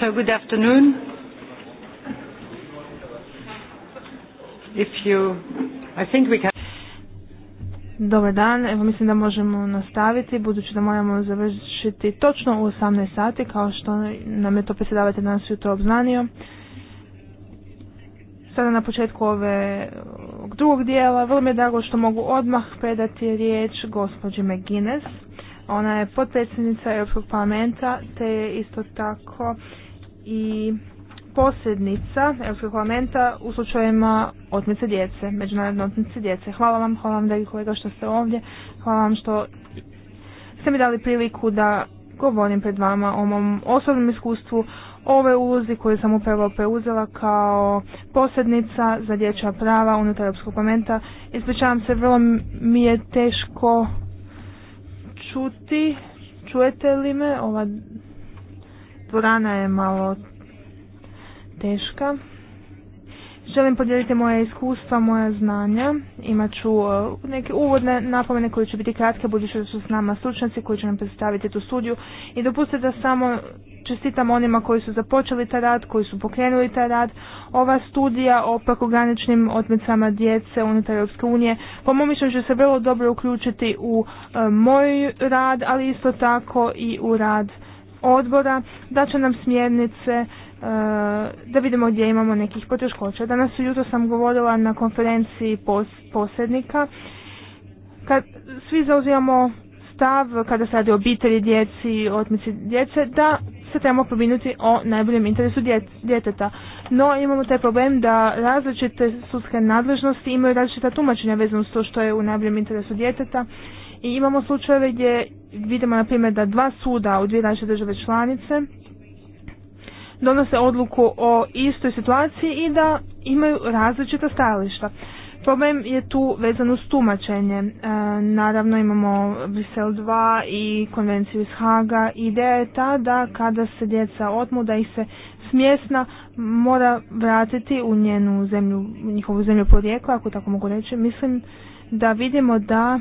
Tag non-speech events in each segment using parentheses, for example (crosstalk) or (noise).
So good afternoon. If you, I think we Dobar dan, evo mislim da možemo nastaviti budući da moramo završiti točno u 18 sati kao što nam je to predsjedavate danas jutro obznanio. Sada na početku ove drugog dijela, vrlo mi je drago što mogu odmah predati riječ gospođi McGuinness ona je potpredsjednica Europskog parlamenta te je isto tako i posljednica Europskog parlamenta u slučajevima otmice djece, međunarodne otmice djece. Hvala vam, hvala vam dragi kolega što ste ovdje, hvala vam što ste mi dali priliku da govorim pred vama o mom osobnom iskustvu, ove ulozi koje sam upravo preuzela kao posljednica za dječja prava unutar Europskog parlamenta. Ispričavam se, vrlo mi je teško čuti. Čujete li me? Ova dvorana je malo teška. Želim podijeliti moje iskustva, moja znanja. Imaću e, neke uvodne napomene koje će biti kratke, budući da su s nama stručnjaci koji će nam predstaviti tu studiju. I dopustite da samo čestitam onima koji su započeli taj rad, koji su pokrenuli taj rad. Ova studija o prekograničnim otmicama djece unutar Europske unije po mom mišljenju će se vrlo dobro uključiti u e, moj rad, ali isto tako i u rad odbora, da će nam smjernice Eh, da vidimo gdje imamo nekih poteškoća. Danas jutro sam govorila na konferenciji posrednika. Kad svi zauzimamo stav kada se radi o obitelji, djeci, otmici djece, da se trebamo pobrinuti o najboljem interesu djeteta. No imamo taj problem da različite sudske nadležnosti imaju različita tumačenja vezano s to što je u najboljem interesu djeteta. I imamo slučajeve gdje vidimo na primjer da dva suda u dvije različite države članice donose odluku o istoj situaciji i da imaju različita stajališta. Problem je tu vezan uz tumačenje. E, naravno imamo Brisel 2 i konvenciju iz Haga. Ideja je ta da kada se djeca otmu da ih se smjesna mora vratiti u njenu zemlju, njihovu zemlju porijekla, ako tako mogu reći. Mislim da vidimo da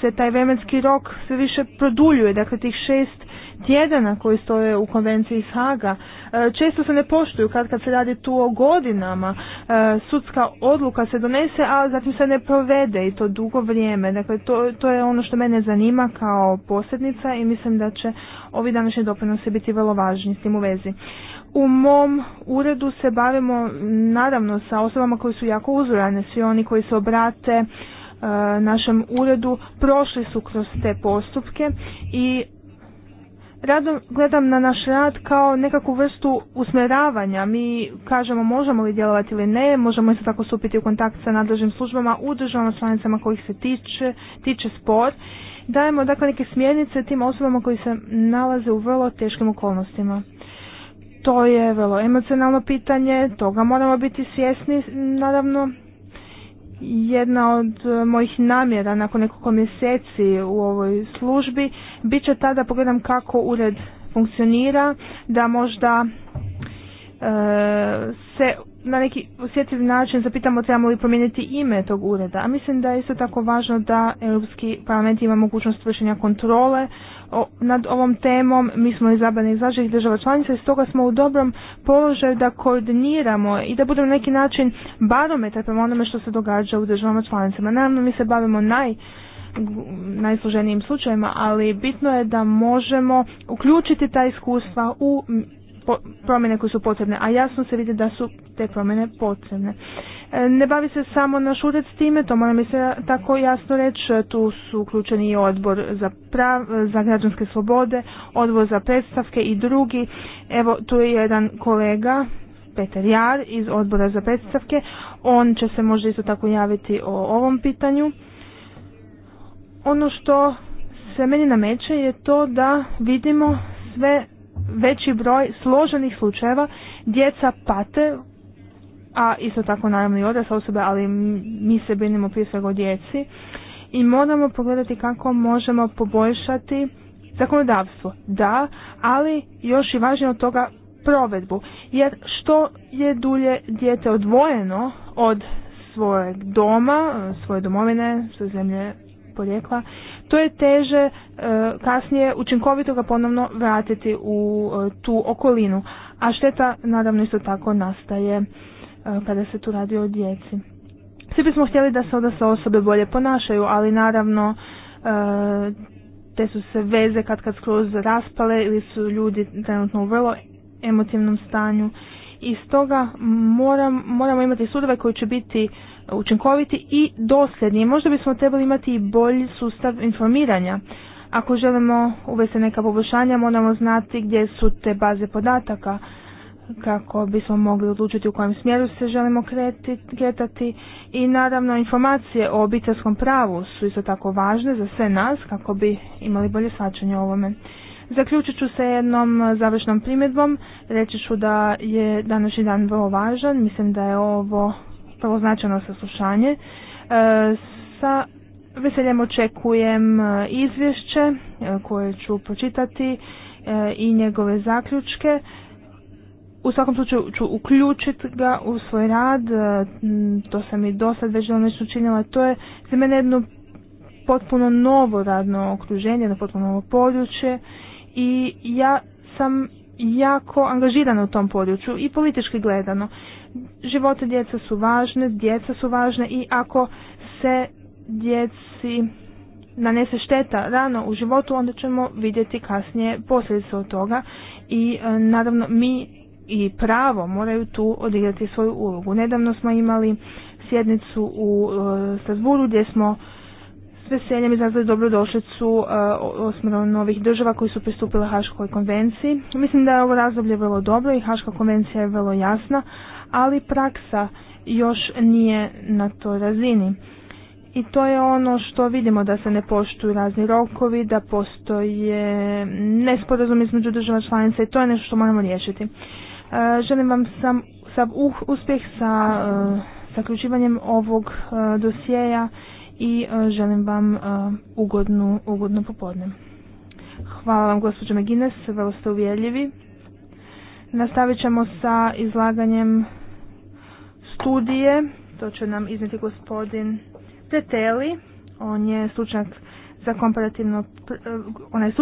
se taj vremenski rok sve više produljuje, dakle tih šest tjedana koji stoje u konvenciji Haga e, često se ne poštuju kad kad se radi tu o godinama e, sudska odluka se donese a zatim se ne provede i to dugo vrijeme dakle to, to je ono što mene zanima kao posljednica i mislim da će ovi današnji doprinosi biti vrlo važni s tim u vezi u mom uredu se bavimo naravno sa osobama koji su jako uzorane, svi oni koji se obrate e, našem uredu prošli su kroz te postupke i gledam na naš rad kao nekakvu vrstu usmjeravanja. Mi kažemo možemo li djelovati ili ne, možemo isto tako stupiti u kontakt sa nadležnim službama u državama članicama kojih se tiče, tiče spor. Dajemo dakle neke smjernice tim osobama koji se nalaze u vrlo teškim okolnostima. To je vrlo emocionalno pitanje, toga moramo biti svjesni, naravno, jedna od e, mojih namjera nakon nekoliko mjeseci u ovoj službi bit će ta da pogledam kako ured funkcionira, da možda e, se na neki osjetljiv način zapitamo trebamo li promijeniti ime tog ureda. A mislim da je isto tako važno da Europski parlament ima mogućnost vršenja kontrole nad ovom temom, mi smo izabrani iz naših država članica i stoga smo u dobrom položaju da koordiniramo i da budemo na neki način barometar prema onome što se događa u državama članicama. Naravno mi se bavimo naj najsloženijim slučajevima, ali bitno je da možemo uključiti ta iskustva u promjene koje su potrebne, a jasno se vidi da su te promjene potrebne. E, ne bavi se samo naš ured s time, to moram se tako jasno reći, e, tu su uključeni i odbor za, e, za građanske slobode, odbor za predstavke i drugi. Evo, tu je jedan kolega, Peter Jar iz odbora za predstavke, on će se možda isto tako javiti o ovom pitanju. Ono što se meni nameće je to da vidimo sve veći broj složenih slučajeva djeca pate a isto tako naravno i odrasle osobe, ali mi se brinemo prije svega o djeci i moramo pogledati kako možemo poboljšati zakonodavstvo. Da, ali još i važnije od toga provedbu. Jer što je dulje dijete odvojeno od svojeg doma, svoje domovine, svoje zemlje porijekla, to je teže e, kasnije učinkovito ga ponovno vratiti u e, tu okolinu. A šteta naravno isto tako nastaje kada se tu radi o djeci. Svi bismo htjeli da se osobe bolje ponašaju, ali naravno e, te su se veze kad kad skroz raspale ili su ljudi trenutno u vrlo emotivnom stanju. I stoga moram, moramo imati sudove koji će biti učinkoviti i dosljedni. Možda bismo trebali imati i bolji sustav informiranja. Ako želimo uvesti neka poboljšanja, moramo znati gdje su te baze podataka kako bismo mogli odlučiti u kojem smjeru se želimo kretati i naravno informacije o obiteljskom pravu su isto tako važne za sve nas kako bi imali bolje svačanje o ovome. Zaključit ću se jednom završnom primjedbom, reći ću da je današnji dan vrlo važan, mislim da je ovo prvo značajno saslušanje. E, sa veseljem očekujem e, izvješće e, koje ću pročitati i njegove zaključke u svakom slučaju ću uključiti ga u svoj rad, e, to sam i do sad već nešto učinila, to je za mene jedno potpuno novo radno okruženje, jedno potpuno novo područje i ja sam jako angažirana u tom području i politički gledano. Živote djeca su važne, djeca su važne i ako se djeci nanese šteta rano u životu, onda ćemo vidjeti kasnije posljedice od toga i e, naravno mi i pravo moraju tu odigrati svoju ulogu. Nedavno smo imali sjednicu u e, Strasburu gdje smo s veseljem izazvali dobrodošlicu e, osmero novih država koji su pristupile Haškoj konvenciji. Mislim da je ovo razdoblje vrlo dobro i Haška konvencija je vrlo jasna, ali praksa još nije na toj razini. I to je ono što vidimo da se ne poštuju razni rokovi, da postoje nesporazum između država članica i to je nešto što moramo riješiti. Eh, želim vam sam, sam uh, uspjeh sa eh, zaključivanjem ovog eh, dosjeja i želim vam ugodnu, ugodno popodne. Hvala vam gospođo Megines, vrlo ste uvjerljivi. Nastavit ćemo sa izlaganjem studije, to će nam iznijeti gospodin Teteli, on je stručnjak za komparativno, ona je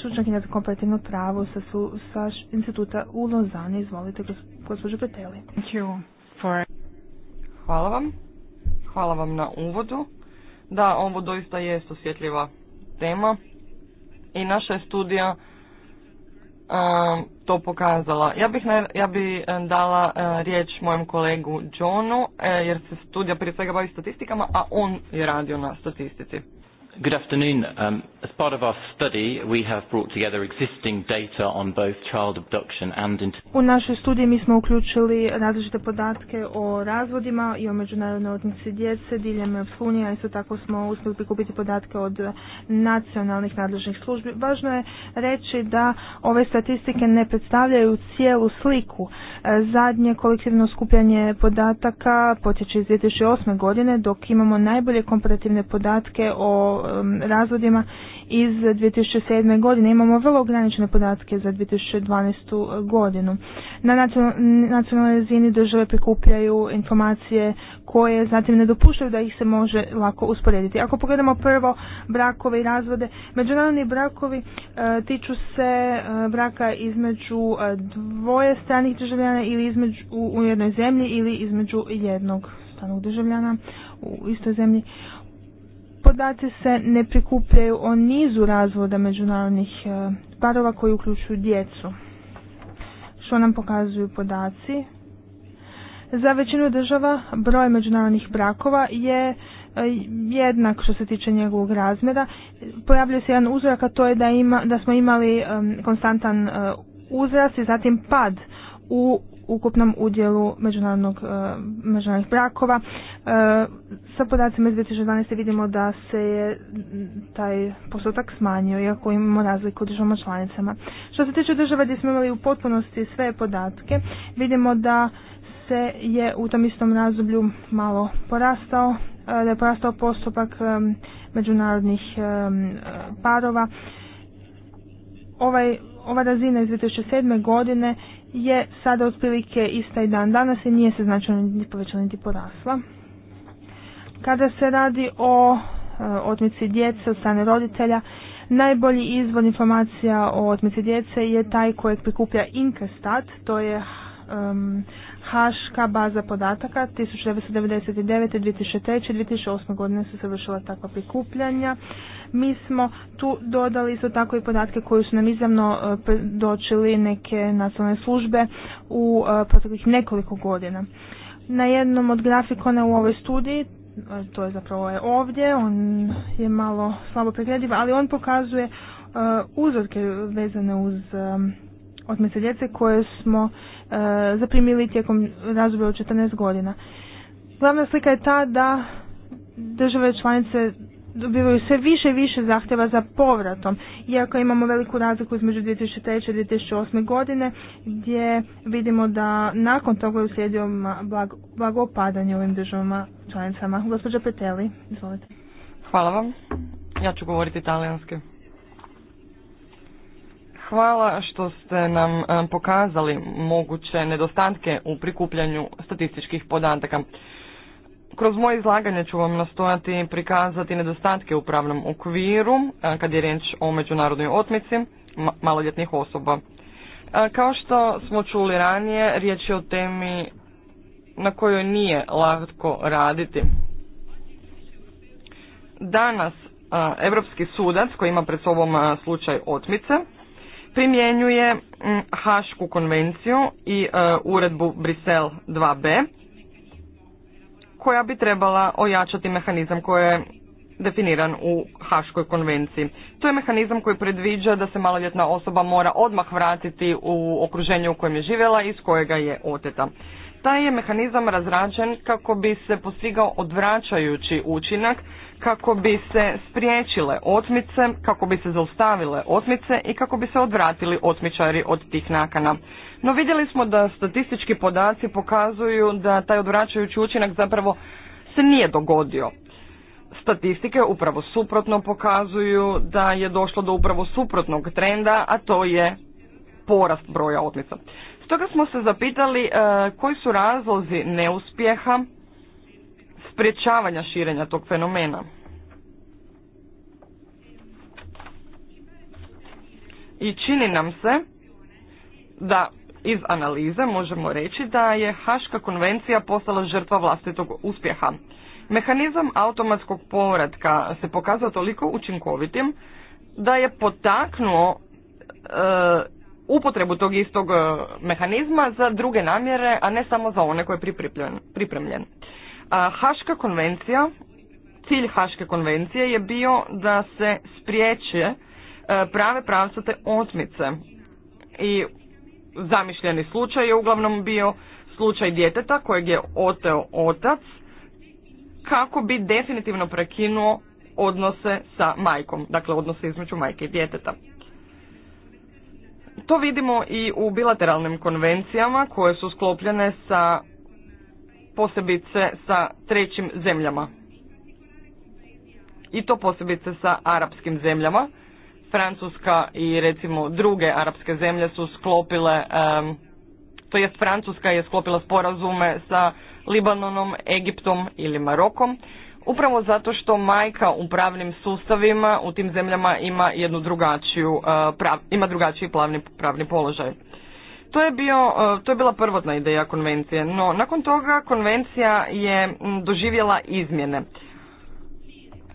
stručnjakinja za komparativno pravo sa, su, sa instituta u Lozani. Izvolite, gospođo Peteli. Hvala vam. Hvala vam na uvodu. Da, ovo doista je osjetljiva tema i naša je studija to pokazala. Ja bih, ja bi e, dala e, riječ mojem kolegu Johnu, e, jer se studija prije svega bavi statistikama, a on je radio na statistici. Good afternoon. Um, As part of our study, we have brought together existing data on both child abduction and U našoj studiji mi smo uključili različite podatke o razvodima i o međunarodnoj odnici djece diljem Europske a isto tako smo uspjeli prikupiti podatke od nacionalnih nadležnih službi. Važno je reći da ove statistike ne predstavljaju cijelu sliku. E, zadnje kolektivno skupljanje podataka potječe iz 2008. godine, dok imamo najbolje komparativne podatke o razvodima iz 2007. godine. Imamo vrlo ograničene podatke za 2012. godinu. Na nacionalnoj razini države prikupljaju informacije koje zatim ne dopuštaju da ih se može lako usporediti. Ako pogledamo prvo brakove i razvode, međunarodni brakovi e, tiču se e, braka između e, dvoje stranih državljana ili između u jednoj zemlji ili između jednog stranog državljana u istoj zemlji. Podaci se ne prikupljaju o nizu razvoda međunarodnih e, parova koji uključuju djecu. Što nam pokazuju podaci? Za većinu država broj međunarodnih brakova je e, jednak što se tiče njegovog razmjera. Pojavljuje se jedan uzorak, a to je da, ima, da smo imali e, konstantan uzrast i zatim pad u ukupnom udjelu međunarodnog, e, međunarodnih brakova. E, sa podacima iz 2012. vidimo da se je taj postotak smanjio, iako imamo razliku u državama članicama. Što se tiče država gdje smo imali u potpunosti sve podatke, vidimo da se je u tom istom razdoblju malo porastao, e, da je porastao postupak međunarodnih parova. Ovaj, ova razina iz 2007. godine je sada otprilike ista i dan danas i nije se značajno ni povećala niti porasla. Kada se radi o e, otmici djece od strane roditelja, najbolji izvor informacija o otmici djece je taj kojeg prikuplja Inkestat, to je Haška baza podataka 1999. 2003. 2008. godine su se vršila takva prikupljanja. Mi smo tu dodali isto tako i podatke koje su nam izravno e, dočili neke nacionalne službe u e, proteklih nekoliko godina. Na jednom od grafikona u ovoj studiji e, to je zapravo je ovdje, on je malo slabo preglediv, ali on pokazuje uzorke vezane uz otmice djece koje smo e, zaprimili tijekom razdoblja od 14 godina. Glavna slika je ta da države članice dobivaju sve više i više zahtjeva za povratom. Iako imamo veliku razliku između 2003. i 2008. godine gdje vidimo da nakon toga je uslijedio blago, blago u ovim državama članicama. Gospođa Peteli, izvolite. Hvala vam. Ja ću govoriti talijanski. Hvala što ste nam e, pokazali moguće nedostatke u prikupljanju statističkih podataka. Kroz moje izlaganje ću vam nastojati prikazati nedostatke u pravnom okviru e, kad je riječ o međunarodnoj otmici maloljetnih osoba. E, kao što smo čuli ranije, riječ je o temi na kojoj nije lako raditi. Danas Europski sudac koji ima pred sobom slučaj otmice primjenjuje mm, Hašku konvenciju i e, uredbu Brisel 2b koja bi trebala ojačati mehanizam koji je definiran u Haškoj konvenciji. To je mehanizam koji predviđa da se maloljetna osoba mora odmah vratiti u okruženje u kojem je živjela i iz kojega je oteta. Taj je mehanizam razrađen kako bi se postigao odvraćajući učinak kako bi se spriječile otmice, kako bi se zaustavile otmice i kako bi se odvratili otmičari od tih nakana. No vidjeli smo da statistički podaci pokazuju da taj odvraćajući učinak zapravo se nije dogodio. Statistike upravo suprotno pokazuju da je došlo do upravo suprotnog trenda, a to je porast broja otmica. Stoga smo se zapitali e, koji su razlozi neuspjeha sprječavanja širenja tog fenomena. i čini nam se da iz analize možemo reći da je Haška konvencija postala žrtva vlastitog uspjeha. Mehanizam automatskog povratka se pokazao toliko učinkovitim da je potaknuo e, upotrebu tog istog e, mehanizma za druge namjere, a ne samo za one koje je pripremljen. A Haška konvencija, cilj Haške konvencije je bio da se spriječe E, prave pravcate otmice. I zamišljeni slučaj je uglavnom bio slučaj djeteta kojeg je oteo otac kako bi definitivno prekinuo odnose sa majkom, dakle odnose između majke i djeteta. To vidimo i u bilateralnim konvencijama koje su sklopljene sa posebice sa trećim zemljama. I to posebice sa arapskim zemljama Francuska i recimo druge arapske zemlje su sklopile, to jest Francuska je sklopila sporazume sa Libanonom, Egiptom ili Marokom, upravo zato što majka u pravnim sustavima u tim zemljama ima jednu drugačiju, e, ima drugačiji pravni, pravni položaj. To je, bio, e, to je bila prvotna ideja konvencije, no nakon toga konvencija je doživjela izmjene.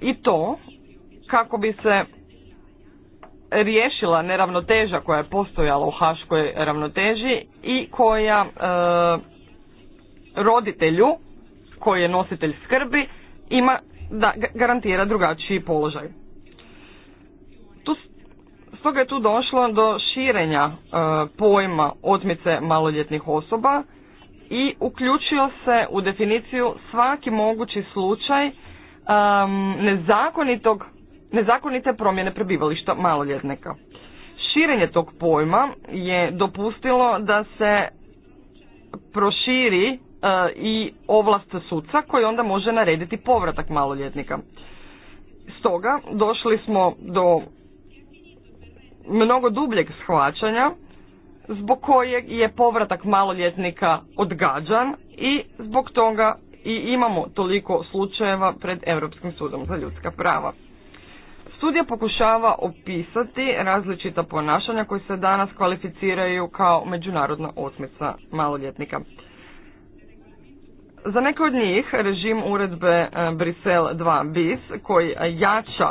I to kako bi se riješila neravnoteža koja je postojala u haškoj ravnoteži i koja e, roditelju koji je nositelj skrbi ima da garantira drugačiji položaj. Tu, stoga je tu došlo do širenja e, pojma otmice maloljetnih osoba i uključio se u definiciju svaki mogući slučaj nezakonitog nezakonite promjene prebivališta maloljetnika. Širenje tog pojma je dopustilo da se proširi e, i ovlast suca koji onda može narediti povratak maloljetnika. Stoga došli smo do mnogo dubljeg shvaćanja zbog kojeg je povratak maloljetnika odgađan i zbog toga i imamo toliko slučajeva pred Europskim sudom za ljudska prava. Studija pokušava opisati različita ponašanja koji se danas kvalificiraju kao međunarodna osmica maloljetnika. Za neke od njih režim uredbe e, Brisel 2 bis koji jača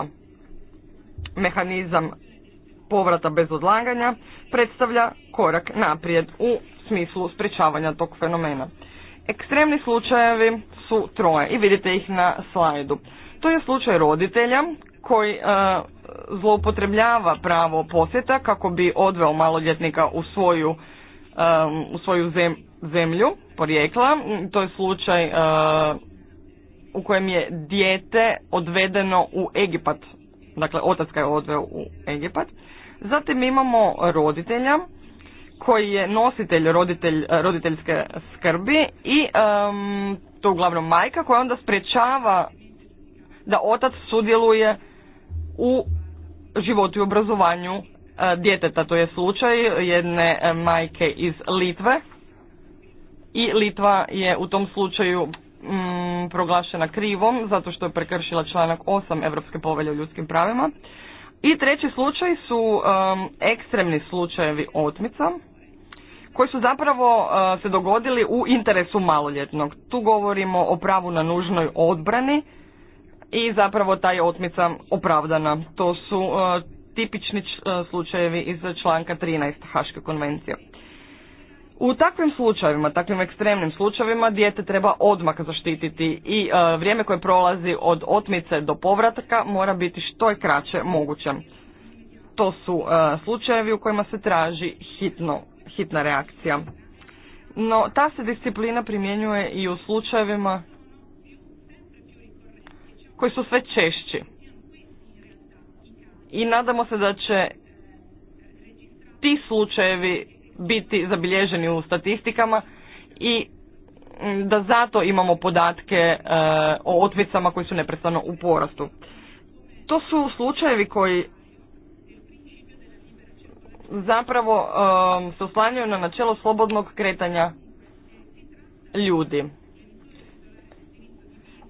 mehanizam povrata bez odlaganja predstavlja korak naprijed u smislu sprječavanja tog fenomena. Ekstremni slučajevi su troje i vidite ih na slajdu. To je slučaj roditelja koji e, zloupotrebljava pravo posjeta kako bi odveo maloljetnika u svoju, e, u svoju zemlju porijekla. To je slučaj e, u kojem je dijete odvedeno u Egipat. Dakle, otac ga je odveo u Egipat. Zatim imamo roditelja koji je nositelj roditeljske skrbi i to uglavnom majka koja onda sprečava da otac sudjeluje u životu i obrazovanju e, djeteta. To je slučaj jedne e, majke iz Litve i Litva je u tom slučaju mm, proglašena krivom zato što je prekršila članak 8 Europske povelje o ljudskim pravima. I treći slučaj su e, ekstremni slučajevi otmica koji su zapravo se dogodili u interesu maloljetnog. Tu govorimo o pravu na nužnoj odbrani i zapravo ta je otmica opravdana. To su e, tipični e, slučajevi iz članka 13 Haške konvencije. U takvim slučajevima, takvim ekstremnim slučajevima, dijete treba odmah zaštititi i e, vrijeme koje prolazi od otmice do povratka mora biti što je kraće moguće. To su slučajevi u kojima se traži hitno, hitna reakcija. No, ta se disciplina primjenjuje i u slučajevima koji su sve češći. I nadamo se da će ti slučajevi biti zabilježeni u statistikama i mm, da zato imamo podatke e, o otmicama koji su neprestano u porastu. To su slučajevi koji zapravo e, se oslanjaju na načelo slobodnog kretanja ljudi.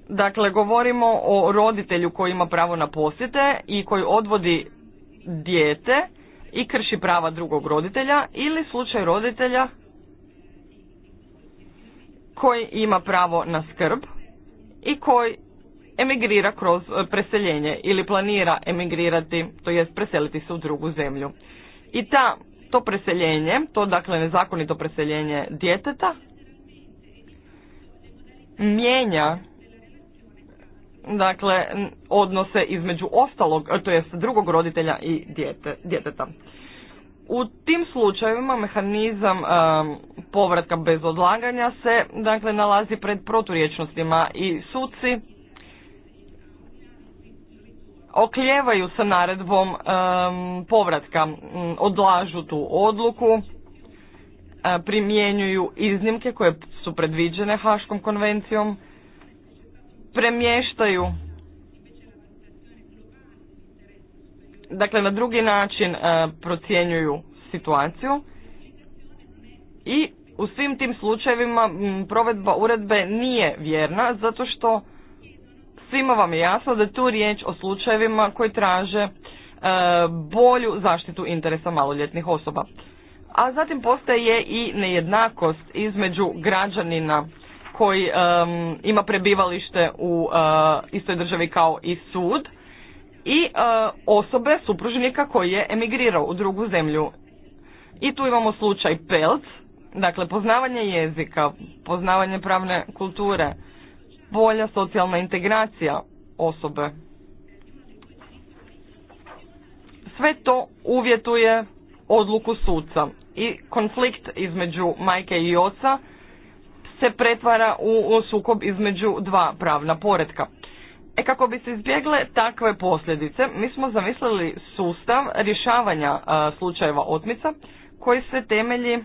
Dakle, govorimo o roditelju koji ima pravo na posjete i koji odvodi dijete i krši prava drugog roditelja ili slučaj roditelja koji ima pravo na skrb i koji emigrira kroz e, preseljenje ili planira emigrirati, to jest preseliti se u drugu zemlju. I ta, to preseljenje, to dakle nezakonito preseljenje djeteta, mijenja dakle odnose između ostalog, e, to jest drugog roditelja i djeteta. U tim slučajevima mehanizam e, povratka bez odlaganja se dakle nalazi pred proturječnostima i suci okljevaju sa naredbom e, povratka, odlažu tu odluku, primjenjuju iznimke koje su predviđene Haškom konvencijom premještaju dakle na drugi način e, procjenjuju situaciju i u svim tim slučajevima provedba uredbe nije vjerna zato što svima vam je jasno da je tu riječ o slučajevima koji traže e, bolju zaštitu interesa maloljetnih osoba. A zatim postoje i nejednakost između građanina koji um, ima prebivalište u e, istoj državi kao i sud i e, osobe supružnika koji je emigrirao u drugu zemlju. I tu imamo slučaj PELC, dakle poznavanje jezika, poznavanje pravne kulture, bolja socijalna integracija osobe. Sve to uvjetuje odluku suca i konflikt između majke i oca se pretvara u sukob između dva pravna poretka. E kako bi se izbjegle takve posljedice, mi smo zamislili sustav rješavanja slučajeva otmica koji se temelji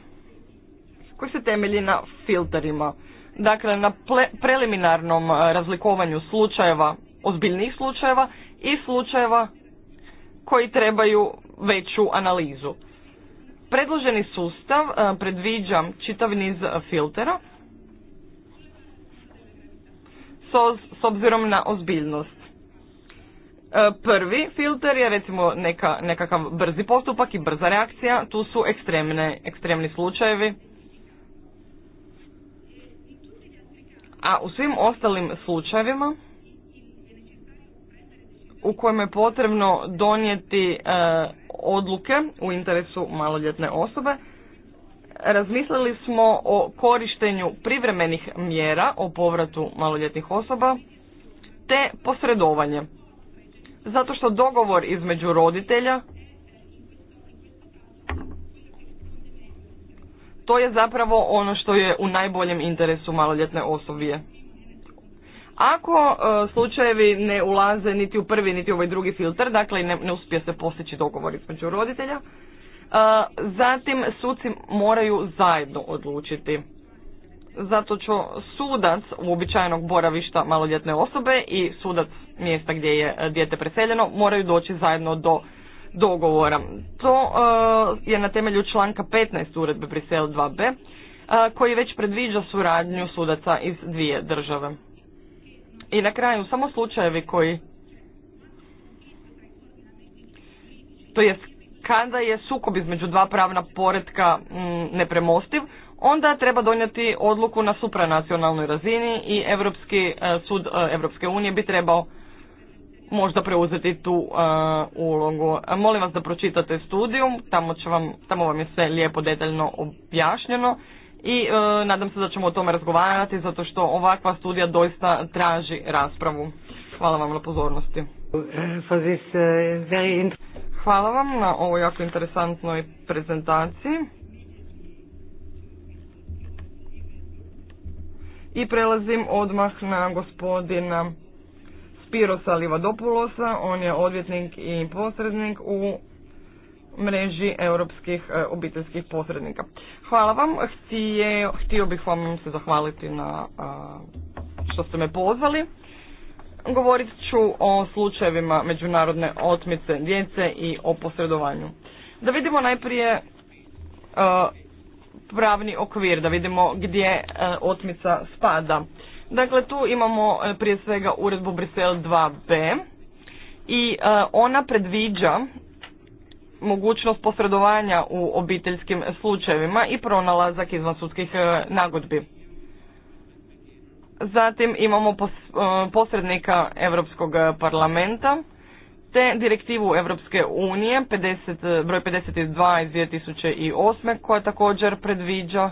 koji se temelji na filterima. Dakle, na preliminarnom razlikovanju slučajeva, ozbiljnih slučajeva i slučajeva koji trebaju veću analizu. Predloženi sustav predviđa čitav niz filtera to s obzirom na ozbiljnost. E, prvi filter je recimo neka, nekakav brzi postupak i brza reakcija, tu su ekstremne, ekstremni slučajevi. A u svim ostalim slučajevima u kojima je potrebno donijeti e, odluke u interesu maloljetne osobe, razmislili smo o korištenju privremenih mjera o povratu maloljetnih osoba te posredovanje. Zato što dogovor između roditelja to je zapravo ono što je u najboljem interesu maloljetne osobije. Ako e, slučajevi ne ulaze niti u prvi niti u ovaj drugi filter, dakle ne, ne uspije se postići dogovor između roditelja, Zatim suci moraju zajedno odlučiti. Zato ću sudac uobičajenog boravišta maloljetne osobe i sudac mjesta gdje je e, dijete preseljeno moraju doći zajedno do dogovora. To e, je na temelju članka 15 uredbe Brisel 2b e, koji već predviđa suradnju sudaca iz dvije države. I na kraju samo slučajevi koji to jest kada je sukob između dva pravna poretka mm, nepremostiv, onda treba donijeti odluku na supranacionalnoj razini i Europski e, sud e, Europske unije bi trebao možda preuzeti tu e, ulogu. Molim vas da pročitate studiju, tamo, će vam, tamo vam je sve lijepo detaljno objašnjeno i nadam se da ćemo o tome razgovarati zato što ovakva studija doista traži raspravu. Hvala vam na pozornosti. Uh, Hvala vam na ovoj jako interesantnoj prezentaciji. I prelazim odmah na gospodina Spirosa Livadopulosa. On je odvjetnik i posrednik u mreži europskih e, obiteljskih posrednika. Hvala vam. Htio, htio bih vam se zahvaliti na što ste me pozvali. Govorit ću o slučajevima međunarodne otmice djece i o posredovanju. Da vidimo najprije e, pravni okvir, da vidimo gdje e, otmica spada. Dakle, tu imamo e, prije svega uredbu Brisel 2b i ona predviđa mogućnost posredovanja u obiteljskim slučajevima i pronalazak sudskih nagodbi. Zatim imamo e, posrednika Europskog parlamenta te direktivu Europske unije 50, broj 52 iz 2008 koja također predviđa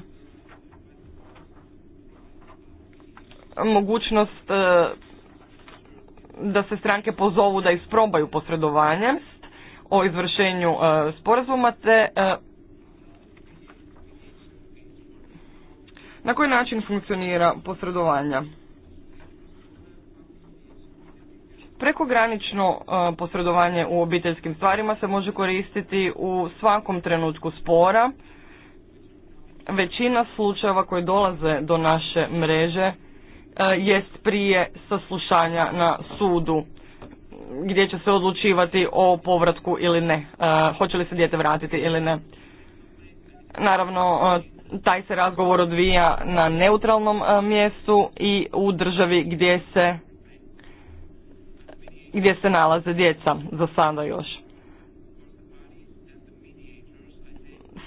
mogućnost e, da se stranke pozovu da isprobaju posredovanje o izvršenju e, sporazuma te Na koji način funkcionira posredovanja? Prekogranično e, posredovanje u obiteljskim stvarima se može koristiti u svakom trenutku spora. Većina slučajeva koji dolaze do naše mreže e, jest prije saslušanja na sudu gdje će se odlučivati o povratku ili ne, e, hoće li se dijete vratiti ili ne. Naravno, taj se razgovor odvija na neutralnom e, mjestu i u državi gdje se gdje se nalaze djeca za sada još.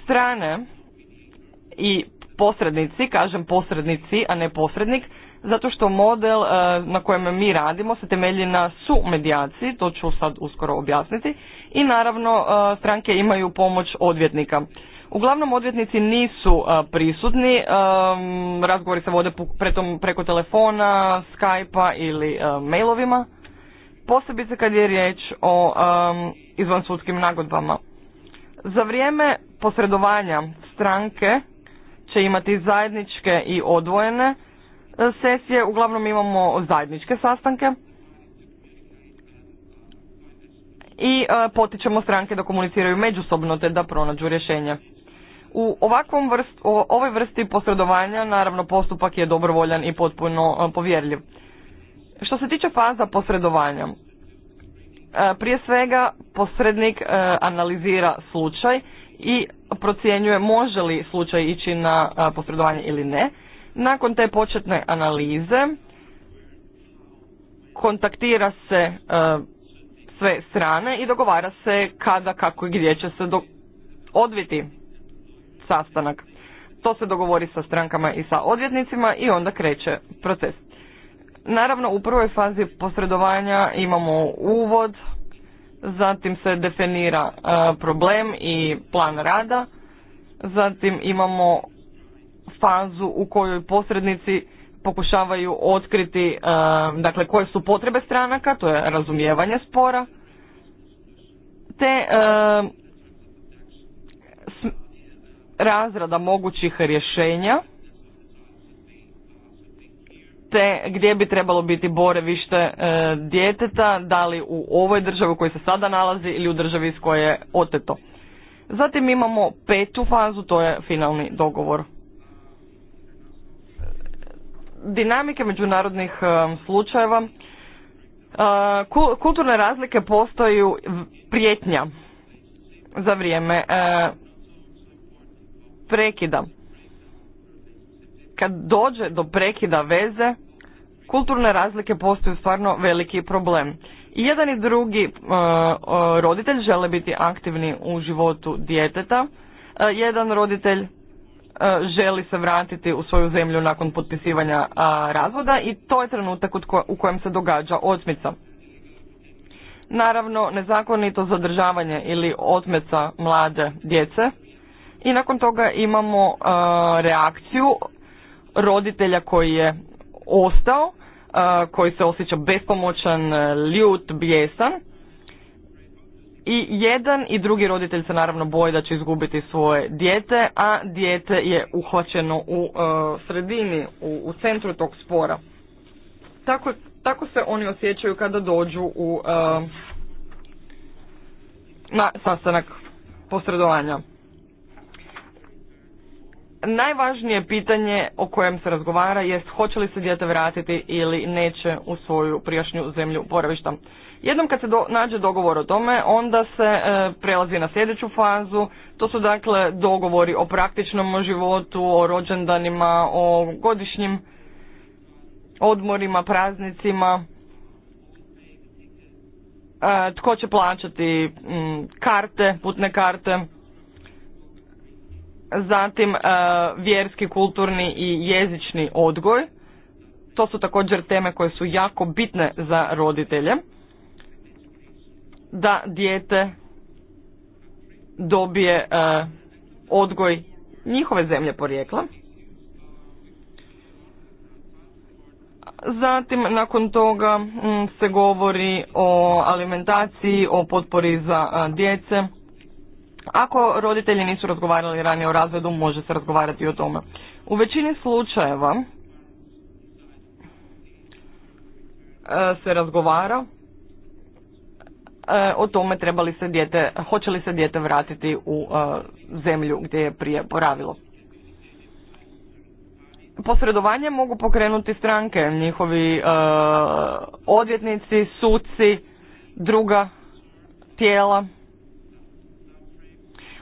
Strane i posrednici, kažem posrednici, a ne posrednik, zato što model e, na kojem mi radimo se temelji na su medijaciji, to ću sad uskoro objasniti, i naravno e, stranke imaju pomoć odvjetnika. Uglavnom odvjetnici nisu e, prisutni, e, razgovori se vode pretom preko telefona, skype ili e, mailovima, posebice kad je riječ o izvansudskim nagodbama. Za vrijeme posredovanja stranke će imati zajedničke i odvojene sesije, uglavnom imamo zajedničke sastanke i potičemo stranke da komuniciraju međusobno te da pronađu rješenje. U ovakvom vrst, o, ovoj vrsti posredovanja naravno postupak je dobrovoljan i potpuno e, povjerljiv. Što se tiče faza posredovanja, e, prije svega posrednik e, analizira slučaj i procjenjuje može li slučaj ići na posredovanje ili ne. Nakon te početne analize kontaktira se sve strane i dogovara se kada, kako i gdje će se odviti sastanak. To se dogovori sa strankama i sa odvjetnicima i onda kreće proces. Naravno, u prvoj fazi posredovanja imamo uvod, zatim se definira e, problem i plan rada, zatim imamo fazu u kojoj posrednici pokušavaju otkriti e, dakle koje su potrebe stranaka, to je razumijevanje spora, te e, razrada mogućih rješenja te gdje bi trebalo biti borevište e, djeteta, da li u ovoj državi u kojoj se sada nalazi ili u državi iz koje je oteto. Zatim imamo petu fazu, to je finalni dogovor. Dinamike međunarodnih e, slučajeva. E, kulturne razlike postaju prijetnja za vrijeme e, prekida. Kad dođe do prekida veze, kulturne razlike postaju stvarno veliki problem. I jedan i drugi e, e, roditelj žele biti aktivni u životu djeteta. E, jedan roditelj želi se vratiti u svoju zemlju nakon potpisivanja razvoda i to je trenutak u kojem se događa otmica. Naravno, nezakonito zadržavanje ili otmeca mlade djece i nakon toga imamo uh, reakciju roditelja koji je ostao, uh, koji se osjeća bespomoćan, uh, ljut, bijesan. I jedan i drugi roditelj se naravno boje da će izgubiti svoje dijete, a dijete je uhvaćeno u sredini, u, centru tog spora. Tako, tako se oni osjećaju kada dođu u na sastanak posredovanja. Najvažnije pitanje o kojem se razgovara jest hoće li se dijete vratiti ili neće u svoju prijašnju zemlju boravišta. Jednom kad se nađe dogovor o tome, onda se e, prelazi na sljedeću fazu. To su dakle dogovori o praktičnom životu, o rođendanima, o godišnjim odmorima, praznicima. E, tko će plaćati karte, putne karte zatim e, vjerski, kulturni i jezični odgoj. To su također teme koje su jako bitne za roditelje. Da dijete dobije e, odgoj njihove zemlje porijekla. Zatim nakon toga se govori o alimentaciji, o potpori za e, djece. Ako roditelji nisu razgovarali ranije o razvedu, može se razgovarati o tome. U većini slučajeva e, se razgovara e, o tome treba li se dijete, hoće li se dijete vratiti u e, zemlju gdje je prije boravilo. Posredovanje mogu pokrenuti stranke, njihovi odvjetnici, suci, druga tijela.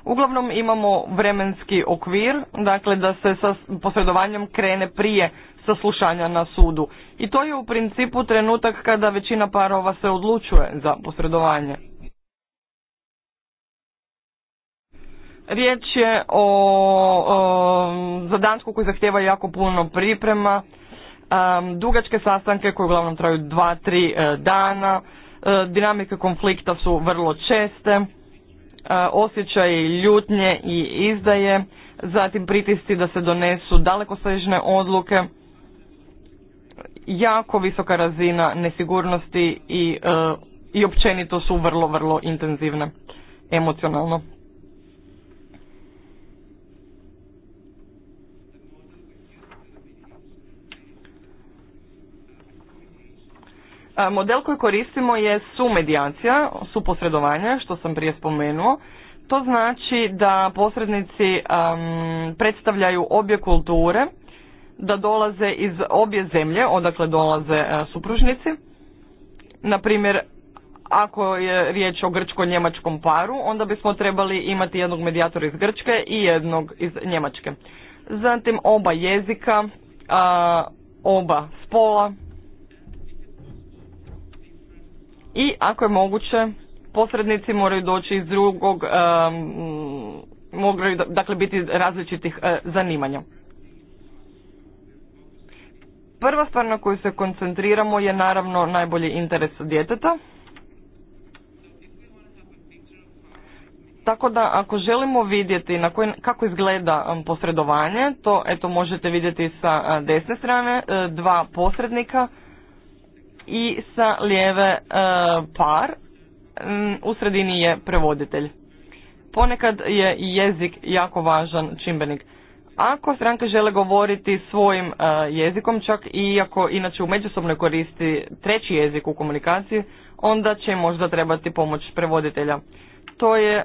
Uglavnom imamo vremenski okvir, dakle da se sa posredovanjem krene prije saslušanja na sudu. I to je u principu trenutak kada većina parova se odlučuje za posredovanje. Riječ je o, o zadatku koji zahtjeva jako puno priprema, um, dugačke sastanke koje uglavnom traju dva, tri e, dana, e, dinamike konflikta su vrlo česte osjećaj ljutnje i izdaje, zatim pritisci da se donesu dalekosežne odluke, jako visoka razina nesigurnosti i, e, i općenito su vrlo, vrlo intenzivne emocionalno. Model koji koristimo je sumedijacija, suposredovanje, što sam prije spomenuo. To znači da posrednici predstavljaju obje kulture, da dolaze iz obje zemlje, odakle dolaze uh, supružnici. Naprimjer, ako je riječ o grčko-njemačkom paru, onda bismo trebali imati jednog medijatora iz Grčke i jednog iz Njemačke. Zatim oba jezika, oba spola, i ako je moguće posrednici moraju doći iz drugog, um, moraju dakle biti različitih e, zanimanja. Prva stvar na koju se koncentriramo je naravno najbolji interes djeteta. Tako da ako želimo vidjeti na koji, kako izgleda posredovanje, to eto možete vidjeti sa e, desne strane, e, dva posrednika i sa lijeve e, par mm, u sredini je prevoditelj. Ponekad je jezik jako važan čimbenik. Ako stranke žele govoriti svojim e, jezikom, čak i ako inače u međusobnoj koristi treći jezik u komunikaciji, onda će možda trebati pomoć prevoditelja. To je e,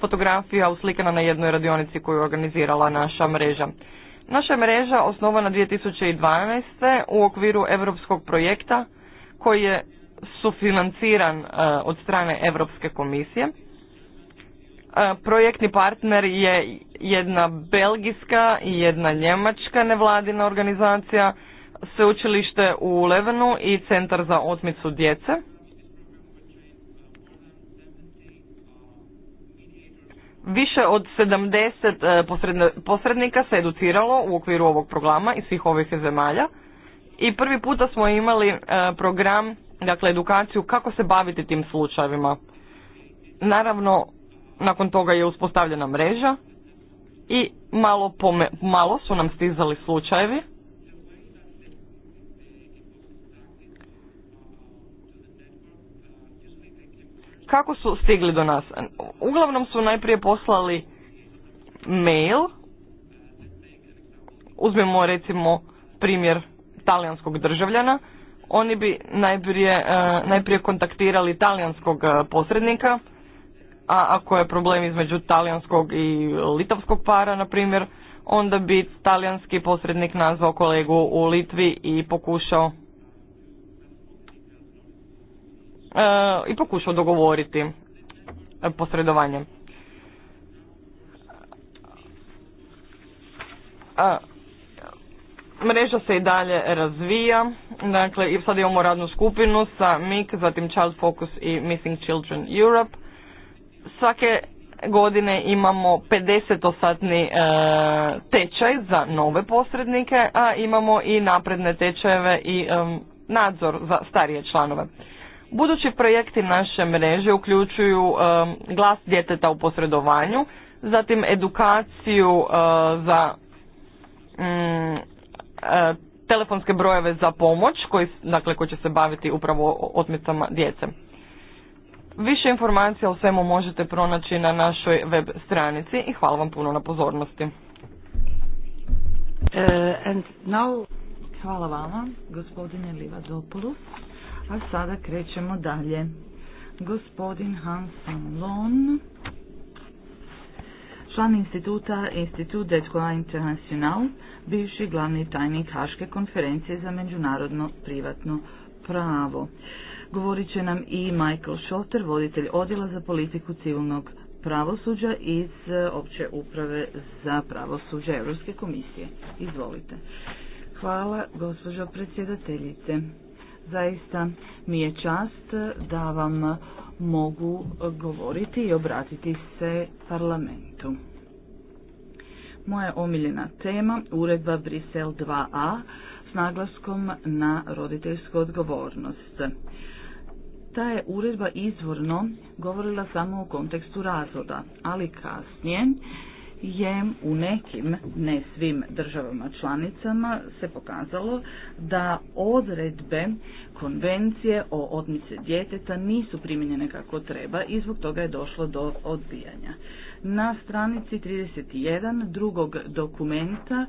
fotografija uslikana na jednoj radionici koju je organizirala naša mreža. Naša mreža osnovana 2012. u okviru europskog projekta koji je sufinanciran e, od strane Europske komisije. E, projektni partner je jedna belgijska i jedna njemačka nevladina organizacija, sveučilište u Levenu i Centar za otmicu djece. Više od 70 e, posrednika se educiralo u okviru ovog programa iz svih ovih zemalja i prvi puta smo imali e, program, dakle edukaciju kako se baviti tim slučajevima. Naravno, nakon toga je uspostavljena mreža i malo, po, malo su nam stizali slučajevi Kako su stigli do nas? Uglavnom su najprije poslali mail. Uzmemo recimo primjer talijanskog državljana. Oni bi najprije, eh, najprije kontaktirali talijanskog eh, posrednika, a ako je problem između talijanskog i litavskog para, na primjer, onda bi talijanski posrednik nazvao kolegu u Litvi i pokušao i pokušao dogovoriti e, posredovanje. A, mreža se i dalje razvija, dakle i sad imamo radnu skupinu sa MIG, zatim Child Focus i Missing Children Europe. Svake godine imamo 50 osatni e, tečaj za nove posrednike, a imamo i napredne tečajeve i nadzor za starije članove. Budući projekti naše mreže uključuju um, glas djeteta u posredovanju, zatim edukaciju uh, za mm, uh, telefonske brojeve za pomoć koji, dakle, koji će se baviti upravo otmicama djece. Više informacija o svemu možete pronaći na našoj web stranici i hvala vam puno na pozornosti. Uh, hvala vama, gospodine Livadopoulos. A sada krećemo dalje. Gospodin Hans Lon, član instituta Institut d'Etoile International, bivši glavni tajnik Haške konferencije za međunarodno privatno pravo. Govorit će nam i Michael Schotter, voditelj odjela za politiku civilnog pravosuđa iz e, opće uprave za pravosuđe Europske komisije. Izvolite. Hvala, gospođo predsjedateljice. Zaista mi je čast da vam mogu govoriti i obratiti se parlamentu. Moja omiljena tema, uredba Brisel 2a s naglaskom na roditeljsku odgovornost. Ta je uredba izvorno govorila samo u kontekstu razvoda, ali kasnije je u nekim, ne svim državama članicama se pokazalo da odredbe konvencije o odmice djeteta nisu primjenjene kako treba i zbog toga je došlo do odbijanja. Na stranici 31 drugog dokumenta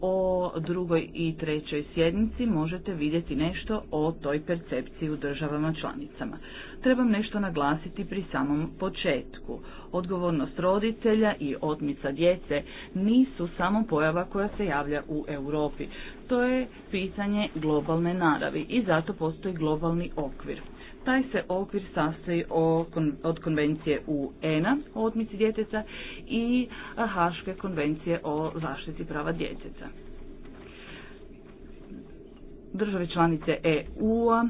o drugoj i trećoj sjednici možete vidjeti nešto o toj percepciji u državama članicama trebam nešto naglasiti pri samom početku. Odgovornost roditelja i otmica djece nisu samo pojava koja se javlja u Europi. To je pitanje globalne naravi i zato postoji globalni okvir. Taj se okvir sastoji od konvencije UN-a o otmici djeteca i Haške konvencije o zaštiti prava djeteta. Države članice EU-a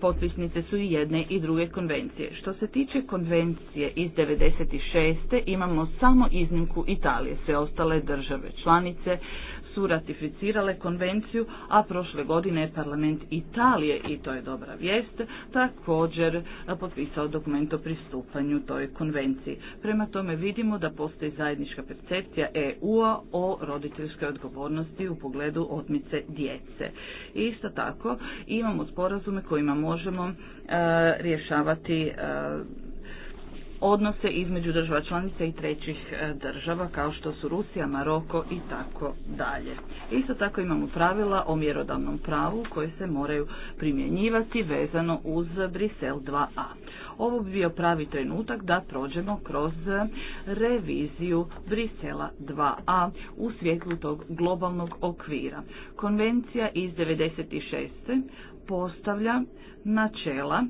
potpisnice su i jedne i druge konvencije. Što se tiče konvencije iz 96. imamo samo iznimku Italije. Sve ostale države članice su ratificirale konvenciju, a prošle godine je parlament Italije, i to je dobra vijest, također e, potpisao dokument o pristupanju toj konvenciji. Prema tome vidimo da postoji zajednička percepcija EU-a o roditeljskoj odgovornosti u pogledu otmice djece. Isto tako imamo sporazume kojima možemo e, rješavati e, odnose između država članica i trećih e, država kao što su Rusija, Maroko i tako dalje. Isto tako imamo pravila o mjerodavnom pravu koje se moraju primjenjivati vezano uz Brisel 2a. Ovo bi bio pravi trenutak da prođemo kroz reviziju Brisela 2a u svjetlu tog globalnog okvira. Konvencija iz 96. postavlja načela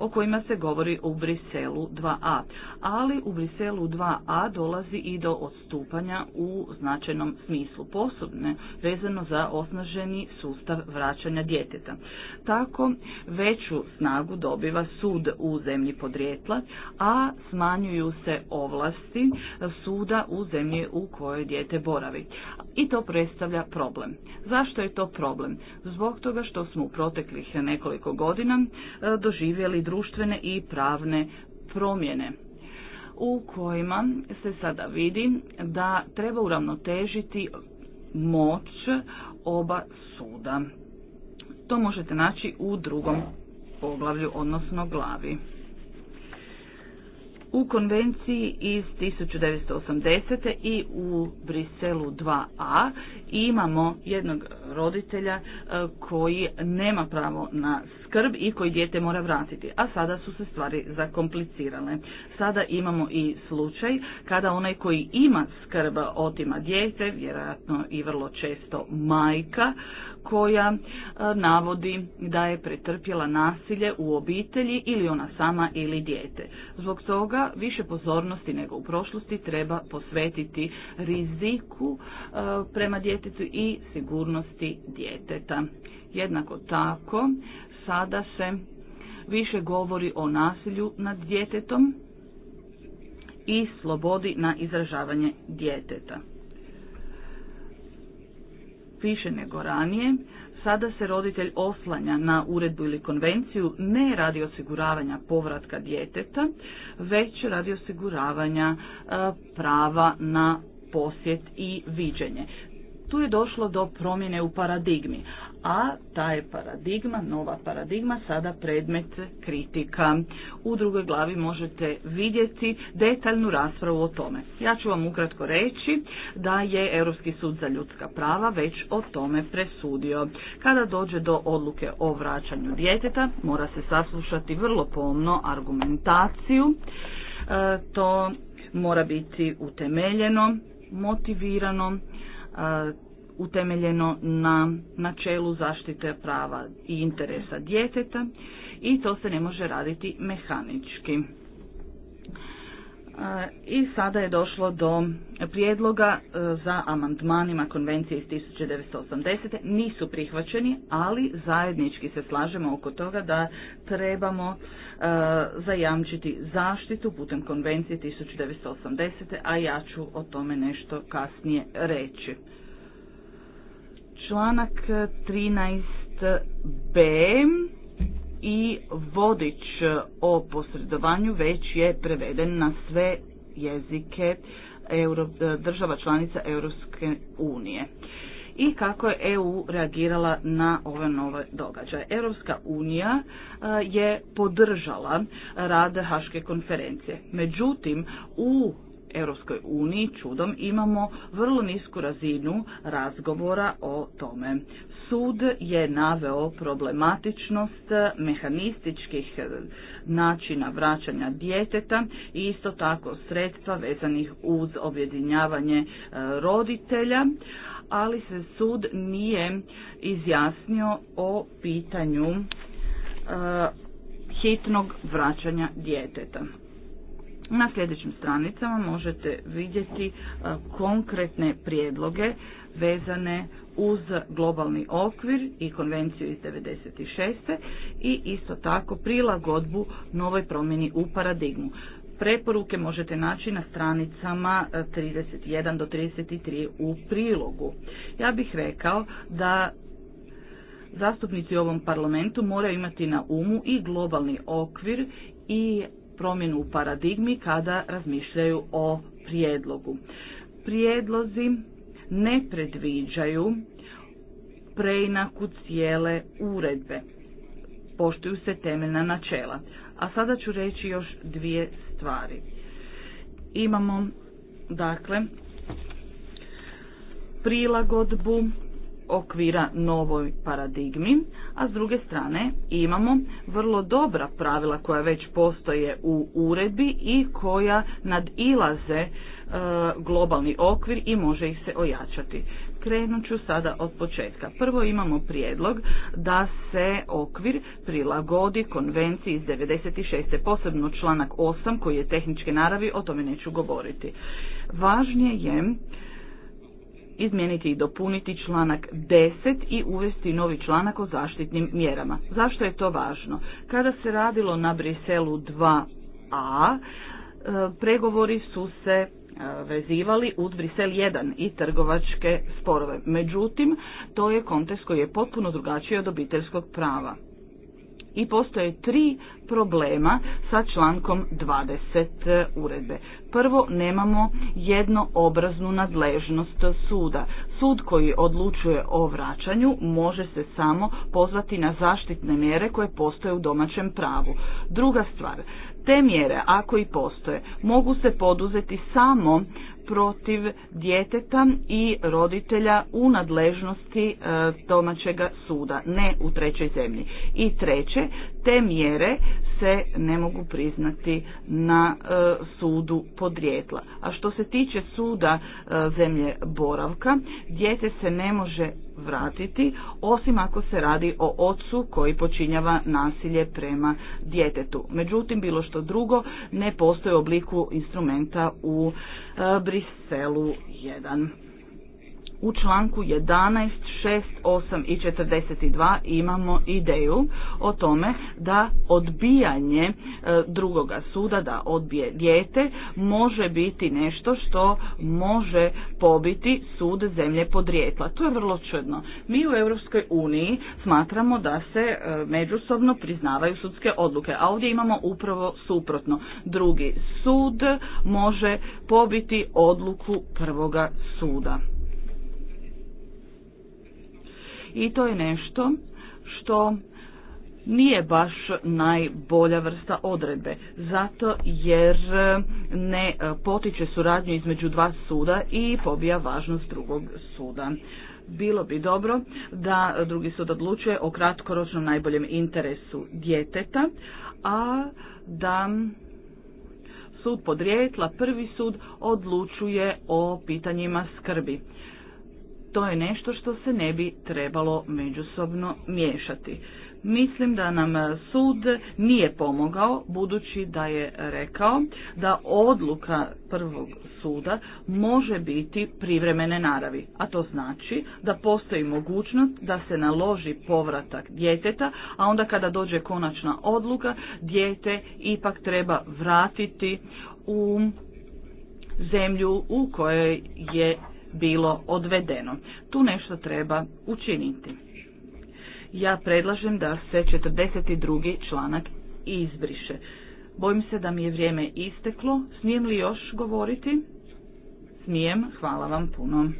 o kojima se govori u Briselu 2a, ali u Briselu 2a dolazi i do odstupanja u značajnom smislu, posobne vezano za osnaženi sustav vraćanja djeteta. Tako veću snagu dobiva sud u zemlji podrijetla, a smanjuju se ovlasti suda u zemlji u kojoj dijete boravi. I to predstavlja problem. Zašto je to problem? Zbog toga što smo u proteklih nekoliko godina e, doživjeli društvene i pravne promjene u kojima se sada vidi da treba uravnotežiti moć oba suda. To možete naći u drugom poglavlju, odnosno glavi u konvenciji iz 1980. i u Briselu 2a imamo jednog roditelja e, koji nema pravo na skrb i koji dijete mora vratiti. A sada su se stvari zakomplicirale. Sada imamo i slučaj kada onaj koji ima skrb otima dijete, vjerojatno i vrlo često majka, koja e, navodi da je pretrpjela nasilje u obitelji ili ona sama ili dijete. Zbog toga više pozornosti nego u prošlosti treba posvetiti riziku e, prema djetetu i sigurnosti djeteta. Jednako tako sada se više govori o nasilju nad djetetom i slobodi na izražavanje djeteta više nego ranije, sada se roditelj oslanja na uredbu ili konvenciju ne radi osiguravanja povratka djeteta, već radi osiguravanja e, prava na posjet i viđenje. Tu je došlo do promjene u paradigmi, a ta je paradigma, nova paradigma, sada predmet kritika. U drugoj glavi možete vidjeti detaljnu raspravu o tome. Ja ću vam ukratko reći da je Europski sud za ljudska prava već o tome presudio. Kada dođe do odluke o vraćanju djeteta, mora se saslušati vrlo pomno argumentaciju. E, to mora biti utemeljeno, motivirano, e, utemeljeno na načelu zaštite prava i interesa djeteta i to se ne može raditi mehanički. E, I sada je došlo do prijedloga e, za amandmanima konvencije iz 1980. Nisu prihvaćeni, ali zajednički se slažemo oko toga da trebamo e, zajamčiti zaštitu putem konvencije 1980. A ja ću o tome nešto kasnije reći. Članak 13b i vodič o posredovanju već je preveden na sve jezike država članica Europske unije i kako je EU reagirala na ove nove događaje. Europska unija e, je podržala rad Haške konferencije. Međutim, u Europskoj uniji čudom imamo vrlo nisku razinu razgovora o tome. Sud je naveo problematičnost mehanističkih načina vraćanja djeteta i isto tako sredstva vezanih uz objedinjavanje e, roditelja, ali se sud nije izjasnio o pitanju e, hitnog vraćanja djeteta. Na sljedećim stranicama možete vidjeti e, konkretne prijedloge vezane uz globalni okvir i konvenciju iz 96. i isto tako prilagodbu novoj promjeni u paradigmu. Preporuke možete naći na stranicama 31 e, do 33 u prilogu. Ja bih rekao da zastupnici u ovom parlamentu moraju imati na umu i globalni okvir i promjenu u paradigmi kada razmišljaju o prijedlogu. Prijedlozi ne predviđaju preinaku cijele uredbe. Poštuju se temeljna načela. A sada ću reći još dvije stvari. Imamo, dakle, prilagodbu okvira novoj paradigmi, a s druge strane imamo vrlo dobra pravila koja već postoje u uredbi i koja nadilaze e, globalni okvir i može ih se ojačati. Krenut ću sada od početka. Prvo imamo prijedlog da se okvir prilagodi konvenciji iz 96. posebno članak 8 koji je tehničke naravi, o tome neću govoriti. Važnije je izmijeniti i dopuniti članak 10 i uvesti novi članak o zaštitnim mjerama. Zašto je to važno? Kada se radilo na Briselu 2a, e, pregovori su se e, vezivali uz Brisel 1 i trgovačke sporove. Međutim, to je kontekst koji je potpuno drugačiji od obiteljskog prava i postoje tri problema sa člankom 20 e, uredbe. Prvo, nemamo jednoobraznu nadležnost suda. Sud koji odlučuje o vraćanju može se samo pozvati na zaštitne mjere koje postoje u domaćem pravu. Druga stvar, te mjere, ako i postoje, mogu se poduzeti samo protiv djeteta i roditelja u nadležnosti e, domaćega suda, ne u trećoj zemlji. I treće, te mjere se ne mogu priznati na e, sudu podrijetla. A što se tiče suda e, zemlje boravka, dijete se ne može vratiti osim ako se radi o ocu koji počinjava nasilje prema djetetu. Međutim, bilo što drugo ne postoji u obliku instrumenta u e, Briselu 1 u članku 11, 6, 8 i 42 imamo ideju o tome da odbijanje e, drugoga suda, da odbije dijete, može biti nešto što može pobiti sud zemlje podrijetla. To je vrlo čudno. Mi u Europskoj uniji smatramo da se e, međusobno priznavaju sudske odluke, a ovdje imamo upravo suprotno. Drugi sud može pobiti odluku prvoga suda i to je nešto što nije baš najbolja vrsta odredbe, zato jer e, ne e, potiče suradnju između dva suda i pobija važnost drugog suda. Bilo bi dobro da drugi sud odlučuje o kratkoročnom najboljem interesu djeteta, a da sud podrijetla, prvi sud odlučuje o pitanjima skrbi. To je nešto što se ne bi trebalo međusobno miješati. Mislim da nam sud nije pomogao budući da je rekao da odluka prvog suda može biti privremene naravi, a to znači da postoji mogućnost da se naloži povratak djeteta, a onda kada dođe konačna odluka, dijete ipak treba vratiti u zemlju u kojoj je bilo odvedeno. Tu nešto treba učiniti. Ja predlažem da se 42. članak izbriše. Bojim se da mi je vrijeme isteklo. Smijem li još govoriti? Smijem, hvala vam puno.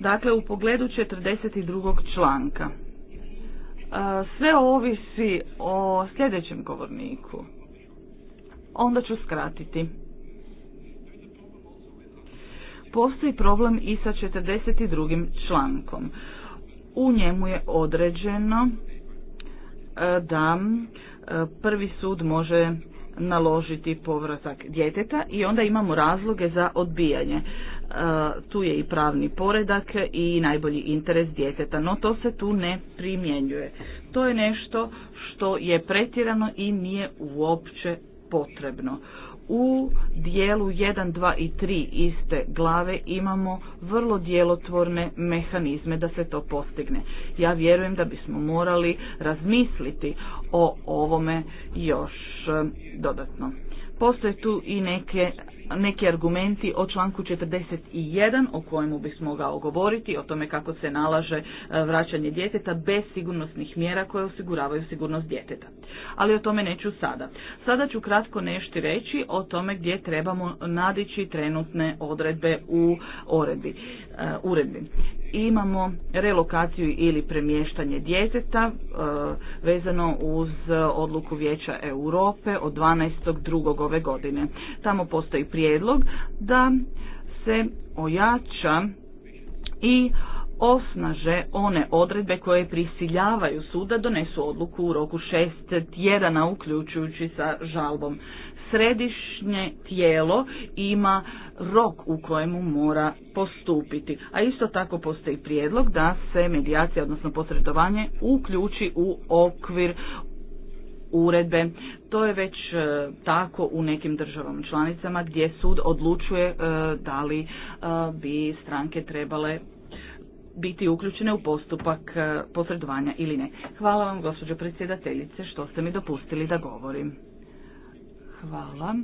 Dakle, u pogledu 42. članka. E, sve ovisi o sljedećem govorniku. Onda ću skratiti. Postoji problem i sa 42. člankom. U njemu je određeno e, da e, prvi sud može naložiti povratak djeteta i onda imamo razloge za odbijanje. E, tu je i pravni poredak i najbolji interes djeteta, no to se tu ne primjenjuje. To je nešto što je pretjerano i nije uopće potrebno. U dijelu 1, 2 i 3 iste glave imamo vrlo djelotvorne mehanizme da se to postigne. Ja vjerujem da bismo morali razmisliti o ovome još eh, dodatno. Postoje tu i neke, neki argumenti o članku 41 o kojemu bih mogao govoriti, o tome kako se nalaže e, vraćanje djeteta bez sigurnosnih mjera koje osiguravaju sigurnost djeteta. Ali o tome neću sada. Sada ću kratko nešto reći o tome gdje trebamo nadići trenutne odredbe u uredbi. E, uredbi. Imamo relokaciju ili premještanje djeteta e, vezano uz odluku Vijeća Europe od 12.2. ove godine. Tamo postoji prijedlog da se ojača i osnaže one odredbe koje prisiljavaju suda donesu odluku u roku šest tjedana uključujući sa žalbom središnje tijelo ima rok u kojemu mora postupiti. A isto tako postoji prijedlog da se medijacija, odnosno posredovanje, uključi u okvir uredbe. To je već e, tako u nekim državama članicama gdje sud odlučuje e, da li e, bi stranke trebale biti uključene u postupak posredovanja ili ne. Hvala vam gospođo predsjedateljice što ste mi dopustili da govorim. Hvala.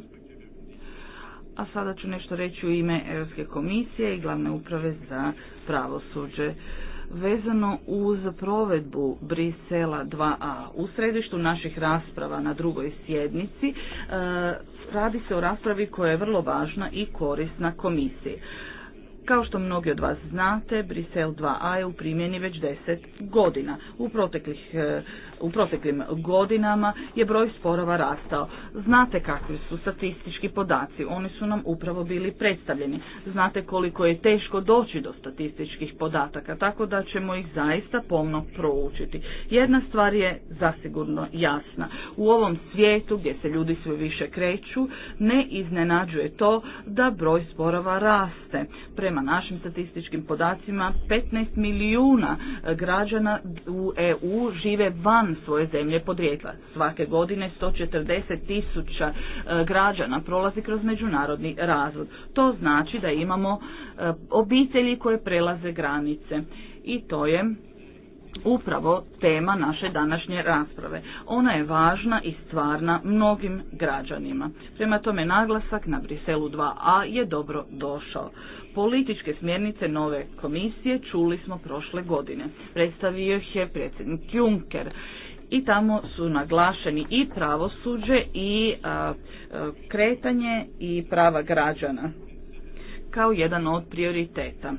A sada ću nešto reći u ime Europske komisije i glavne uprave za pravosuđe. Vezano uz provedbu Brisela 2a u središtu naših rasprava na drugoj sjednici e, radi se o raspravi koja je vrlo važna i korisna komisiji. Kao što mnogi od vas znate, Brisel 2a je u primjeni već 10 godina. U proteklih e, u proteklim godinama je broj sporova rastao. Znate kakvi su statistički podaci, oni su nam upravo bili predstavljeni. Znate koliko je teško doći do statističkih podataka, tako da ćemo ih zaista pomno proučiti. Jedna stvar je zasigurno jasna. U ovom svijetu gdje se ljudi sve više kreću, ne iznenađuje to da broj sporova raste. Prema našim statističkim podacima 15 milijuna građana u EU žive van van svoje zemlje podrijetla. Svake godine 140 tisuća e, građana prolazi kroz međunarodni razvod. To znači da imamo e, obitelji koje prelaze granice i to je upravo tema naše današnje rasprave. Ona je važna i stvarna mnogim građanima. Prema tome naglasak na Briselu 2a je dobro došao. Političke smjernice nove komisije čuli smo prošle godine. Predstavio ih je predsjednik Juncker i tamo su naglašeni i pravosuđe i kretanje i prava građana kao jedan od prioriteta.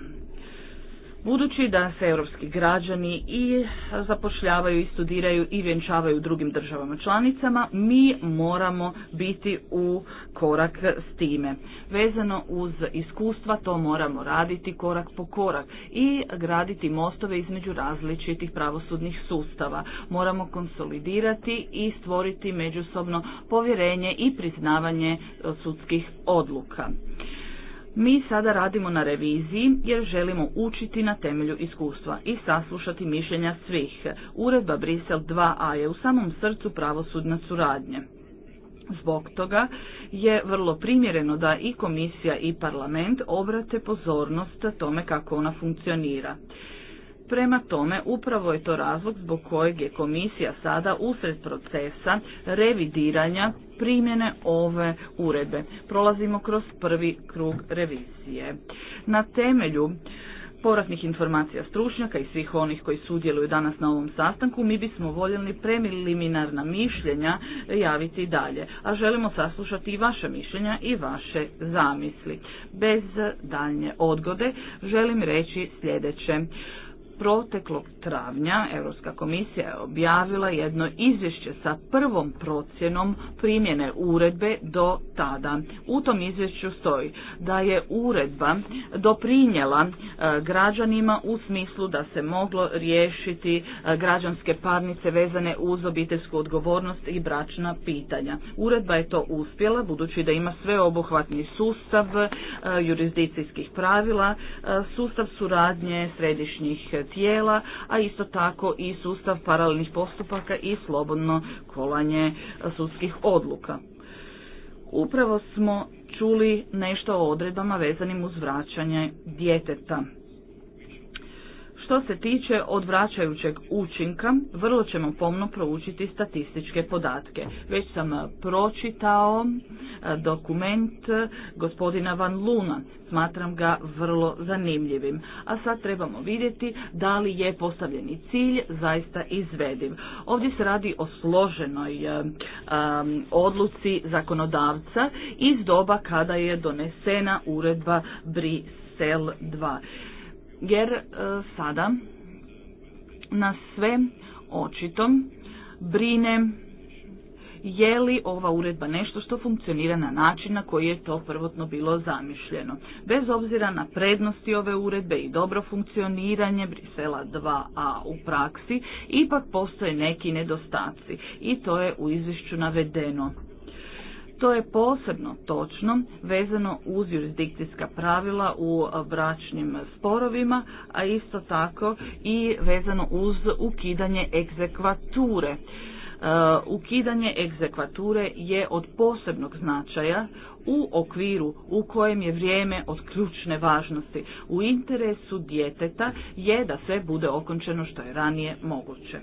Budući da se europski građani i zapošljavaju i studiraju i vjenčavaju u drugim državama članicama, mi moramo biti u korak s time. Vezano uz iskustva to moramo raditi korak po korak i graditi mostove između različitih pravosudnih sustava. Moramo konsolidirati i stvoriti međusobno povjerenje i priznavanje sudskih odluka. Mi sada radimo na reviziji jer želimo učiti na temelju iskustva i saslušati mišljenja svih. Uredba Brisel 2a je u samom srcu pravosudna suradnje. Zbog toga je vrlo primjereno da i komisija i parlament obrate pozornost tome kako ona funkcionira. Prema tome, upravo je to razlog zbog kojeg je komisija sada usred procesa revidiranja primjene ove uredbe. Prolazimo kroz prvi krug revizije. Na temelju povratnih informacija stručnjaka i svih onih koji sudjeluju danas na ovom sastanku, mi bismo voljeli preliminarna mišljenja javiti dalje, a želimo saslušati i vaše mišljenja i vaše zamisli. Bez daljnje odgode želim reći sljedeće proteklog travnja Europska komisija je objavila jedno izvješće sa prvom procjenom primjene uredbe do tada. U tom izvješću stoji da je uredba doprinjela e, građanima u smislu da se moglo riješiti e, građanske parnice vezane uz obiteljsku odgovornost i bračna pitanja. Uredba je to uspjela budući da ima sveobuhvatni sustav e, jurisdikcijskih pravila, sustav suradnje središnjih tijela, a isto tako i sustav paralelnih postupaka i slobodno kolanje sudskih odluka. Upravo smo čuli nešto o odredbama vezanim uz vraćanje djeteta. Što se tiče odvraćajućeg učinka, vrlo ćemo pomno proučiti statističke podatke. Već sam e, pročitao e, dokument e, gospodina Van Luna. Smatram ga vrlo zanimljivim. A sad trebamo vidjeti da li je postavljeni cilj zaista izvediv. Ovdje se radi o složenoj odluci zakonodavca iz doba kada je donesena uredba Brisel 2 jer e, sada na sve očito brine je li ova uredba nešto što funkcionira na način na koji je to prvotno bilo zamišljeno. Bez obzira na prednosti ove uredbe i dobro funkcioniranje Brisela 2a u praksi, ipak postoje neki nedostaci i to je u izvješću navedeno. To je posebno točno vezano uz jurisdikcijska pravila u bračnim sporovima, a isto tako i vezano uz ukidanje egzekvature. E, ukidanje egzekvature je od posebnog značaja u okviru u kojem je vrijeme od ključne važnosti. U interesu djeteta je da sve bude okončeno što je ranije moguće.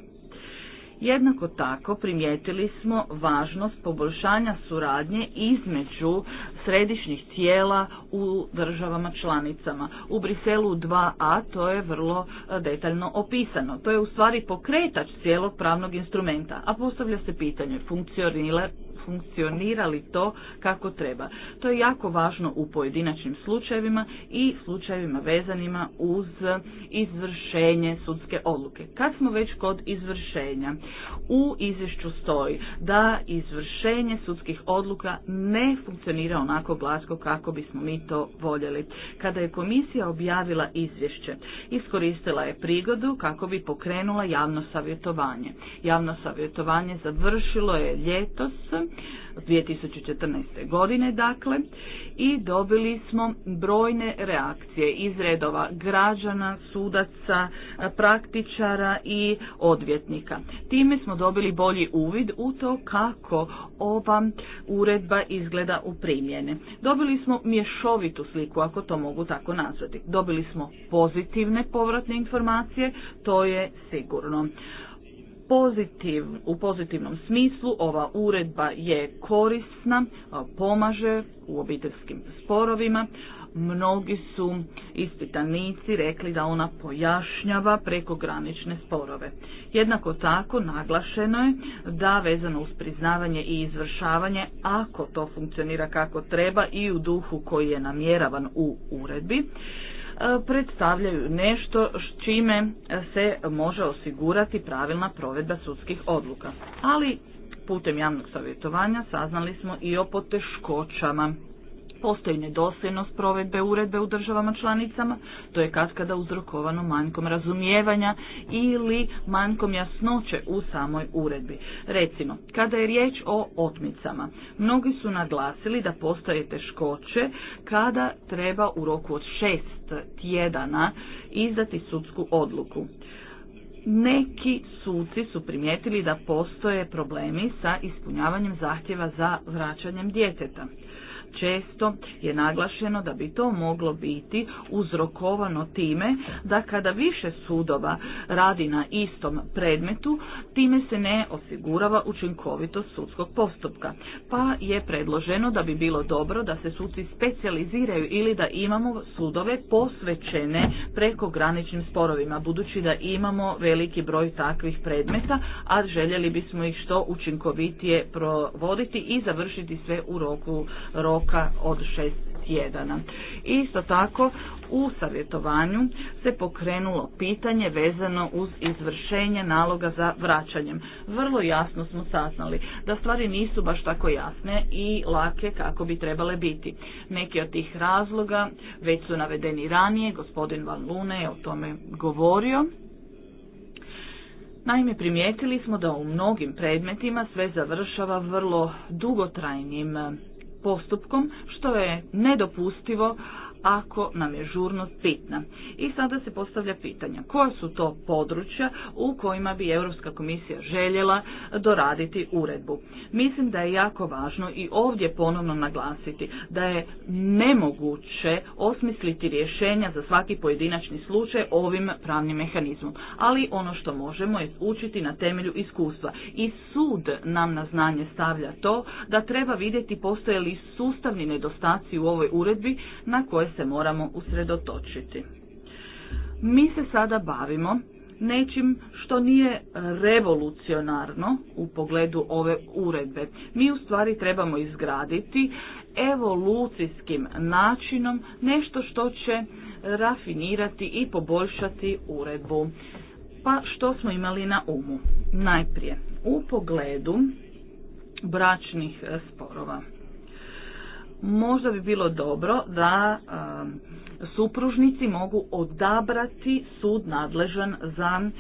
Jednako tako primijetili smo važnost poboljšanja suradnje između središnjih tijela u državama članicama. U Briselu 2a to je vrlo e, detaljno opisano. To je u stvari pokretač cijelog pravnog instrumenta, a postavlja se pitanje funkcionira funkcionirali to kako treba. To je jako važno u pojedinačnim slučajevima i slučajevima vezanima uz izvršenje sudske odluke. Kad smo već kod izvršenja, u izvješću stoji da izvršenje sudskih odluka ne funkcionira onako glasko kako bismo mi to voljeli. Kada je komisija objavila izvješće, iskoristila je prigodu kako bi pokrenula javno savjetovanje. Javno savjetovanje završilo je ljetos 2014. godine dakle i dobili smo brojne reakcije iz redova građana, sudaca, praktičara i odvjetnika. Time smo dobili bolji uvid u to kako ova uredba izgleda u primjene. Dobili smo mješovitu sliku, ako to mogu tako nazvati. Dobili smo pozitivne povratne informacije, to je sigurno. Pozitiv, u pozitivnom smislu ova uredba je korisna, pomaže u obiteljskim sporovima. Mnogi su ispitanici rekli da ona pojašnjava prekogranične sporove. Jednako tako naglašeno je da vezano uz priznavanje i izvršavanje, ako to funkcionira kako treba i u duhu koji je namjeravan u uredbi, E, predstavljaju nešto čime se može osigurati pravilna provedba sudskih odluka. Ali putem javnog savjetovanja saznali smo i o poteškoćama Postoji nedosljednost provedbe uredbe u državama članicama, to je kada uzrokovano manjkom razumijevanja ili manjkom jasnoće u samoj uredbi. Recimo, kada je riječ o otmicama, mnogi su naglasili da postoje teškoće kada treba u roku od šest tjedana izdati sudsku odluku. Neki suci su primijetili da postoje problemi sa ispunjavanjem zahtjeva za vraćanjem djeteta često je naglašeno da bi to moglo biti uzrokovano time da kada više sudova radi na istom predmetu, time se ne osigurava učinkovitost sudskog postupka. Pa je predloženo da bi bilo dobro da se suci specijaliziraju ili da imamo sudove posvećene graničnim sporovima, budući da imamo veliki broj takvih predmeta, a željeli bismo ih što učinkovitije provoditi i završiti sve u roku, roku od šest Isto tako u savjetovanju se pokrenulo pitanje vezano uz izvršenje naloga za vraćanjem. Vrlo jasno smo saznali da stvari nisu baš tako jasne i lake kako bi trebale biti. Neki od tih razloga već su navedeni ranije, gospodin Van Lune je o tome govorio. Naime, primijetili smo da u mnogim predmetima sve završava vrlo dugotrajnim postupkom što je nedopustivo ako nam je žurnost bitna. I sada se postavlja pitanja koja su to područja u kojima bi Europska komisija željela doraditi uredbu. Mislim da je jako važno i ovdje ponovno naglasiti da je nemoguće osmisliti rješenja za svaki pojedinačni slučaj ovim pravnim mehanizmom. Ali ono što možemo je učiti na temelju iskustva. I sud nam na znanje stavlja to da treba vidjeti postoje li sustavni nedostaci u ovoj uredbi na koje se moramo usredotočiti. Mi se sada bavimo nečim što nije revolucionarno u pogledu ove uredbe. Mi u stvari trebamo izgraditi evolucijskim načinom nešto što će rafinirati i poboljšati uredbu. Pa što smo imali na umu? Najprije, u pogledu bračnih sporova možda bi bilo dobro da um, supružnici mogu odabrati sud nadležan za uh,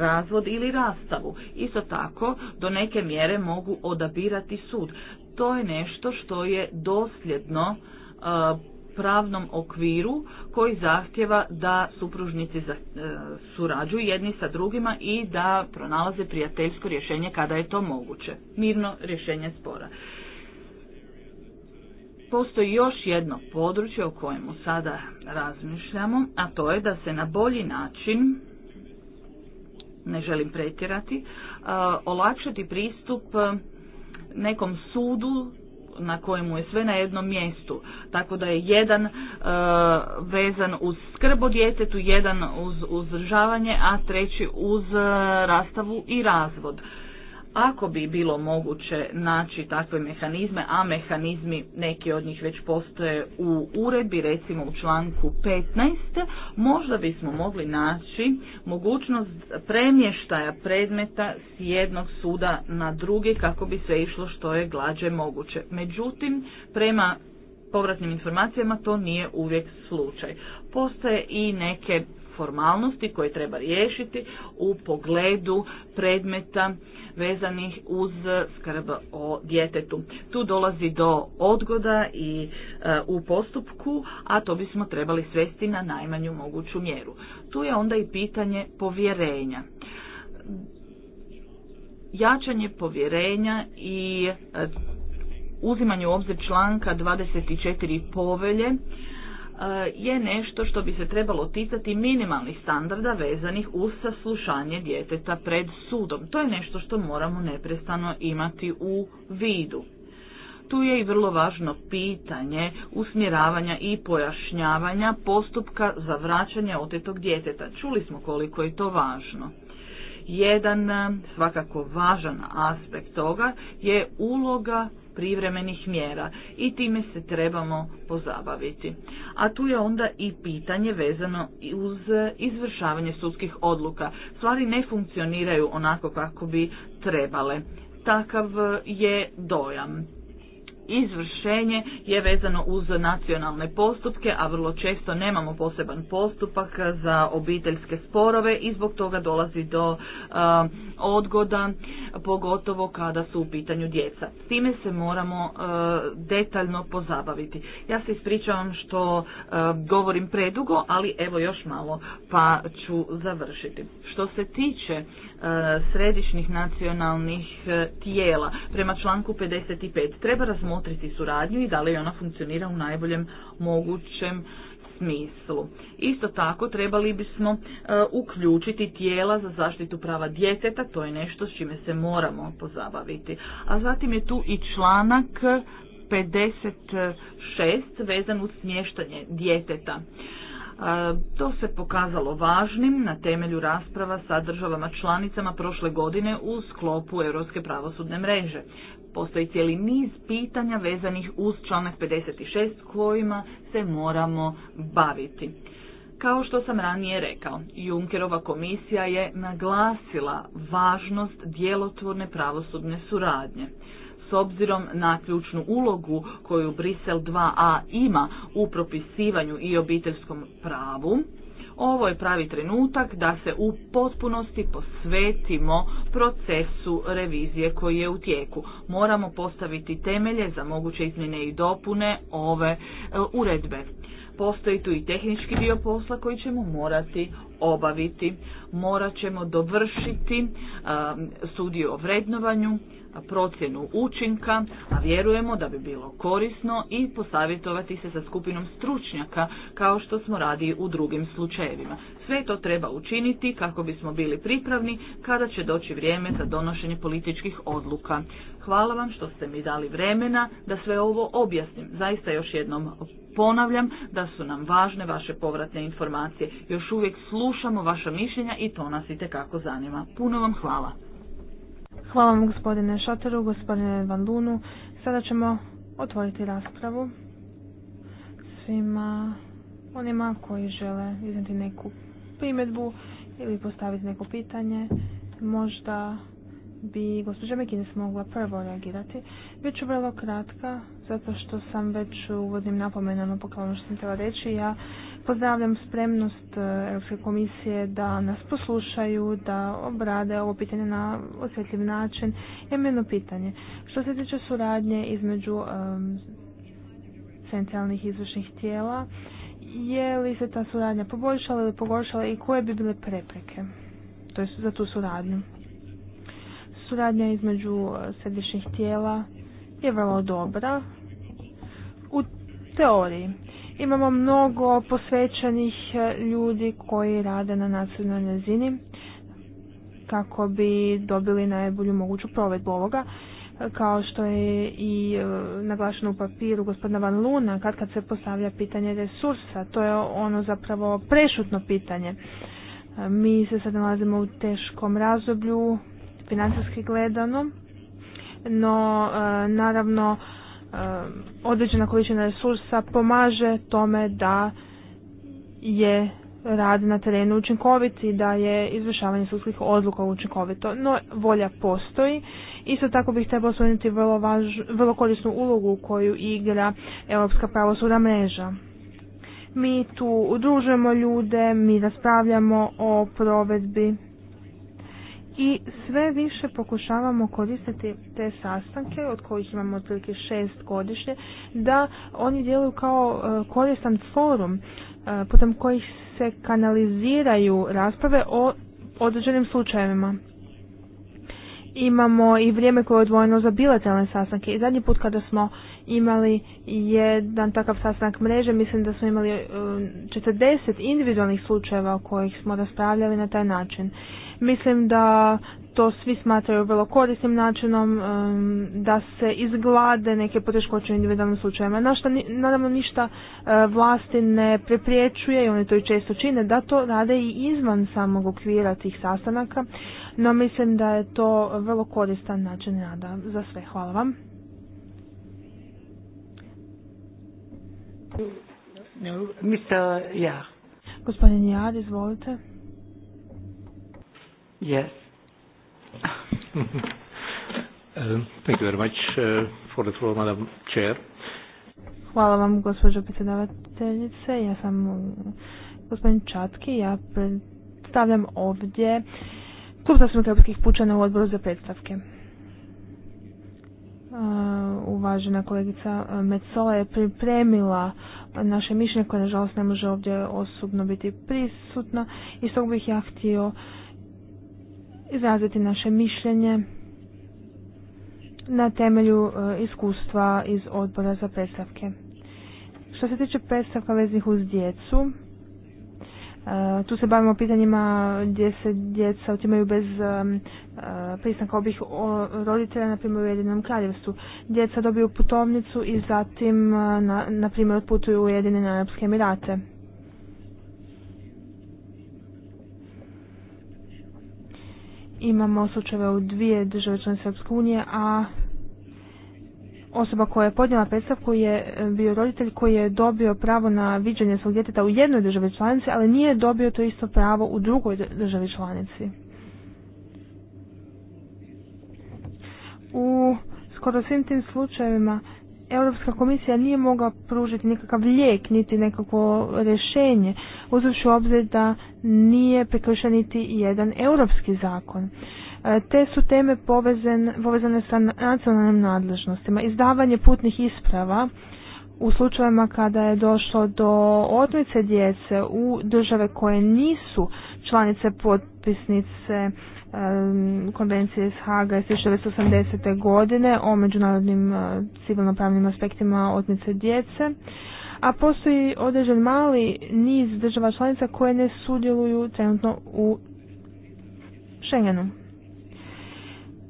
razvod ili rastavu. Isto tako, do neke mjere mogu odabirati sud. To je nešto što je dosljedno uh, pravnom okviru koji zahtjeva da supružnici za, uh, surađuju jedni sa drugima i da pronalaze prijateljsko rješenje kada je to moguće. Mirno rješenje spora. Postoji još jedno područje o kojemu sada razmišljamo, a to je da se na bolji način, ne želim pretjerati, olakšati pristup nekom sudu na kojemu je sve na jednom mjestu, tako da je jedan vezan uz skrb djetetu, jedan uz uzdržavanje, a treći uz rastavu i razvod. Ako bi bilo moguće naći takve mehanizme, a mehanizmi neki od njih već postoje u uredbi, recimo u članku 15, možda bismo mogli naći mogućnost premještaja predmeta s jednog suda na drugi kako bi sve išlo što je glađe moguće. Međutim, prema povratnim informacijama to nije uvijek slučaj. Postoje i neke formalnosti koje treba riješiti u pogledu predmeta vezanih uz skrb o djetetu. Tu dolazi do odgoda i e, u postupku, a to bismo trebali svesti na najmanju moguću mjeru. Tu je onda i pitanje povjerenja. Jačanje povjerenja i e, uzimanje u obzir članka 24 povelje E, je nešto što bi se trebalo ticati minimalnih standarda vezanih uz saslušanje djeteta pred sudom. To je nešto što moramo neprestano imati u vidu. Tu je i vrlo važno pitanje usmjeravanja i pojašnjavanja postupka za vraćanje otetog djeteta. Čuli smo koliko je to važno. Jedan e, svakako važan aspekt toga je uloga privremenih mjera i time se trebamo pozabaviti. A tu je onda i pitanje vezano uz izvršavanje sudskih odluka. Stvari ne funkcioniraju onako kako bi trebale. Takav je dojam izvršenje je vezano uz nacionalne postupke, a vrlo često nemamo poseban postupak za obiteljske sporove i zbog toga dolazi do um, odgoda, pogotovo kada su u pitanju djeca. S time se moramo uh, detaljno pozabaviti. Ja se ispričavam što uh, govorim predugo, ali evo još malo pa ću završiti. Što se tiče Eh, središnjih nacionalnih eh, tijela. Prema članku 55 treba razmotriti suradnju i da li ona funkcionira u najboljem mogućem smislu. Isto tako trebali bismo eh, uključiti tijela za zaštitu prava djeteta, to je nešto s čime se moramo pozabaviti. A zatim je tu i članak 56 vezan uz smještanje djeteta. To se pokazalo važnim na temelju rasprava sa državama članicama prošle godine u sklopu Europske pravosudne mreže. Postoji cijeli niz pitanja vezanih uz članak 56 kojima se moramo baviti. Kao što sam ranije rekao, Junkerova komisija je naglasila važnost djelotvorne pravosudne suradnje s obzirom na ključnu ulogu koju Brisel 2a ima u propisivanju i obiteljskom pravu, ovo je pravi trenutak da se u potpunosti posvetimo procesu revizije koji je u tijeku. Moramo postaviti temelje za moguće izmjene i dopune ove e, uredbe. Postoji tu i tehnički dio posla koji ćemo morati obaviti. Morat ćemo dovršiti e, studiju o vrednovanju, procjenu učinka, a vjerujemo da bi bilo korisno i posavjetovati se sa skupinom stručnjaka kao što smo radi u drugim slučajevima. Sve to treba učiniti kako bismo bili pripravni kada će doći vrijeme za donošenje političkih odluka. Hvala vam što ste mi dali vremena da sve ovo objasnim. Zaista još jednom ponavljam da su nam važne vaše povratne informacije. Još uvijek slušamo vaša mišljenja i to nas i kako zanima. Puno vam hvala. Hvala vam gospodine Šateru, gospodine Vandunu. Sada ćemo otvoriti raspravu svima onima koji žele izneti neku primjedbu ili postaviti neko pitanje. Možda bi gospođa Mekines mogla prvo reagirati. Bit ću vrlo kratka, zato što sam već uvodim uvodnim napomenama poklonu što sam htjela reći. Ja Pozdravljam spremnost e, Europske komisije da nas poslušaju, da obrade ovo pitanje na osjetljiv način. Imam jedno pitanje. Što se tiče suradnje između e, centralnih izvršnih tijela, je li se ta suradnja poboljšala ili pogoršala i koje bi bile prepreke to za tu suradnju? Suradnja između e, središnjih tijela je vrlo dobra u teoriji Imamo mnogo posvećenih e, ljudi koji rade na nacionalnoj razini kako bi dobili najbolju moguću provedbu ovoga. E, kao što je i e, naglašeno u papiru gospodina Van Luna, kad kad se postavlja pitanje resursa, to je ono zapravo prešutno pitanje. Mi se sad nalazimo u teškom razdoblju, financijski gledano, no naravno Um, određena količina resursa pomaže tome da je rad na terenu učinkovit i da je izvršavanje sudskih odluka učinkovito. No, volja postoji. Isto tako bih trebao osvrnuti vrlo, važ, vrlo korisnu ulogu koju igra Europska pravosudna mreža. Mi tu udružujemo ljude, mi raspravljamo o provedbi i sve više pokušavamo koristiti te sastanke od kojih imamo otprilike šest godišnje da oni djeluju kao e, koristan forum e, putem kojih se kanaliziraju rasprave o određenim slučajevima. Imamo i vrijeme koje je odvojeno za bilateralne sastanke i zadnji put kada smo imali jedan takav sastanak mreže, mislim da smo imali 40 e, individualnih slučajeva o kojih smo raspravljali na taj način. Mislim da to svi smatraju vrlo korisnim načinom da se izglade neke poteškoće u individualnim slučajevima. Našta, naravno ništa e, vlasti ne prepriječuje i oni to i često čine, da to rade i izvan samog okvira tih sastanaka, no mislim da je to vrlo koristan način rada za sve. Hvala vam. Mr. Ja. Gospodin Jar, izvolite. Yes. (laughs) Um, thank you very much uh, for the floor, Chair. Hvala vam, gospođo predsjedavateljice. Ja sam um, gospodin Čatki. Ja predstavljam ovdje Klub zastupnika europskih pučana u odboru za predstavke. Uh, uvažena kolegica Metzola je pripremila naše mišljenje koje nažalost ne može ovdje osobno biti prisutna i s bih ja htio izraziti naše mišljenje na temelju e, iskustva iz odbora za predstavke. Što se tiče predstavka veznih uz djecu, e, tu se bavimo pitanjima gdje se djeca otimaju bez e, pristanka obih roditelja, na primjer u Jedinom kraljevstvu. Djeca dobiju putovnicu i zatim, na, primjer, otputuju u Jedine Arabske Emirate. imamo slučajeve u dvije države članice Srpske unije, a osoba koja je podnijela predstavku je e, bio roditelj koji je dobio pravo na viđanje svog djeteta u jednoj državi članici, ali nije dobio to isto pravo u drugoj državi članici. U skoro svim tim slučajevima Europska komisija nije mogla pružiti nikakav lijek niti nekakvo rješenje uz u obzir da nije prekršen niti jedan europski zakon. E, te su teme povezane sa nacionalnim nadležnostima. Izdavanje putnih isprava u slučajevima kada je došlo do otmice djece u države koje nisu članice potpisnice konvencije iz Haga iz 1980. godine o međunarodnim e, civilnopravnim aspektima otmice djece, a postoji određen mali niz država članica koje ne sudjeluju trenutno u Schengenu.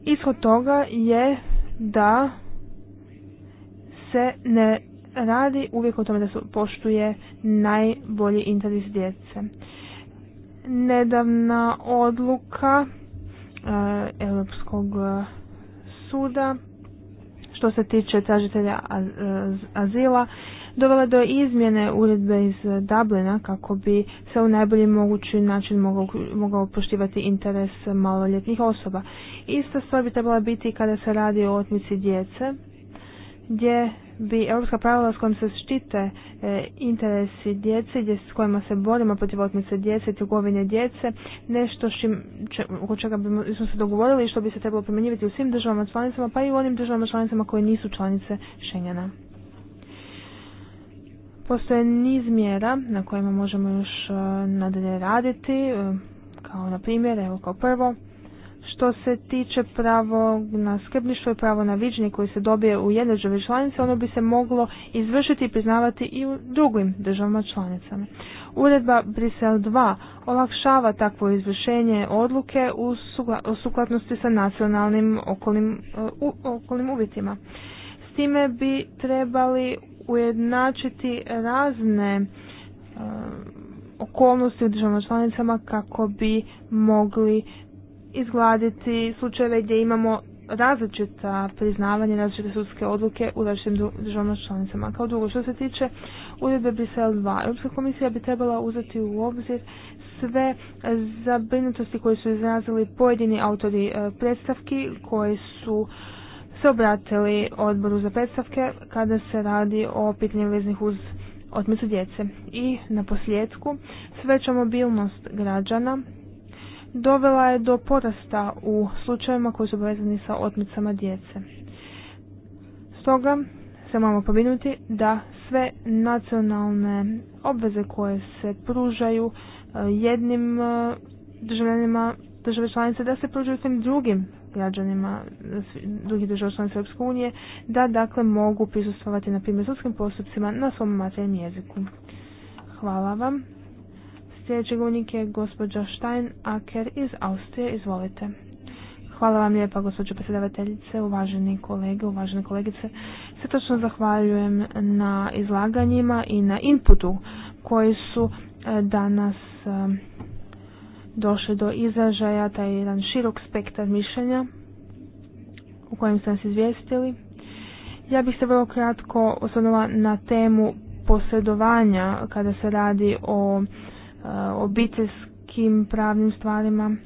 Ishod toga je da se ne radi uvijek o tome da se poštuje najbolji interes djece. Nedavna odluka e, Europskog e, suda što se tiče tražitelja e, azila dovela do izmjene uredbe iz Dublina kako bi se u najbolji mogući način mogao, poštivati interes maloljetnih osoba. Ista stvar bi trebala biti kada se radi o otmici djece gdje bi europska pravila s kojim se štite e, interesi djece s kojima se borimo protiv djece i trgovine djece nešto šim, če, oko čega bi smo se dogovorili i što bi se trebalo primjenjivati u svim državama članicama pa i u onim državama članicama koje nisu članice Schengena. Postoje niz mjera na kojima možemo još e, nadalje raditi, e, kao na primjer, evo kao prvo, što se tiče pravo na skrbništvo i pravo na viđenje koji se dobije u jednoj državi članice, ono bi se moglo izvršiti i priznavati i u drugim državama članicama. Uredba Brisel 2 olakšava takvo izvršenje odluke u sukladnosti sa nacionalnim okolnim u, uvjetima. S time bi trebali ujednačiti razne e, okolnosti u državama članicama kako bi mogli izgladiti slučajeve gdje imamo različita priznavanja različite sudske odluke u različitim državama članicama. Kao drugo, što se tiče uredbe Brisel 2, Europska komisija bi trebala uzeti u obzir sve zabrinutosti koje su izrazili pojedini autori e, predstavki koji su se obratili odboru za predstavke kada se radi o pitanju veznih uz otmicu djece. I na posljedku, sveća mobilnost građana dovela je do porasta u slučajevima koji su povezani sa otmicama djece. Stoga se moramo povinuti da sve nacionalne obveze koje se pružaju e, jednim e, državljanima države članice da se pružaju svim drugim građanima drugih država članica Europske unije da dakle mogu prisustvovati na primjer sudskim postupcima na svom materijem jeziku. Hvala vam. Sljedeći govornik je gospođa Stein Aker iz Austrije. Izvolite. Hvala vam lijepa gospođo predsjedavateljice, uvaženi kolege, uvažene kolegice. sve zahvaljujem na izlaganjima i na inputu koji su e, danas e, došli do izražaja, taj jedan širok spektar mišljenja u kojem ste nas izvijestili. Ja bih se vrlo kratko osvrnula na temu posredovanja kada se radi o Eh, obiteljskim pravnim stvarima.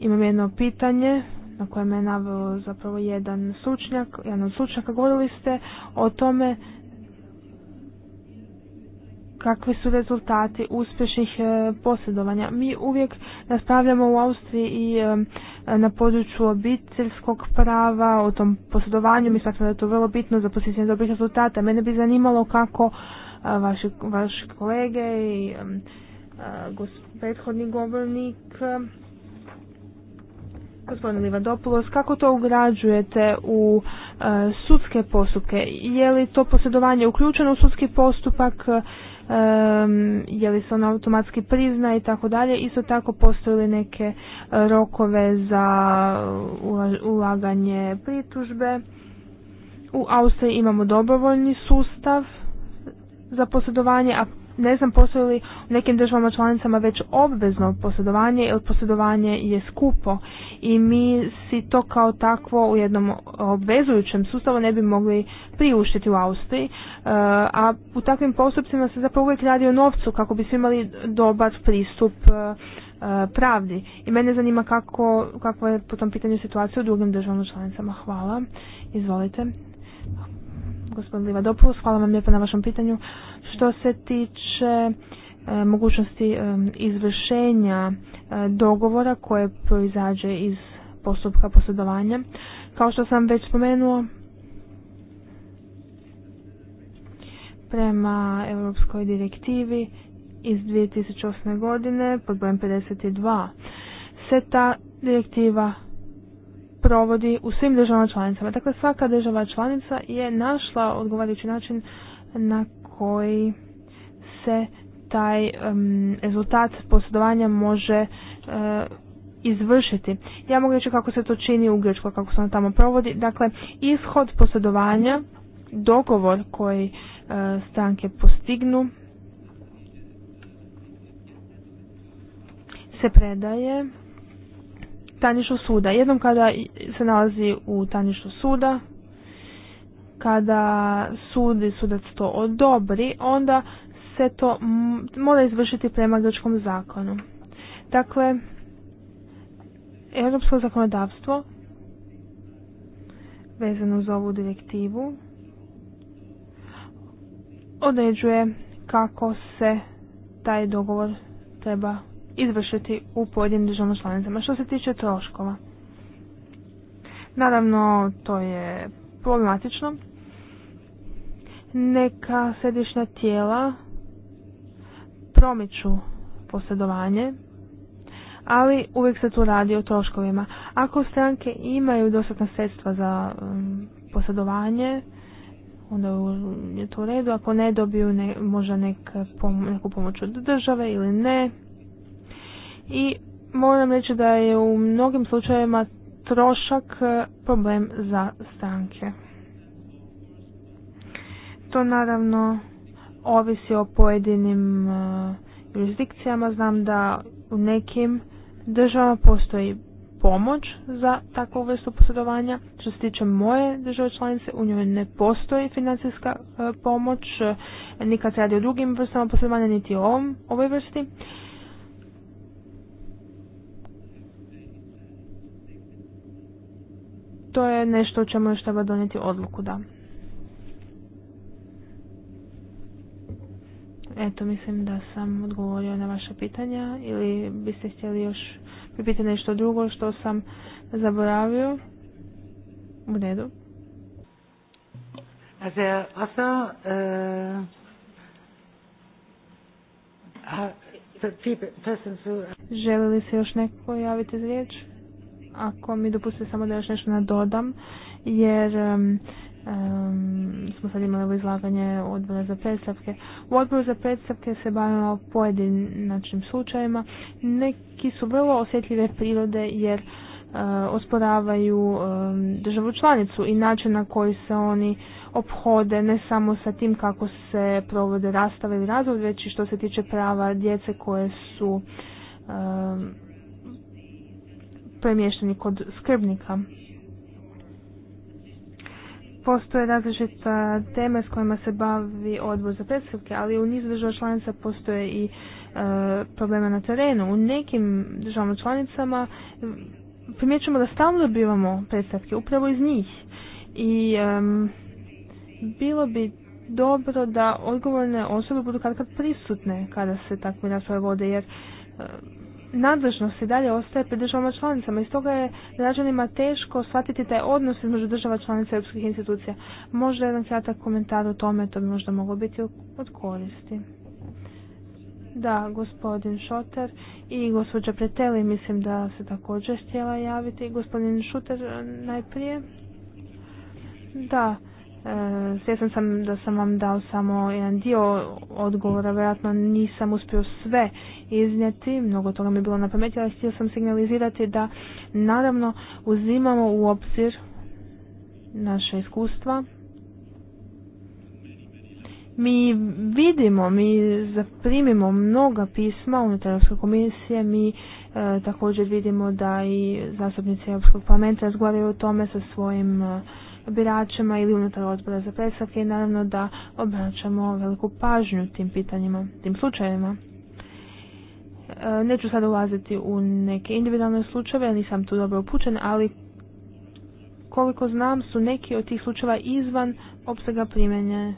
Imam jedno pitanje na koje me je naveo zapravo jedan sučnjak, jedan od sučnjaka govorili ste o tome kakvi su rezultati uspješnih eh, posjedovanja. Mi uvijek nastavljamo u Austriji i eh, na području obiteljskog prava, o tom posjedovanju, mi smatramo da je to vrlo bitno za postizanje dobrih rezultata. Mene bi zanimalo kako vaše vaši kolege i um, uh, prethodni govornik um, gospodin Livadopoulos, kako to ugrađujete u uh, sudske postupke? Je li to posjedovanje uključeno u sudski postupak? Um, je li se ono automatski prizna i tako dalje? Isto tako postoje li neke uh, rokove za ulaganje pritužbe? U Austriji imamo dobrovoljni sustav za posjedovanje, a ne znam postoji li u nekim državama članicama već obvezno posjedovanje, jer posjedovanje je skupo i mi si to kao takvo u jednom obvezujućem sustavu ne bi mogli priuštiti u Austriji, e, a u takvim postupcima se zapravo uvijek radi o novcu kako bi svi imali dobar pristup e, e, pravdi. I mene zanima kako, kakva je po tom pitanju situacija u drugim državama članicama. Hvala. Izvolite gospodin Livadopoulos, hvala vam lijepa na vašem pitanju. Što se tiče e, mogućnosti e, izvršenja e, dogovora koje proizađe iz postupka posjedovanja, kao što sam već spomenuo, prema Europskoj direktivi iz 2008. godine pod brojem 52 se ta direktiva provodi u svim državama članicama. Dakle, svaka država članica je našla odgovarajući način na koji se taj rezultat posjedovanja može e, izvršiti. Ja mogu reći kako se to čini u Grčkoj, kako se ono tamo provodi. Dakle, ishod posjedovanja, dogovor koji uh, stranke postignu, se predaje tajništvu suda. Jednom kada se nalazi u tajništvu suda, kada sud i sudac to odobri, onda se to mora izvršiti prema grčkom zakonu. Dakle, europsko zakonodavstvo vezano uz ovu direktivu određuje kako se taj dogovor treba izvršiti u pojedinim državama članicama. Što se tiče troškova, naravno to je problematično. Neka središnja tijela promiču posjedovanje, ali uvijek se tu radi o troškovima. Ako stranke imaju dostatna sredstva za um, posjedovanje, onda je to u redu. Ako ne dobiju ne, možda nek, neku pomoć od države ili ne, i moram reći da je u mnogim slučajevima trošak e, problem za stranke. To naravno ovisi o pojedinim e, jurisdikcijama. Znam da u nekim državama postoji pomoć za takvu vrstu posjedovanja. Što se tiče moje države članice, u njoj ne postoji financijska e, pomoć, nikad se radi o drugim vrstama posjedovanja, niti o ovom, ovoj vrsti. to je nešto o čemu još treba donijeti odluku, da. Eto, mislim da sam odgovorio na vaše pitanja ili biste htjeli još pripiti nešto drugo što sam zaboravio. U redu. Also, li se još neko javiti za riječ? Ako mi dopustite samo da još nešto nadodam, jer smo sad imali ovo izlaganje odbora za predstavke. U odboru za predstavke se bavimo pojedinačnim slučajima. Neki su vrlo osjetljive prirode jer eh, osporavaju um, državu članicu i način na koji se oni ophode ne samo sa tim kako se provode rastave i razvoj već i što se tiče prava djece koje su premješteni kod skrbnika. Postoje različita teme s kojima se bavi odbor za predstavke, ali u nizu država članica postoje i e, problema na terenu. U nekim državama članicama primjećujemo da stalno dobivamo predstavke upravo iz njih i bilo bi dobro da odgovorne osobe budu kad kad prisutne kada se takve rasprave vode jer nadležnost i dalje ostaje pred državama članicama i stoga je građanima teško shvatiti taj odnos između država članica i europskih institucija. Možda jedan kratak komentar o tome, to bi možda moglo biti od koristi. Da, gospodin Šoter i gospođa Preteli mislim da se također htjela javiti. Gospodin Šuter najprije. Da, Eh, Svjesna sam da sam vam dao samo jedan dio odgovora, vjerojatno nisam uspio sve iznijeti, mnogo toga mi je bilo na pameti, ali htio sam signalizirati da naravno uzimamo u obzir naše iskustva. Mi vidimo, mi zaprimimo mnoga pisma unutar Europske komisije, mi e, također vidimo da i zastupnici Europskog parlamenta razgovaraju o tome sa svojim e, biračima ili unutar odbora za predstavke i naravno da obraćamo veliku pažnju tim pitanjima, tim slučajevima. E, neću sad ulaziti u neke individualne slučajeve, nisam tu dobro upućen, ali koliko znam su neki od tih slučajeva izvan opsega primjenja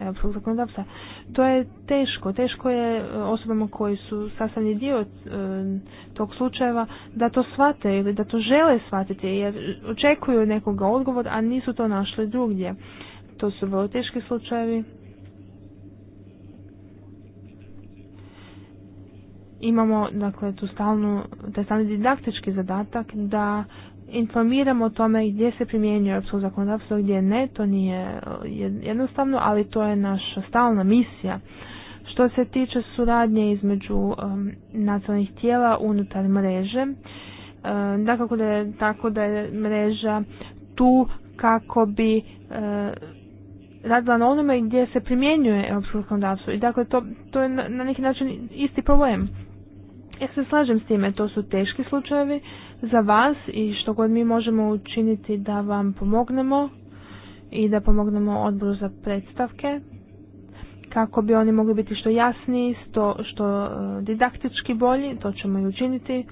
europskog zakonodavstva. To je teško. Teško je e, osobama koji su sastavni dio e, tog slučajeva da to shvate ili da to žele shvatiti jer očekuju nekoga odgovor, a nisu to našli drugdje. To su vrlo teški slučajevi. imamo dakle tu stalnu, taj stalni didaktički zadatak da informiramo o tome gdje se primjenjuje europsko zakonodavstvo, gdje ne, to nije eh, jednostavno, ali to je naša stalna misija. Što se tiče suradnje između nacionalnih tijela unutar mreže, dakako da je tako da je mreža tu kako bi eh, radila na onome gdje se primjenjuje europsko zakonodavstvo. I dakle, to, to je na, na neki način isti problem. Ja se slažem s time, to su teški slučajevi, za vas i što god mi možemo učiniti da vam pomognemo i da pomognemo odboru za predstavke kako bi oni mogli biti što jasniji, što, što e, didaktički bolji, to ćemo i učiniti,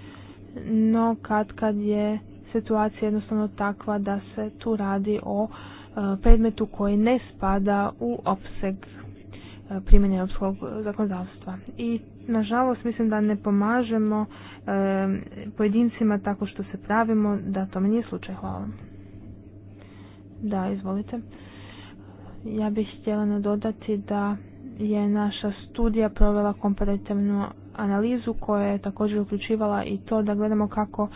no kad kad je situacija jednostavno takva da se tu radi o e, predmetu koji ne spada u opseg e, primjenja europskog zakonodavstva. I nažalost mislim da ne pomažemo pojedincima tako što se pravimo da to nije slučaj. Hvala. Da, izvolite. Ja bih htjela nadodati da je naša studija provela komparativnu analizu koja je također uključivala i to da gledamo kako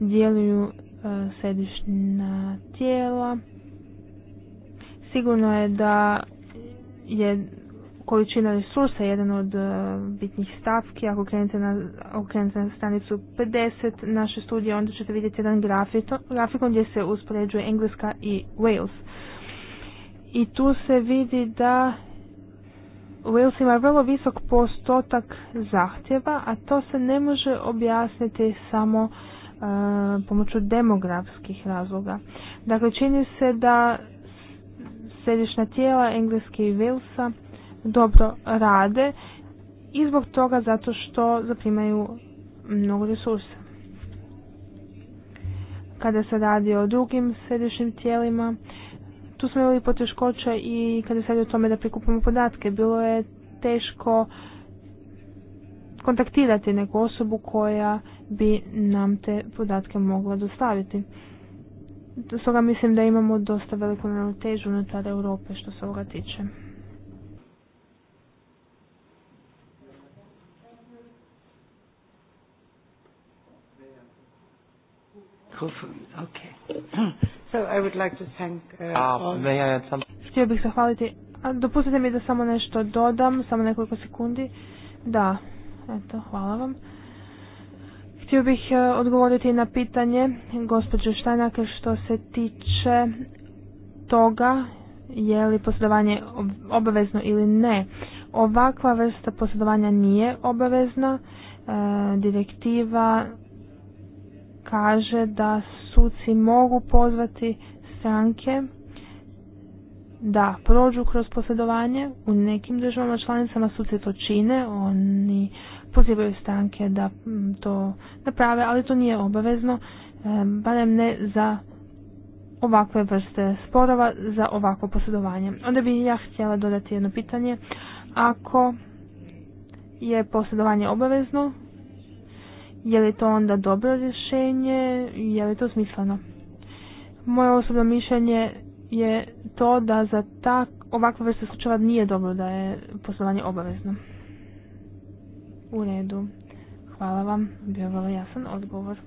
djeluju e, središnja tijela. Sigurno je da je količina resursa jedan od e, bitnih stavki. Ako krenete na, ako na stranicu 50 naše studije, onda ćete vidjeti jedan grafito, grafikon gdje se uspoređuje Engleska i Wales. I tu se vidi da Wales ima vrlo visok postotak zahtjeva, a to se ne može objasniti samo e, pomoću demografskih razloga. Dakle, čini se da središnja tijela Engleske i Walesa dobro rade i zbog toga zato što zaprimaju mnogo resursa. Kada se radi o drugim središnjim tijelima, tu smo imali poteškoća i kada se radi o tome da prikupimo podatke, bilo je teško kontaktirati neku osobu koja bi nam te podatke mogla dostaviti. Stoga mislim da imamo dosta veliku na unutar Europe što se ovoga tiče. Htio bih zahvaliti. dopustite mi da samo nešto dodam, samo nekoliko sekundi. Da, eto, hvala vam. Htio bih e, odgovoriti na pitanje gospođe Štajnake što se tiče toga je li posjedovanje obavezno ili ne. Ovakva vrsta posjedovanja nije obavezna. E, direktiva kaže da suci mogu pozvati stranke da prođu kroz posjedovanje. U nekim državama članicama suci to čine, oni pozivaju stranke da mm, to naprave, ali to nije obavezno, barem ne za ovakve vrste sporova, za ovako posjedovanje. Onda bih ja htjela dodati jedno pitanje. Ako je posjedovanje obavezno, je li to onda dobro rješenje? Je li to smisleno? Moje osobno mišljenje je to da za tak, ovakve vrste slučajeva nije dobro da je poslovanje obavezno. U redu. Hvala vam. Bio je vrlo jasan odgovor.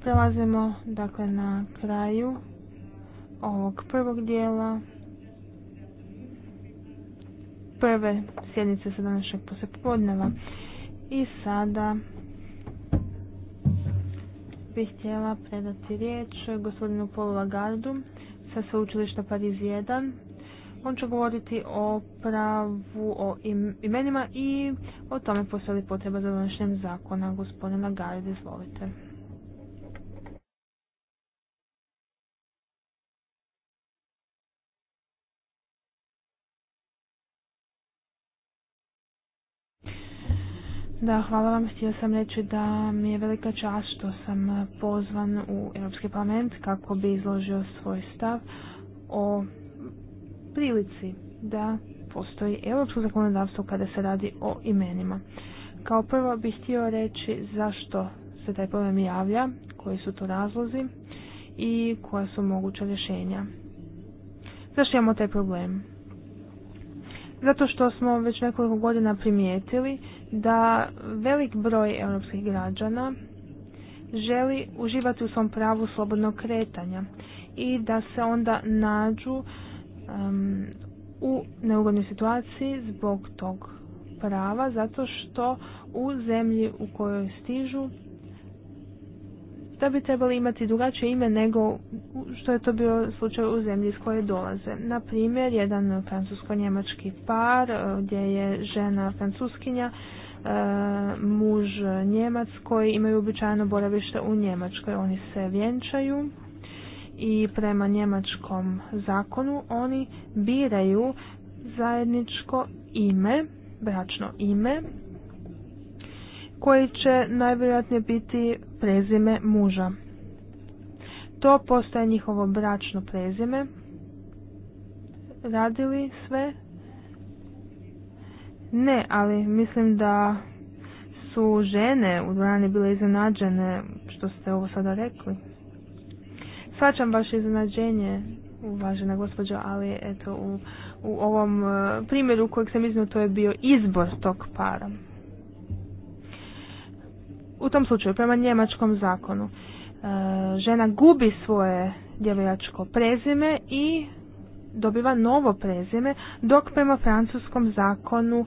Prelazimo dakle na kraju ovog prvog dijela prve sjednice sa današnjeg poslijepodneva. I sada bih htjela predati riječ gospodinu Polu Lagardu sa sveučilišta Pariz 1. On će govoriti o pravu, o imenima i o tome postoji potreba za donošenjem zakona. Gospodina Lagarde, izvolite. Da, hvala vam. Htio sam reći da mi je velika čast što sam pozvan u Europski parlament kako bi izložio svoj stav o prilici da postoji europsko zakonodavstvo kada se radi o imenima. Kao prvo bih htio reći zašto se taj problem javlja, koji su to razlozi i koja su moguća rješenja. Zašto imamo taj problem? Zato što smo već nekoliko godina primijetili da velik broj europskih građana želi uživati u svom pravu slobodnog kretanja i da se onda nađu u neugodnoj situaciji zbog tog prava zato što u zemlji u kojoj stižu da bi trebali imati drugačije ime nego što je to bio slučaj u zemlji iz koje dolaze. Na primjer, jedan francusko-njemački par eh, gdje je žena francuskinja E, muž Njemac koji imaju običajno boravište u Njemačkoj. Oni se vjenčaju i prema njemačkom zakonu oni biraju zajedničko ime, bračno ime, koji će najvjerojatnije biti prezime muža. To postaje njihovo bračno prezime. Radili sve ne, ali mislim da su žene u dvorani bile iznenađene što ste ovo sada rekli. Svačam vaše iznenađenje, uvažena gospođa, ali eto u, u ovom e, primjeru kojeg sam iznio to je bio izbor tog para. U tom slučaju, prema njemačkom zakonu, e, žena gubi svoje djevojačko prezime i dobiva novo prezime, dok prema francuskom zakonu e,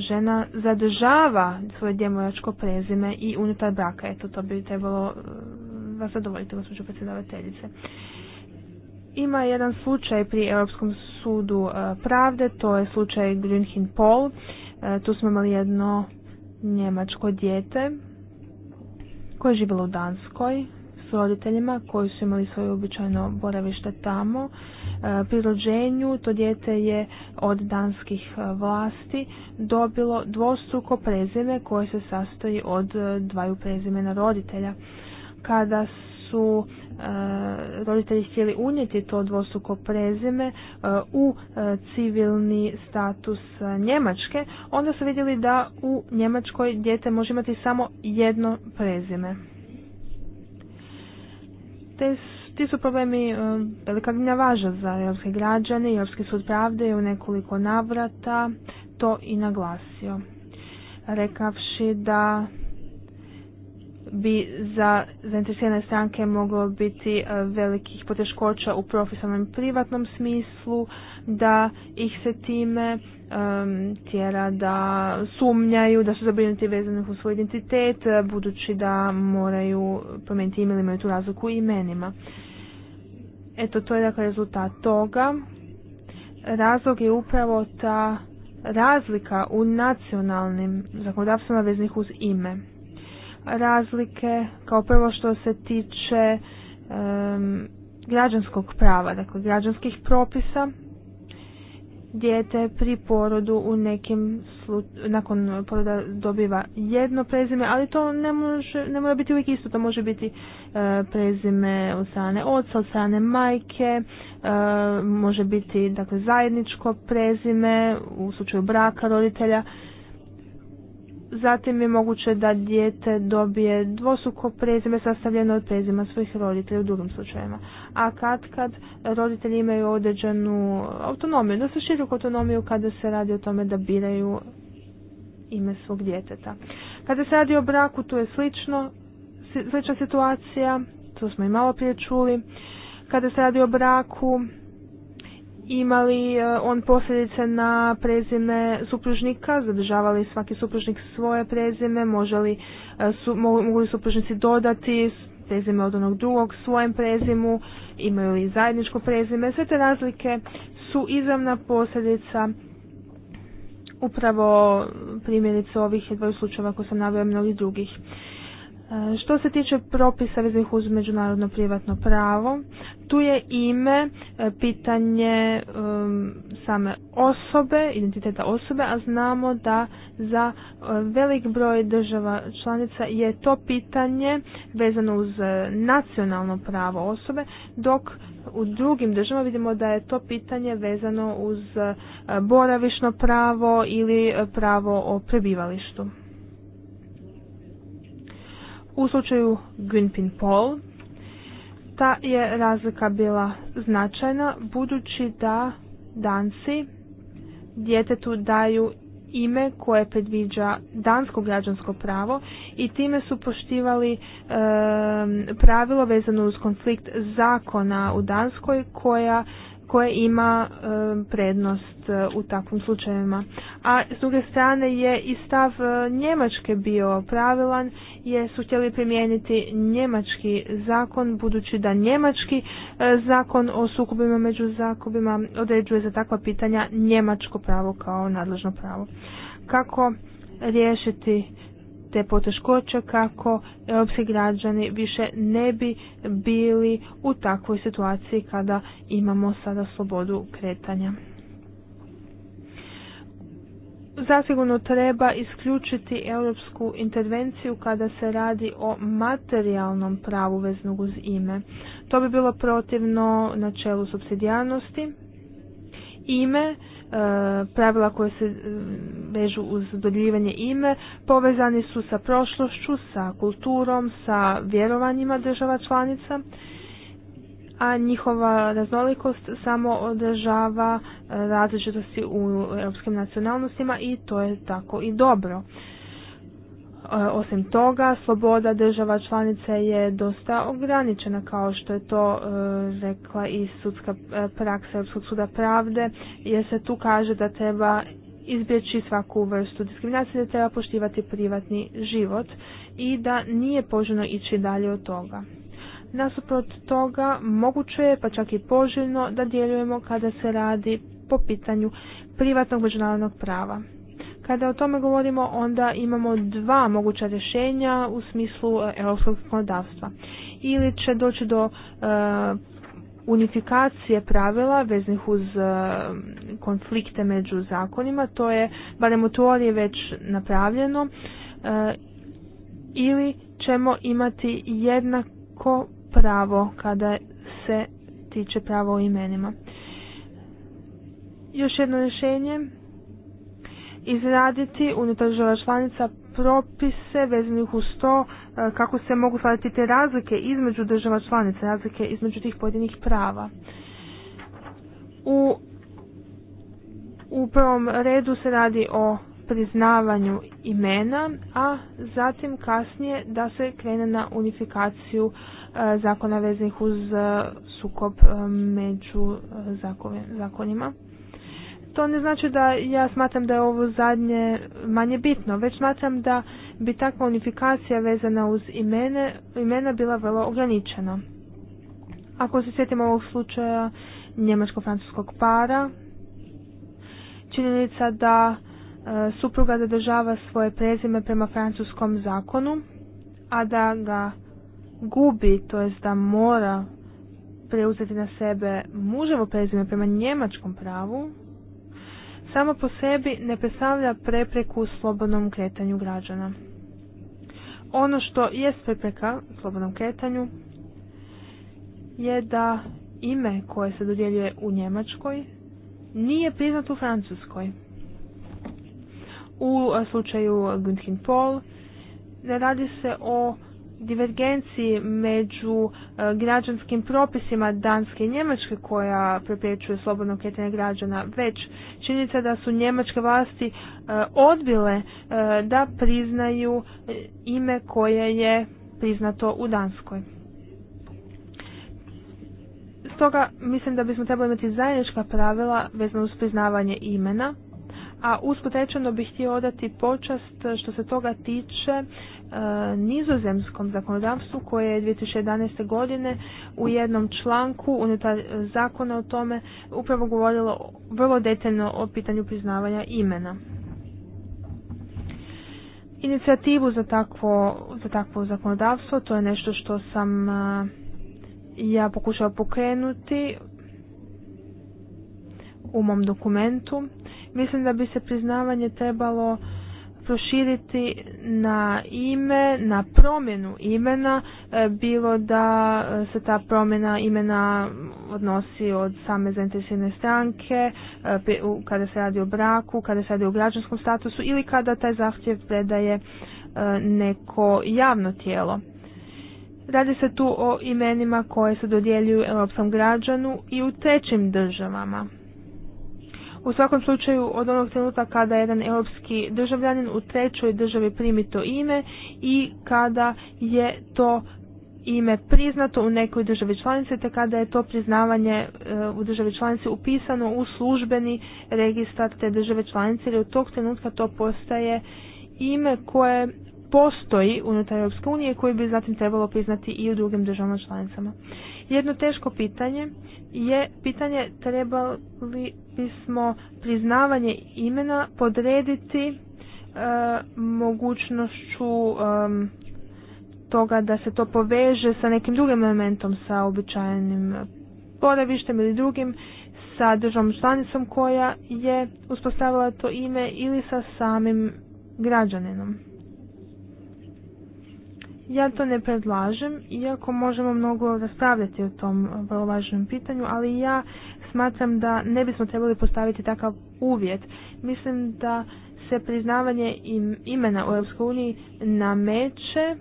žena zadržava svoje djemojačko prezime i unutar braka. Eto, to bi trebalo e, vas zadovoljiti, gospođo predsjedavateljice. Ima jedan slučaj pri Europskom sudu e, pravde, to je slučaj Grünhin Pol. tu smo imali jedno njemačko dijete koje je živjelo u Danskoj s roditeljima koji su imali svoje običajno boravište tamo E, Pri rođenju to dijete je od danskih e, vlasti dobilo dvostruko prezime koje se sastoji od e, dvaju prezimena roditelja. Kada su roditelji htjeli unijeti to dvostruko prezime u civilni status Njemačke, onda su vidjeli da u Njemačkoj dijete može imati samo jedno prezime. Te ti su problemi e, velika vinja važa za europske građane, Europski sud pravde je u nekoliko navrata to i naglasio, rekavši da bi za zainteresirane stranke moglo biti e, velikih poteškoća u profesionalnom i privatnom smislu, da ih se time tjera da sumnjaju, da su zabrinuti vezanih u svoj identitet, budući da moraju promijeniti ime ili imaju tu razliku u imenima. Eto, to je dakle rezultat toga. Razlog je upravo ta razlika u nacionalnim zakonodavstvima veznih uz ime. Razlike kao prvo što se tiče građanskog prava, dakle građanskih propisa dijete pri porodu u nekim slu... nakon poroda dobiva jedno prezime, ali to ne, može, ne mora biti uvijek isto, to može biti e, prezime od strane oca, od strane majke, e, može biti dakle, zajedničko prezime u slučaju braka roditelja. Zatim je moguće da dijete dobije dvosuko prezime sastavljeno od prezima svojih roditelja u drugim slučajevima. A kad kad roditelji imaju određenu autonomiju, su široku autonomiju kada se radi o tome da biraju ime svog djeteta. Kada se radi o braku, tu je slično, slična situacija, to smo i malo prije čuli. Kada se radi o braku, Imali e, on posljedice na prezime supružnika? zadržavali svaki supružnik svoje prezime? Može e, su, mogu li supružnici dodati prezime od onog drugog svojem prezimu? Imaju li zajedničko prezime? Sve te razlike su izravna posljedica upravo primjerice ovih dvoj slučajeva koje sam naveo mnogih drugih. Što se tiče propisa vezanih uz međunarodno privatno pravo, tu je ime e, pitanje um, same osobe, identiteta osobe, a znamo da za e, velik broj država članica je to pitanje vezano uz e, nacionalno pravo osobe, dok u drugim državama vidimo da je to pitanje vezano uz boravišno pravo ili pravo o prebivalištu. U slučaju Greenpin Paul ta je razlika bila značajna budući da danci djetetu daju ime koje predviđa dansko građansko pravo i time su poštivali ehm, pravilo vezano uz konflikt zakona u Danskoj koja koje ima e, prednost e, u takvim slučajevima. A s druge strane je i stav e, Njemačke bio pravilan jer su htjeli primijeniti njemački zakon budući da njemački zakon o sukobima među zakobima određuje za takva pitanja njemačko pravo kao nadležno pravo. Kako riješiti te poteškoće kako europski građani više ne bi bili u takvoj situaciji kada imamo sada slobodu kretanja. Zasigurno treba isključiti europsku intervenciju kada se radi o materijalnom pravu veznog uz ime. To bi bilo protivno načelu subsidijarnosti. Ime E, pravila koje se e, vežu uz dodjeljivanje ime povezani su sa prošlošću, sa kulturom, sa vjerovanjima država članica, a njihova raznolikost samo održava e, različitosti u europskim nacionalnostima i to je tako i dobro. E, osim toga, sloboda država članice je dosta ograničena kao što je to e, rekla i sudska e, praksa Europskog suda pravde jer se tu kaže da treba izbjeći svaku vrstu diskriminacije, da treba poštivati privatni život i da nije poželjno ići dalje od toga. Nasuprot toga moguće je pa čak i poželjno da djelujemo kada se radi po pitanju privatnog međunarodnog prava. Kada o tome govorimo, onda imamo dva moguća rješenja u smislu e, europskog zakonodavstva. Ili će doći do e, unifikacije pravila veznih uz e, konflikte među zakonima, to je barem u teoriji već napravljeno, ili ćemo imati jednako pravo kada se tiče pravo o imenima. Još jedno rješenje izraditi unutar država članica propise vezanih uz to e, kako se mogu shvatiti te razlike između država članica, razlike između tih pojedinih prava. U, u prvom redu se radi o priznavanju imena, a zatim kasnije da se krene na unifikaciju e, zakona vezanih uz e, sukob među zakonima. To ne znači da ja smatram da je ovo zadnje manje bitno, već smatram da bi takva unifikacija vezana uz imene, imena bila vrlo ograničena. Ako se sjetimo ovog slučaja njemačko-francuskog para, činjenica da e, supruga zadržava svoje prezime prema francuskom zakonu, a da ga gubi, to jest da mora preuzeti na sebe muževo prezime prema njemačkom pravu, samo po sebi ne predstavlja prepreku slobodnom kretanju građana. Ono što jest prepreka slobodnom kretanju je da ime koje se dodjeljuje u Njemačkoj nije priznato u Francuskoj. U slučaju Günthin Paul ne radi se o divergenciji među e, građanskim propisima Danske i Njemačke koja prepriječuje slobodno kretanje građana, već činjenica da su njemačke vlasti e, odbile e, da priznaju ime koje je priznato u Danskoj. Stoga mislim da bismo trebali imati zajednička pravila vezano uz priznavanje imena a usput bih htio odati počast e, što se toga tiče e, nizozemskom zakonodavstvu koje je 2011. godine u jednom članku unutar e, zakona o tome upravo govorilo vrlo detaljno o pitanju priznavanja imena. Inicijativu za takvo, za takvo zakonodavstvo, to je nešto što sam ja pokušala pokrenuti u mom dokumentu Mislim da bi se priznavanje trebalo proširiti na ime, na promjenu imena, e, bilo da e, se ta promjena imena odnosi od same zainteresirane stranke, e, kada se radi o braku, kada se radi o građanskom statusu ili kada taj zahtjev predaje neko javno tijelo. Radi se tu o imenima koje se dodjeljuju europskom građanu i u trećim državama. U svakom slučaju, od onog trenutka kada jedan europski državljanin u trećoj državi primi to ime i kada je to ime priznato u nekoj državi članice, te kada je to priznavanje e, u državi članice upisano u službeni registar te države članice, jer od tog trenutka to postaje ime koje postoji unutar Europske unije koje bi zatim trebalo priznati i u drugim državama članicama. Jedno teško pitanje je pitanje trebali bismo priznavanje imena podrediti e, mogućnošću toga da se to poveže sa nekim drugim elementom, sa običajnim boravištem ili drugim, sa državom članicom koja je uspostavila to ime ili sa samim građaninom. Ja to ne predlažem, iako možemo mnogo raspravljati o tom vrlo važnom pitanju, ali ja smatram da ne bismo trebali postaviti takav uvjet. Mislim da se priznavanje imena u EU nameće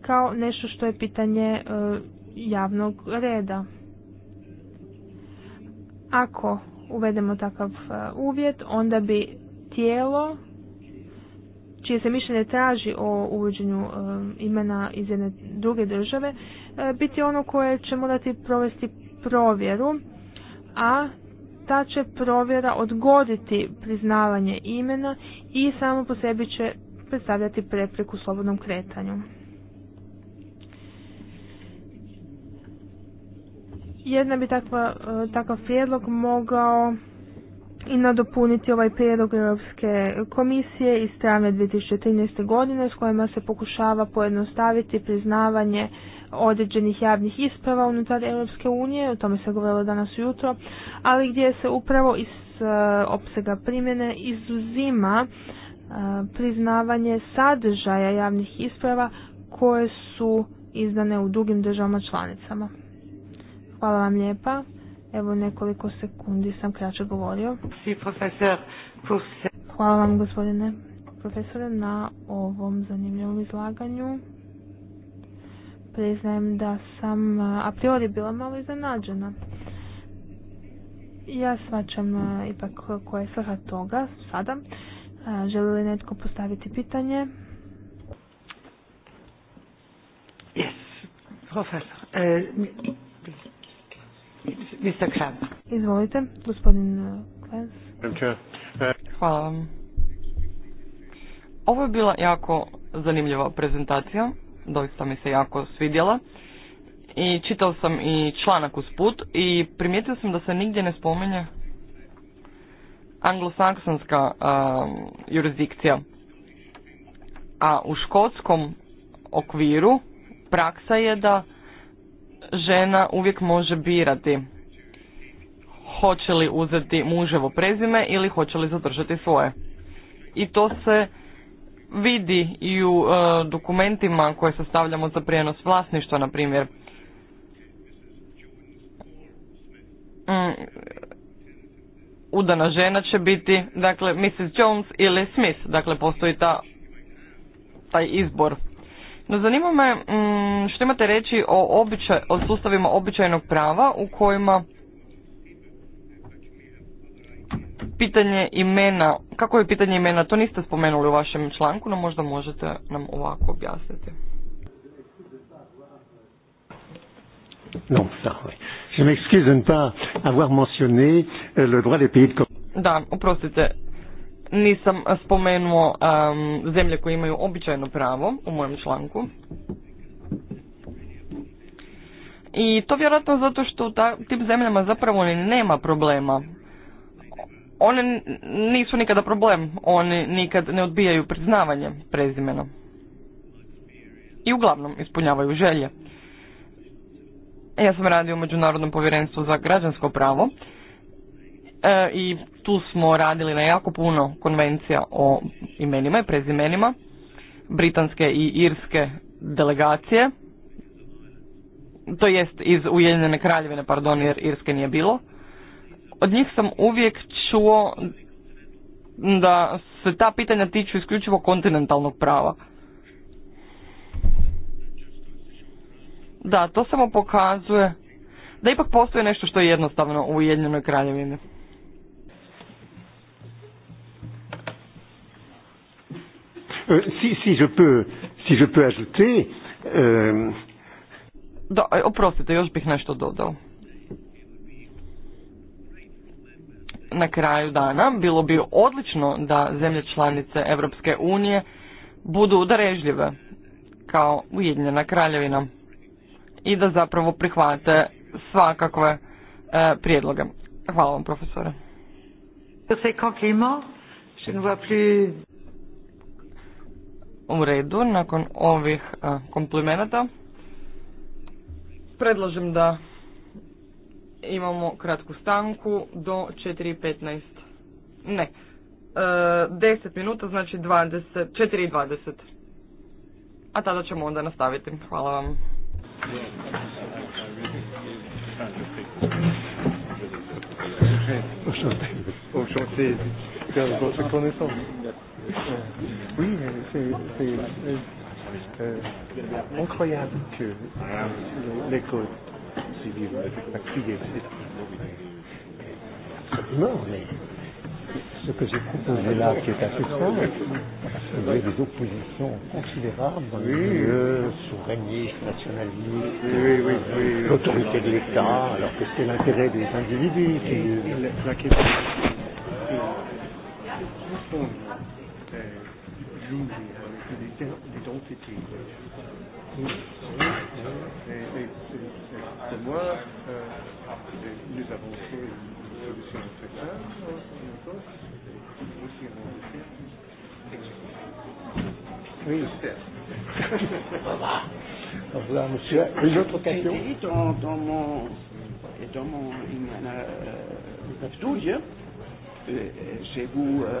kao nešto što je pitanje e, javnog reda. Ako uvedemo takav e, uvjet, onda bi tijelo čije se mišljenje traži o uvođenju um, imena iz jedne druge države, uh, biti ono koje će morati provesti provjeru, a ta će provjera odgoditi priznavanje imena i samo po sebi će predstavljati prepreku slobodnom kretanju. Jedna bi takva, uh, takav prijedlog mogao i nadopuniti ovaj prijedlog Europske komisije iz travnja 2013. godine s kojima se pokušava pojednostaviti priznavanje određenih javnih isprava unutar Europske unije, o tome se govorilo danas ujutro, ali gdje se upravo iz e, opsega primjene izuzima e, priznavanje sadržaja javnih isprava koje su izdane u drugim državama članicama. Hvala vam lijepa. Evo nekoliko sekundi sam kraće govorio. Hvala vam gospodine profesore na ovom zanimljivom izlaganju. Priznajem da sam a priori bila malo iznenađena. Ja svačam ipak koja je svrha toga sada. Želi li netko postaviti pitanje? Yes, profesor. E... Mr. Izvolite, gospodin uh, Klenz. Uh, Hvala vam. Ovo je bila jako zanimljiva prezentacija, doista mi se jako svidjela. I čitao sam i članak uz put i primijetio sam da se nigdje ne spominje anglosaksonska um, jurisdikcija. A u škotskom okviru praksa je da žena uvijek može birati hoće li uzeti muževo prezime ili hoće li zadržati svoje. I to se vidi i u e, dokumentima koje sastavljamo za prijenos vlasništva, na primjer. Mm, udana žena će biti, dakle, Mrs. Jones ili Smith, dakle, postoji ta, taj izbor. No zanima me mm, što imate reći o, običaj, o sustavima običajnog prava u kojima pitanje imena, kako je pitanje imena, to niste spomenuli u vašem članku, no možda možete nam ovako objasniti. Non, ça, oui. Da, oprostite, nisam spomenuo um, zemlje koje imaju običajno pravo u mojem članku. I to vjerojatno zato što u tim zemljama zapravo ni nema problema. One nisu nikada problem, oni nikad ne odbijaju priznavanje prezimeno I uglavnom ispunjavaju želje. Ja sam radio u Međunarodnom povjerenstvu za građansko pravo E, i tu smo radili na jako puno konvencija o imenima i prezimenima britanske i irske delegacije to jest iz Ujedinjene kraljevine, pardon, jer Irske nije bilo. Od njih sam uvijek čuo da se ta pitanja tiču isključivo kontinentalnog prava. Da, to samo pokazuje da ipak postoji nešto što je jednostavno u Ujedinjenoj kraljevini. Euh, si, si, je peux, si je peux ajouter... Euh... Da, e, oprostite, još bih nešto dodao. Na kraju dana bilo bi odlično da zemlje članice Europske unije budu udarežljive kao Ujedinjena kraljevina i da zapravo prihvate svakakve e, prijedloge. Hvala vam profesore. Je u redu, nakon ovih komplimenata predlažem da imamo kratku stanku do 4.15. Ne, 10 minuta, znači 20, 4.20. A tada ćemo onda nastaviti. Hvala vam. Oui, euh, c'est euh, euh incroyable que les causes civiles la crier. Non, mais ce que j'ai proposé là, qui est assez simple, qu'il y a des oppositions considérables dans les milieux souverainistes, nationalistes, oui, oui, oui, l'autorité de l'État, alors que c'est l'intérêt des individus. et La question l'identité. Eh, eh, eh, euh, euh, et, pour moi, nous avons fait solution Oui, Voilà, monsieur. Une dans, dans mon, dans mon euh, chez vous euh,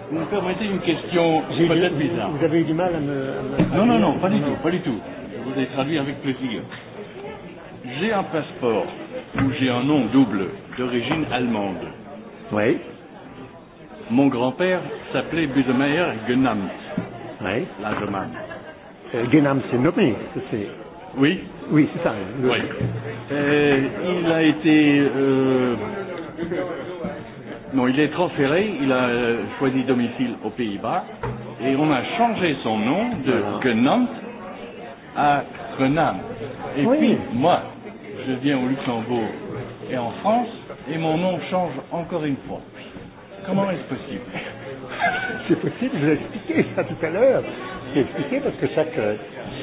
Vous me permettez une question peut-être bizarre. Vous avez eu du mal à me. À non, non, non, pas du non. tout, pas du tout. Je vous ai traduit avec plaisir. J'ai un passeport où j'ai un nom double d'origine allemande. Oui. Mon grand-père s'appelait Budemeyer Genamt. Oui. L'Allemagne. Euh, Genamt, c'est nommé. C'est... Oui. Oui, c'est ça. Oui. Euh, il a été. Euh Non, il est transféré, il a euh, choisi domicile aux Pays-Bas et on a changé son nom de Genant à Renan. Et oui. puis, moi, je viens au Luxembourg et en France et mon nom change encore une fois. Comment est-ce possible (laughs) C'est possible, je vais expliqué ça tout à l'heure. J'ai expliqué parce que chaque,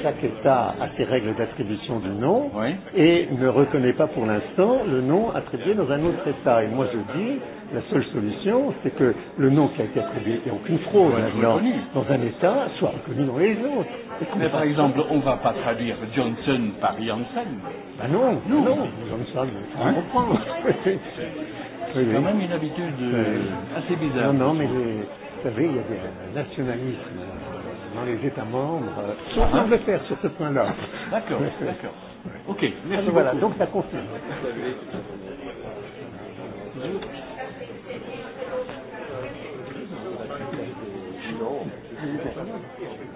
chaque État a ses règles d'attribution du nom oui. et ne reconnaît pas pour l'instant le nom attribué dans un autre État. Et moi je dis, La seule solution, c'est que le nom qui a été attribué, il n'y a aucune fraude maintenant, dans un État, soit reconnu dans les autres. Mais par exemple, on ne va pas traduire Johnson par Janssen. Ben non, non, non. Johnson, on hein? comprend. (laughs) oui. C'est quand même une habitude euh, euh, assez bizarre. Non, non, mais les, vous savez, il y a des euh, nationalismes dans les États membres, ah, sauf ah, faire sur ce point-là. D'accord, (laughs) d'accord. Ok, merci. Alors, voilà, donc ça confirme.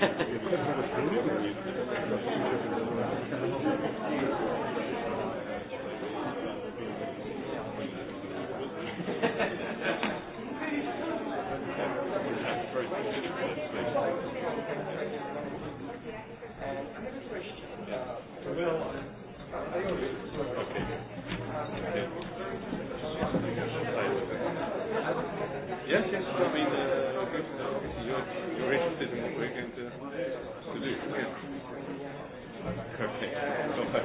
Hvala (laughs)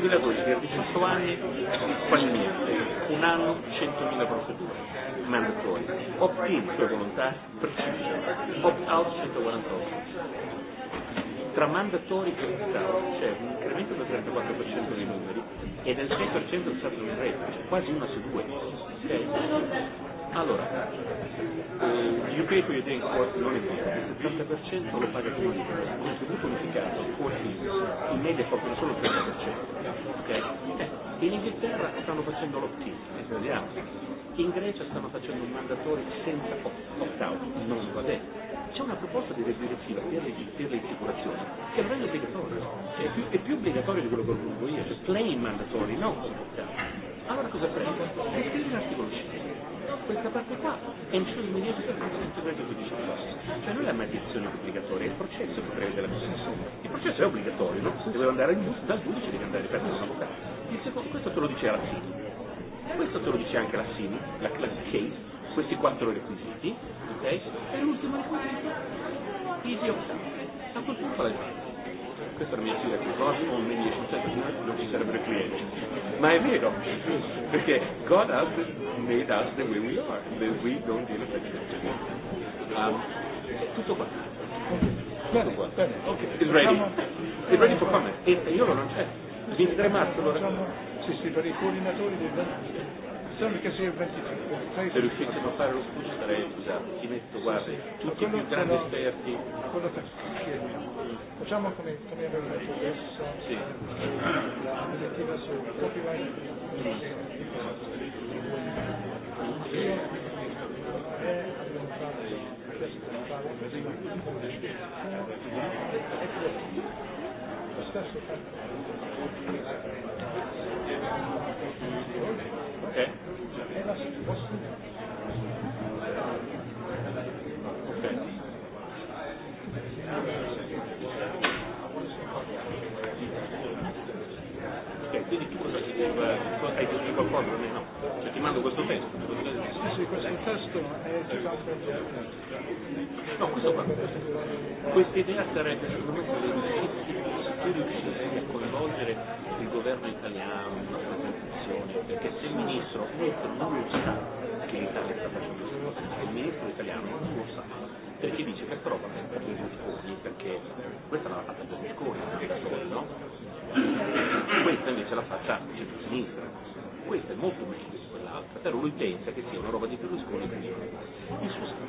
2012 nel diciotto anni fallimento, un anno 100.000 procedure mandatori, opt-in per volontà precisa, opt-out 148 tra mandatori e opt-out c'è un incremento del 34% dei numeri e del 6% del stato di rete, cioè quasi una su due. Okay? Allora, eh, you pay for your non è vero, il 70% lo paga il contributo unificato, in media proprio solo il 30%. Ok? Eh, in Inghilterra stanno facendo l'ottimo, in eh, vediamo. In Grecia stanno facendo un mandatore senza opt-out, non va bene. C'è una proposta di direttiva per le, per assicurazioni che non è obbligatorio, è più, è più obbligatorio di quello che ho io, cioè claim mandatori, non opt-out. Allora cosa prendo? Scrivi l'articolo 5 questa parte qua un in immediato per il consenso di Cioè non è la maledizione obbligatoria, è il processo che prevede la processo è obbligatorio, no? Se devo andare in, dal giudice devi andare per un avvocato. Il secondo, questo te lo dice Rassini, questo te lo dice anche Rassini, la, la case, questi quattro requisiti, ok? E l'ultimo requisito, easy opt A quel punto la gente. Questa è la mia teoria che God only negli scienziati non ci sarebbero clienti. Ma è vero, perché God has made us the way we are, the we don't deal with it. Um, tutto qua. Bene, ok Okay. ready. It's ready for E io non c'è. Sì, per i coordinatori del Sembra che a fare lo metto, tutti i più grandi esperti. Quello Facciamo come, detto adesso. insomma questa idea sarebbe secondo me se riuscissi, riuscissi a coinvolgere il governo italiano la questa posizione, perché se il ministro non lo sa che l'Italia sta facendo questa cosa il ministro italiano non lo sa perché dice questa roba per per Berlusconi perché questa l'ha fatta Berlusconi perché solo no? questa invece la faccia centro-sinistra questa è molto meglio di quell'altra però lui pensa che sia una roba di Berlusconi quindi non è il suo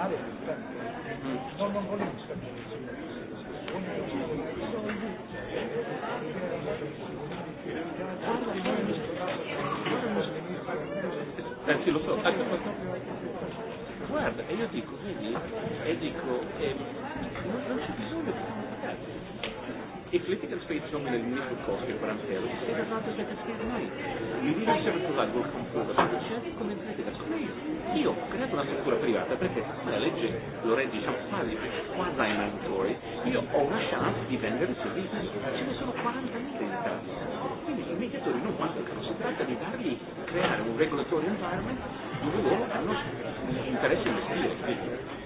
Anzi lo so, guarda, e io dico, vedi, e dico, eh, non c'è bisogno di Ik political space is nominally minister cost per Brantello, si era dato da Castiglione noi. L'idea di servirlo vuol comporre successi come critica superiore. Io credo una struttura privata perché se la legge lo rende diciamo quasi quasi ai io ho una chance di vendere il servizio. Ce ne sono 40.000 in Italia. Quindi i mediatori non mancano, si tratta di dargli, creare un regulatory environment dove loro hanno interesse a investire.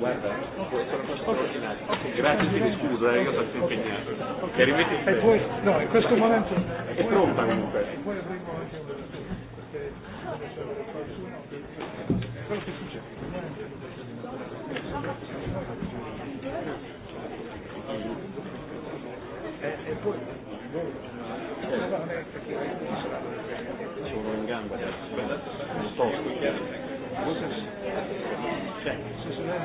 Guarda, okay. grazie, ti scusa, eh, io sono impegnato. Okay. E poi, no, in questo momento... È pronta comunque. E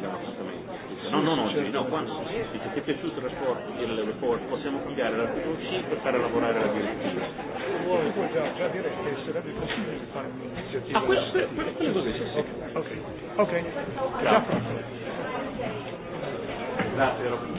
cambiamo assolutamente. Non, non oggi, no, quando si dice che è piaciuto il report, il report possiamo cambiare l'articolo 5 per fare lavorare la direttiva. Ah, questo è quello così, sì, sì. Ok, ok. Ciao. Grazie, you.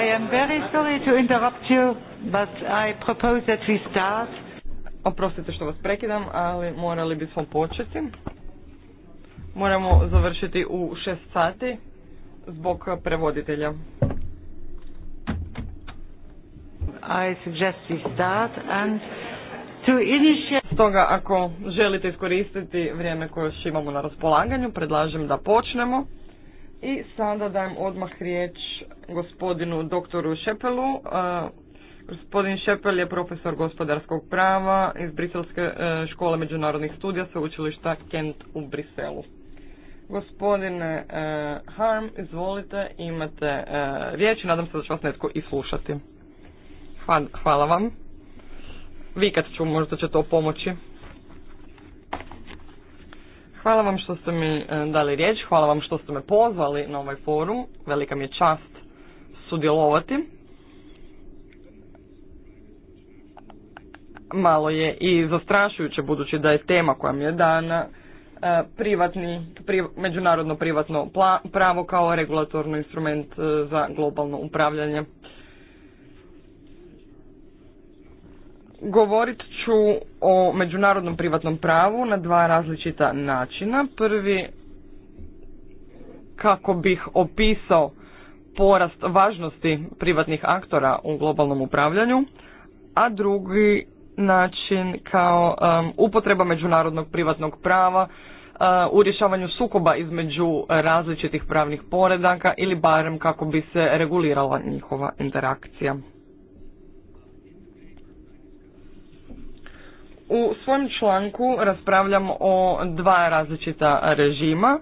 I am very sorry to interrupt you, but I propose that we start. Oprostite što vas prekidam, ali morali bismo početi. Moramo završiti u šest sati zbog prevoditelja. I suggest and Stoga, ako želite iskoristiti vrijeme koje još imamo na raspolaganju, predlažem da počnemo. I sada dajem odmah riječ gospodinu doktoru Šepelu. E, gospodin Šepel je profesor gospodarskog prava iz Briselske e, škole međunarodnih studija sveučilišta Kent u Briselu. Gospodine e, Harm, izvolite, imate riječ i nadam se da će vas netko i slušati. Hvala vam. Vi ću, možda će to pomoći. Hvala vam što ste mi e, dali riječ, hvala vam što ste me pozvali na ovaj forum. Velika mi je čast sudjelovati. Malo je i zastrašujuće budući da je tema koja mi je dana e, privatni, međunarodno privatno pravo kao regulatorni instrument e, za globalno upravljanje. Govorit ću o međunarodnom privatnom pravu na dva različita načina. Prvi, kako bih opisao porast važnosti privatnih aktora u globalnom upravljanju, a drugi način kao um, upotreba međunarodnog privatnog prava uh, u rješavanju sukoba između različitih pravnih poredaka ili barem kako bi se regulirala njihova interakcija. U svojem članku raspravljam o dva različita režima.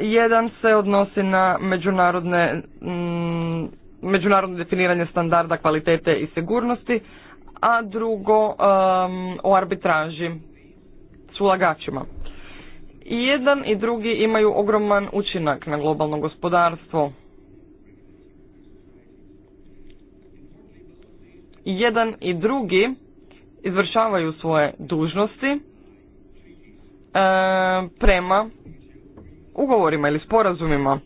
Jedan se odnosi na međunarodne, mm, međunarodno definiranje standarda kvalitete i sigurnosti, a drugo o arbitraži s ulagačima. I jedan i drugi imaju ogroman učinak na globalno gospodarstvo. jedan i drugi izvršavaju svoje dužnosti e, prema ugovorima ili sporazumima. E,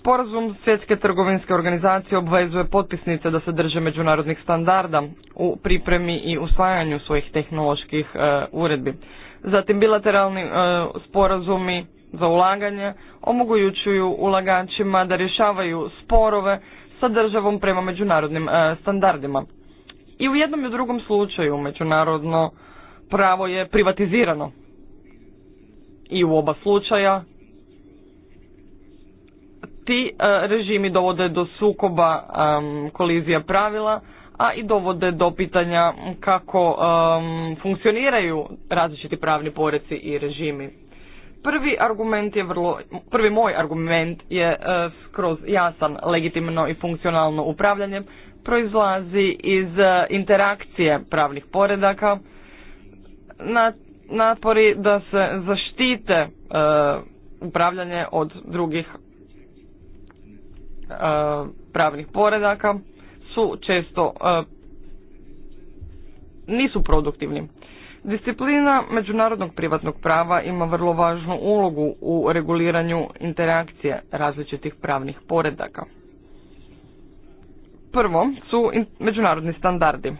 sporazum Svjetske trgovinske organizacije obvezuje potpisnice da se drže međunarodnih standarda u pripremi i usvajanju svojih tehnoloških e, uredbi. Zatim bilateralni sporazumi za ulaganje omogućuju ulagačima da rješavaju sporove sa državom prema međunarodnim standardima i u jednom i u drugom slučaju međunarodno pravo je privatizirano. I u oba slučaja ti e, režimi dovode do sukoba kolizija pravila, a i dovode do pitanja kako funkcioniraju različiti pravni poreci i režimi. Prvi argument je vrlo, prvi moj argument je e, skroz jasan, legitimno i funkcionalno upravljanje proizlazi iz e, interakcije pravnih poredaka, napori da se zaštite e, upravljanje od drugih e, pravnih poredaka su često nisu produktivni. Disciplina međunarodnog privatnog prava ima vrlo važnu ulogu u reguliranju interakcije različitih pravnih poredaka. Prvo su međunarodni standardi.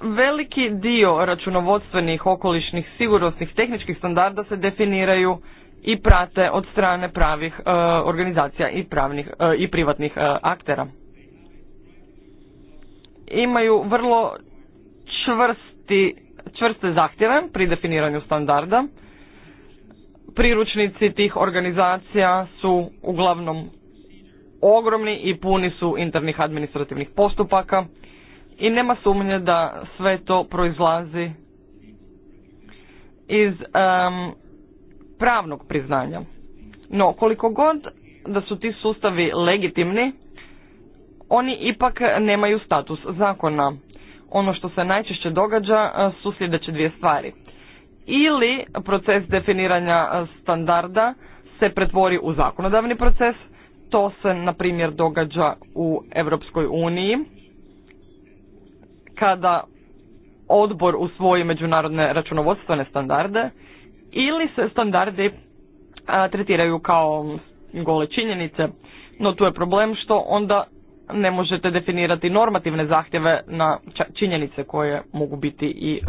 Veliki dio računovodstvenih, okolišnih, sigurnosnih, tehničkih standarda se definiraju i prate od strane pravih e, organizacija i pravnih e, i privatnih e, aktera. Imaju vrlo čvrsti, čvrste zahtjeve pri definiranju standarda. Priručnici tih organizacija su uglavnom ogromni i puni su internih administrativnih postupaka i nema sumnje da sve to proizlazi iz um, pravnog priznanja. No, koliko god da su ti sustavi legitimni, oni ipak nemaju status zakona. Ono što se najčešće događa e, su sljedeće dvije stvari. Ili proces definiranja standarda se pretvori u zakonodavni proces, to se, na primjer, događa u Europskoj uniji kada odbor usvoji međunarodne računovodstvene standarde ili se standardi tretiraju kao gole činjenice. No tu je problem što onda ne možete definirati normativne zahtjeve na činjenice koje mogu biti i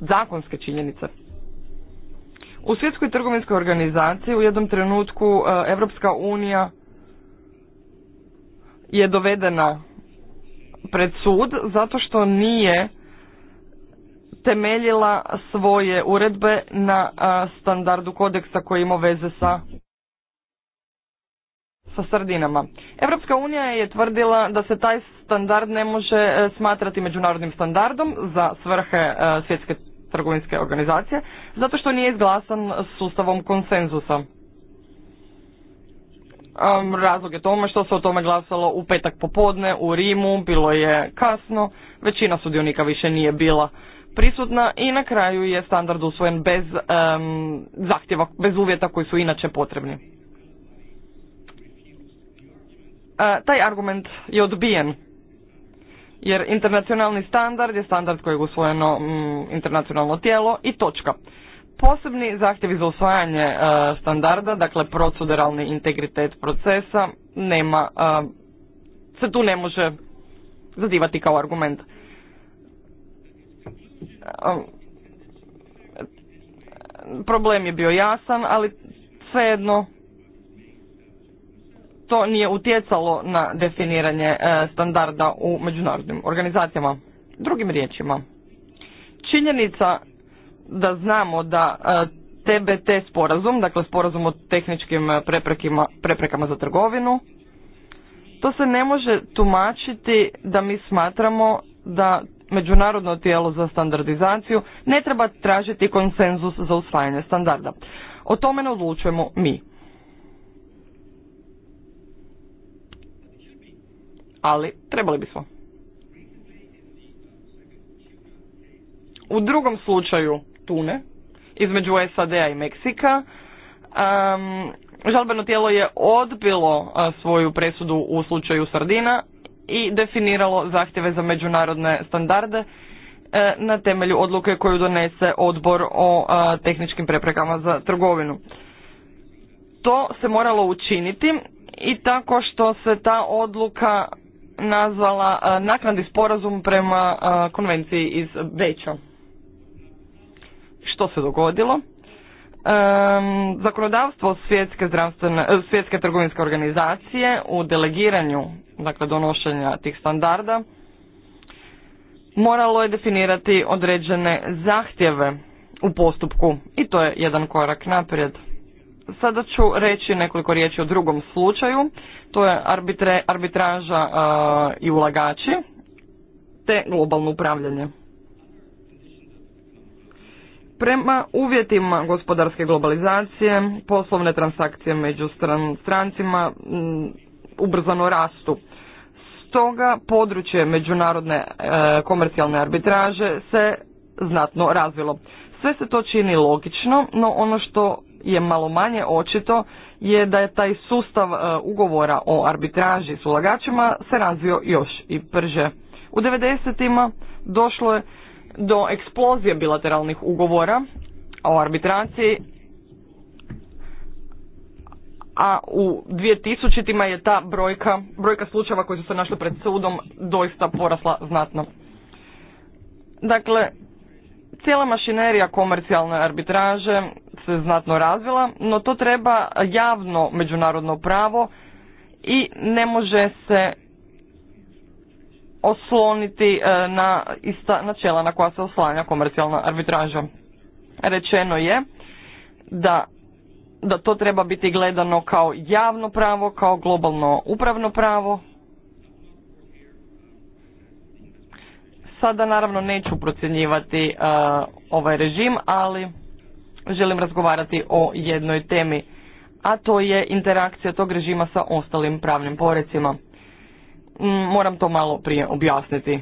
zakonske činjenice. U svjetskoj trgovinskoj organizaciji u jednom trenutku Europska unija je dovedena pred sud zato što nije temeljila svoje uredbe na e, standardu kodeksa koji ima veze sa sa sardinama. Europska unija je tvrdila da se taj standard ne može e, smatrati međunarodnim standardom za svrhe e, svjetske trgovinske organizacije, zato što nije izglasan sustavom konsenzusa. Um, razlog je tome što se o tome glasalo u petak popodne u Rimu, bilo je kasno, većina sudionika više nije bila prisutna i na kraju je standard usvojen bez um, zahtjeva, bez uvjeta koji su inače potrebni. E, taj argument je odbijen jer internacionalni standard je standard kojeg je usvojeno mm, internacionalno tijelo i točka. Posebni zahtjevi za usvajanje e, standarda, dakle proceduralni integritet procesa, nema, e, se tu ne može zadivati kao argument. E, problem je bio jasan, ali svejedno to nije utjecalo na definiranje e, standarda u međunarodnim organizacijama. Drugim riječima, činjenica da znamo da TBT e, sporazum, dakle sporazum o tehničkim e, preprekama za trgovinu, to se ne može tumačiti da mi smatramo da međunarodno tijelo za standardizaciju ne treba tražiti konsenzus za usvajanje standarda. O tome ne odlučujemo mi. ali trebali bismo. U drugom slučaju Tune, između SAD-a i Meksika, um, žalbeno tijelo je odbilo e, svoju presudu u slučaju Sardina i definiralo zahtjeve za međunarodne standarde e, na temelju odluke koju donese odbor o e, tehničkim preprekama za trgovinu. To se moralo učiniti i tako što se ta odluka nazvala e, naknadni sporazum prema e, konvenciji iz Beća. Što se dogodilo? Um, zakonodavstvo svjetske, svjetske trgovinske organizacije u delegiranju dakle donošenja tih standarda moralo je definirati određene zahtjeve u postupku i to je jedan korak naprijed. Sada ću reći nekoliko riječi o drugom slučaju. To je arbitre, arbitraža e, i ulagači te globalno upravljanje. Prema uvjetima gospodarske globalizacije, poslovne transakcije među strancima ubrzano rastu. Stoga područje međunarodne e, komercijalne arbitraže se znatno razvilo. Sve se to čini logično, no ono što je malo manje očito je da je taj sustav e, ugovora o arbitraži s ulagačima se razvio još i prže. U 90. došlo je do eksplozije bilateralnih ugovora o arbitraciji, a u 2000. je ta brojka, brojka slučajeva koji su se našli pred sudom doista porasla znatno. Dakle, cijela mašinerija komercijalne arbitraže se znatno razvila, no to treba javno međunarodno pravo i ne može se osloniti e, na ista načela na koja se oslanja komercijalna arbitraža. Rečeno je da, da to treba biti gledano kao javno pravo, kao globalno upravno pravo. Sada naravno neću procjenjivati e, ovaj režim, ali želim razgovarati o jednoj temi, a to je interakcija tog režima sa ostalim pravnim porecima. Mm, moram to malo prije objasniti.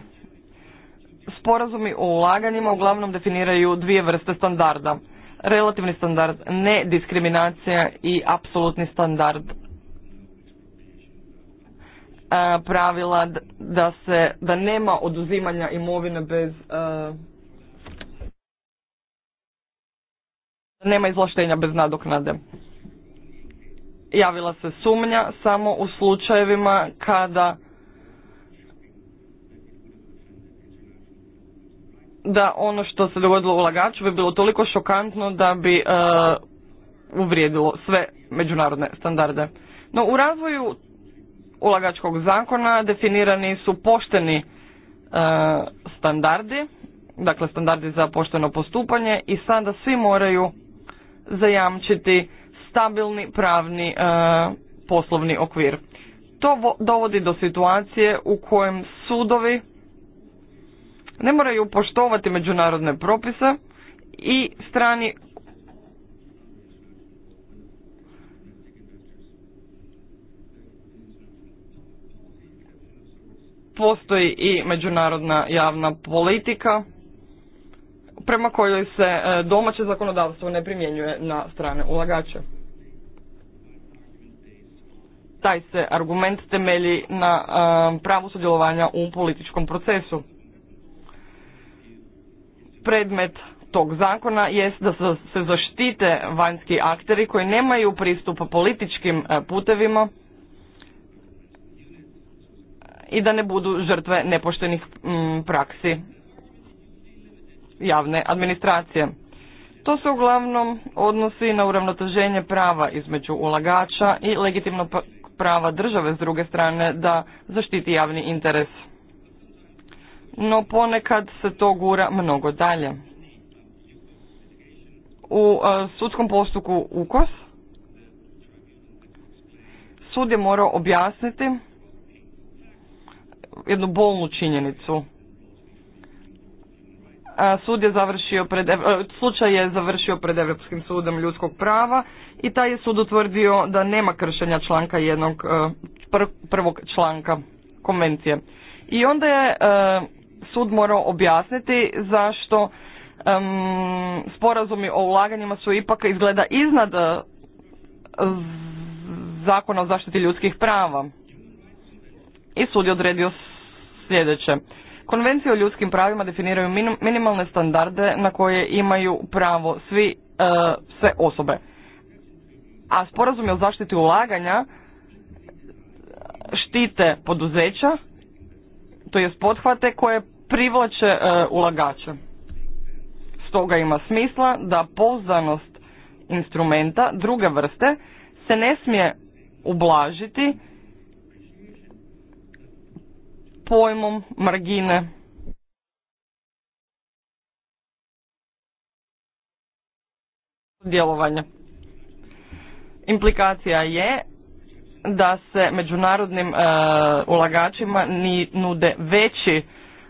Sporazumi o ulaganjima uglavnom definiraju dvije vrste standarda. Relativni standard nediskriminacija i apsolutni standard e, pravila da se da nema oduzimanja imovine bez e, nema izvlaštenja bez nadoknade. Javila se sumnja samo u slučajevima kada da ono što se dogodilo ulagaču bi bilo toliko šokantno da bi e, uvrijedilo sve međunarodne standarde. No u razvoju ulagačkog zakona definirani su pošteni e, standardi, dakle standardi za pošteno postupanje i sada svi moraju zajamčiti stabilni pravni e, poslovni okvir. To dovodi do situacije u kojem sudovi ne moraju poštovati međunarodne propise i strani postoji i međunarodna javna politika prema kojoj se e, domaće zakonodavstvo ne primjenjuje na strane ulagače. Taj se argument temelji na e, pravu sudjelovanja u političkom procesu. Predmet tog zakona jest da se zaštite vanjski akteri koji nemaju pristupa političkim e, putevima i da ne budu žrtve nepoštenih praksi javne administracije. To se uglavnom odnosi na uravnoteženje prava između ulagača i legitimno prava države s druge strane da zaštiti javni interes. No ponekad se to gura mnogo dalje. U e, sudskom postupku UKOS sud je morao objasniti jednu bolnu činjenicu sud je završio pred, e, slučaj je završio pred Europskim sudom ljudskog prava i taj je sud utvrdio da nema kršenja članka jednog e, prvog članka konvencije. I onda je e, sud morao objasniti zašto sporazumi o ulaganjima su ipak izgleda iznad zakona o zaštiti ljudskih prava. I sud je odredio sljedeće. Konvencije o ljudskim pravima definiraju minimalne standarde na koje imaju pravo svi e, sve osobe. A sporazum o zaštiti ulaganja štite poduzeća, to je pothvate koje privlače e, ulagače. Stoga ima smisla da poznanost instrumenta druge vrste se ne smije ublažiti pojmom margine. Djelovanja. Implikacija je da se međunarodnim e, ulagačima ni nude veći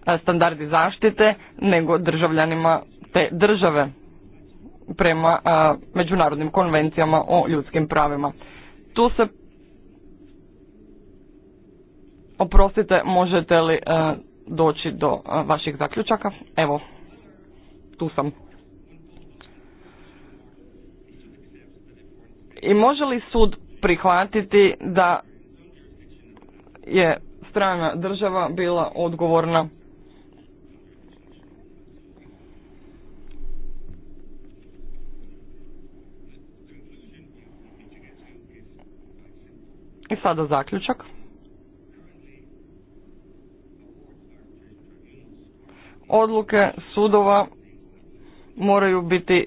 e, standardi zaštite nego državljanima te države prema e, međunarodnim konvencijama o ljudskim pravima. Tu se Oprostite, možete li e, doći do e, vaših zaključaka? Evo, tu sam. I može li sud prihvatiti da je strana država bila odgovorna I sada zaključak. odluke sudova moraju biti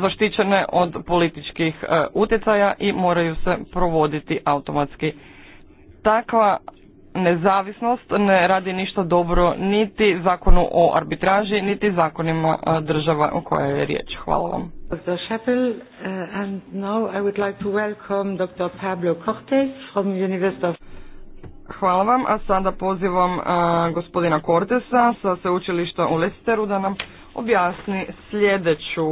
zaštićene od političkih e, utjecaja i moraju se provoditi automatski. Takva nezavisnost ne radi ništa dobro niti zakonu o arbitraži, niti zakonima e, država o kojoj je riječ. Hvala vam. E, and now I would like to welcome Dr. Pablo Cortez from Hvala vam, a sada pozivam e, gospodina Kortesa sa sveučilišta u Lesteru da nam objasni e, sljedeću,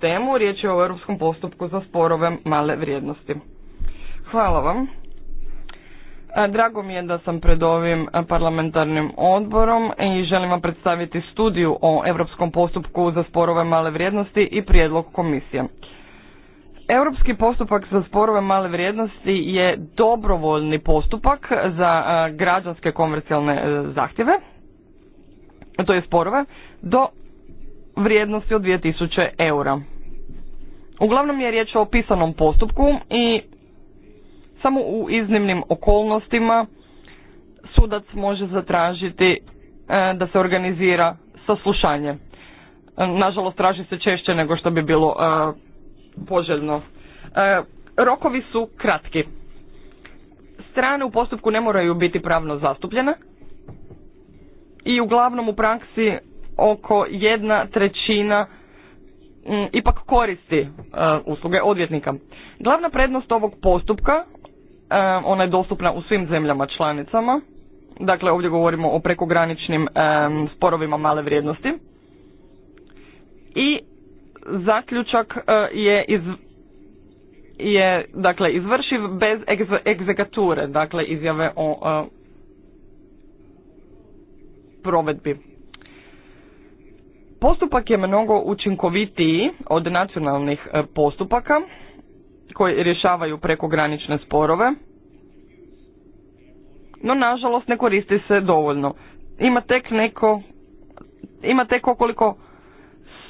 temu. Riječ je o europskom postupku za sporove male vrijednosti. Hvala vam. E, drago mi je da sam pred ovim parlamentarnim odborom i želim vam predstaviti studiju o europskom postupku za sporove male vrijednosti i prijedlog komisije. Europski postupak za sporove male vrijednosti je dobrovoljni postupak za građanske komercijalne e, zahtjeve, to je sporove, do vrijednosti od 2000 eura. Uglavnom je riječ o pisanom postupku i samo u iznimnim okolnostima sudac može zatražiti e, da se organizira saslušanje. Nažalost, traži se češće nego što bi bilo e, poželjno. E, rokovi su kratki. Strane u postupku ne moraju biti pravno zastupljene i uglavnom u praksi oko jedna trećina ipak koristi e, usluge odvjetnika. Glavna prednost ovog postupka, e, ona je dostupna u svim zemljama članicama, dakle ovdje govorimo o prekograničnim sporovima male vrijednosti i zaključak e, je iz je dakle izvršiv bez egzekature, dakle izjave o e, provedbi. Postupak je mnogo učinkovitiji od nacionalnih e, postupaka koji rješavaju prekogranične sporove, no nažalost ne koristi se dovoljno. Ima tek neko, ima tek okoliko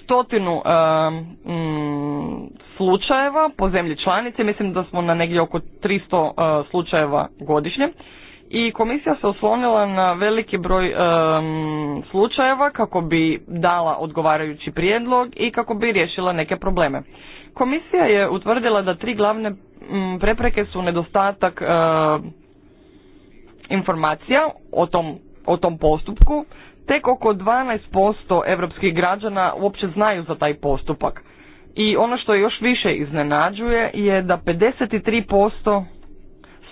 stotinu um, slučajeva po zemlji članice, mislim da smo na negdje oko 300 eh, slučajeva godišnje i komisija se oslonila na veliki broj um, slučajeva kako bi dala odgovarajući prijedlog i kako bi riješila neke probleme. Komisija je utvrdila da tri glavne mm, prepreke su nedostatak informacija o tom, o tom postupku, Tek oko 12% europskih građana uopće znaju za taj postupak. I ono što još više iznenađuje je da 53%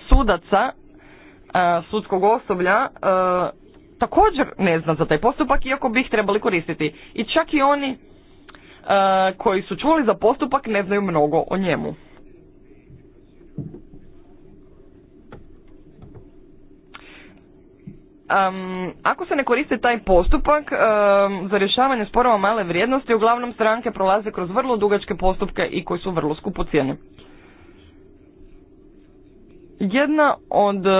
sudaca e, sudskog osoblja e, također ne zna za taj postupak iako bi ih trebali koristiti. I čak i oni e, koji su čuli za postupak ne znaju mnogo o njemu. Um, ako se ne koristi taj postupak za rješavanje sporova male vrijednosti, uglavnom stranke prolaze kroz vrlo dugačke postupke i koji su vrlo skupo cijeni. Jedna od e,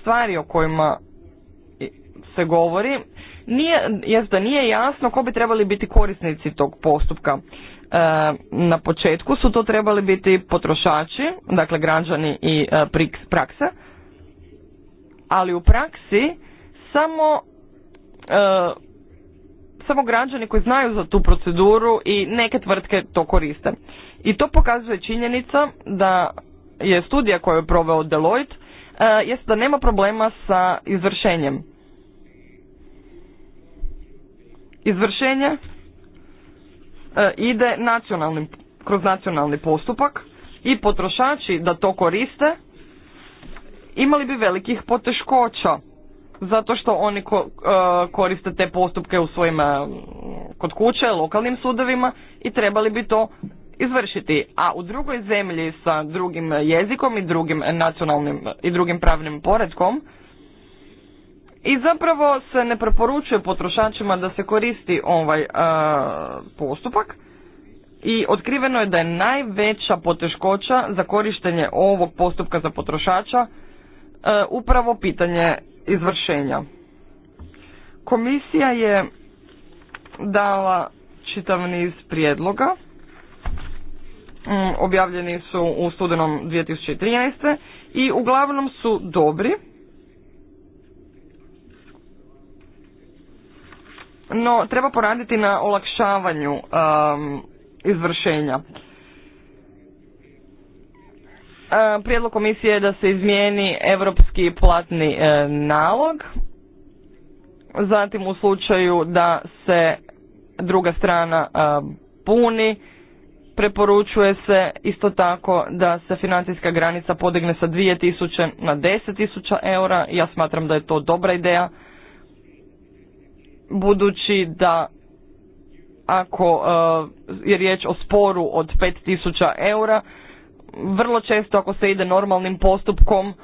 stvari o kojima se govori nije, jest da nije jasno ko bi trebali biti korisnici tog postupka. E, na početku su to trebali biti potrošači, dakle građani i e, praksa, ali u praksi samo e, građani koji znaju za tu proceduru i neke tvrtke to koriste. I to pokazuje činjenica da je studija koju je proveo Deloitte e, jest da nema problema sa izvršenjem. Izvršenje e, ide nacionalnim, kroz nacionalni postupak i potrošači da to koriste imali bi velikih poteškoća zato što oni ko, e, koriste te postupke u svojim e, kod kuće, lokalnim sudovima i trebali bi to izvršiti. A u drugoj zemlji sa drugim jezikom i drugim nacionalnim i drugim pravnim poredkom i zapravo se ne preporučuje potrošačima da se koristi ovaj e, postupak i otkriveno je da je najveća poteškoća za korištenje ovog postupka za potrošača E, upravo pitanje izvršenja. Komisija je dala čitav niz prijedloga, mm, objavljeni su u studenom 2013. i uglavnom su dobri, no treba poraditi na olakšavanju um, izvršenja. E, prijedlog komisije je da se izmijeni europski platni e, nalog, zatim u slučaju da se druga strana e, puni, preporučuje se isto tako da se financijska granica podigne sa 2000 na 10.000 eura. Ja smatram da je to dobra ideja, budući da ako je riječ o sporu od 5.000 eura, vrlo često ako se ide normalnim postupkom, uh,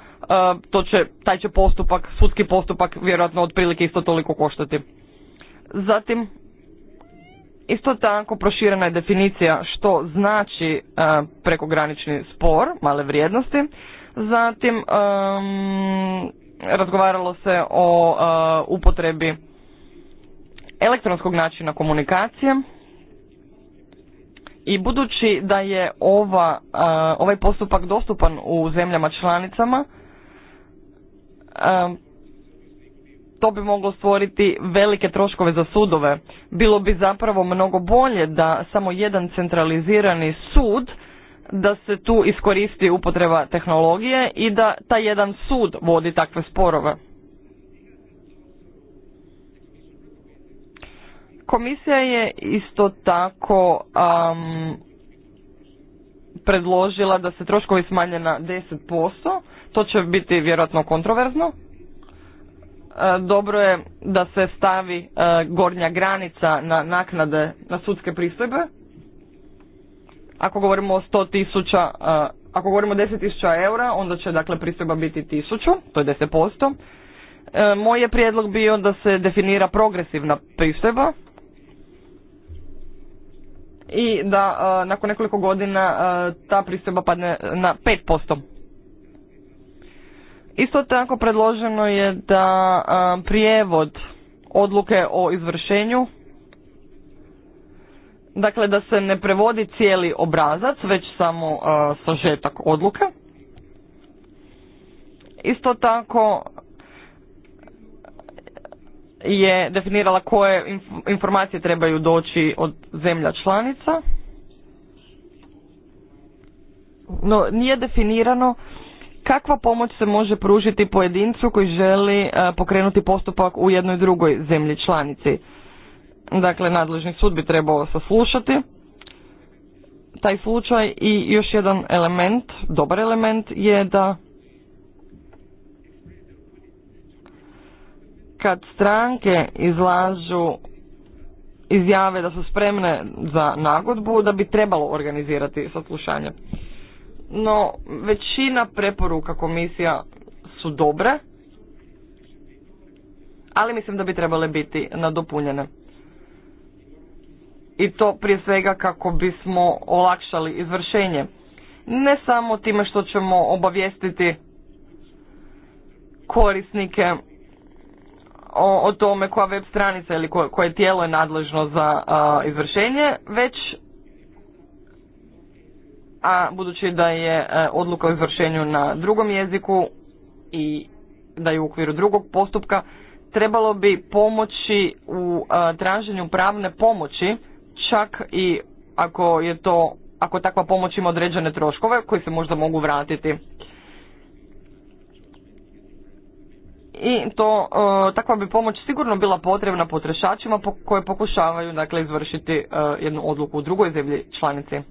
to će, taj će postupak, sudski postupak vjerojatno otprilike isto toliko koštati. Zatim, isto tako proširena je definicija što znači uh, prekogranični spor, male vrijednosti. Zatim, um, razgovaralo se o uh, upotrebi elektronskog načina komunikacije. I budući da je ova, ovaj postupak dostupan u zemljama članicama, to bi moglo stvoriti velike troškove za sudove. Bilo bi zapravo mnogo bolje da samo jedan centralizirani sud da se tu iskoristi upotreba tehnologije i da taj jedan sud vodi takve sporove. Komisija je isto tako um, predložila da se troškovi smanje na 10%. To će biti vjerojatno kontroverzno. E, dobro je da se stavi e, gornja granica na naknade na sudske pristojbe. Ako govorimo o 100 tisuća, e, ako govorimo o 10 tisuća eura, onda će dakle pristojba biti tisuću, to je 10%. Moj je prijedlog bio da se definira progresivna pristojba, i da e, nakon nekoliko godina e, ta pristojba padne na 5%. Isto tako predloženo je da e, prijevod odluke o izvršenju dakle da se ne prevodi cijeli obrazac već samo sažetak odluke. Isto tako je definirala koje informacije trebaju doći od zemlja članica. No, nije definirano kakva pomoć se može pružiti pojedincu koji želi e, pokrenuti postupak u jednoj drugoj zemlji članici. Dakle, nadležni sud bi trebao saslušati taj slučaj i još jedan element, dobar element je da kad stranke izlažu izjave da su spremne za nagodbu, da bi trebalo organizirati saslušanje. No, većina preporuka komisija su dobre, ali mislim da bi trebale biti nadopunjene. I to prije svega kako bismo olakšali izvršenje. Ne samo time što ćemo obavijestiti korisnike o, o tome koja web stranica ili koje tijelo je nadležno za izvršenje, već a budući da je e, odluka o izvršenju na drugom jeziku i da je u okviru drugog postupka trebalo bi pomoći u traženju pravne pomoći čak i ako je to ako takva pomoć ima određene troškove koji se možda mogu vratiti. i to e, takva bi pomoć sigurno bila potrebna potrošačima koje pokušavaju dakle izvršiti e, jednu odluku u drugoj zemlji članici. E,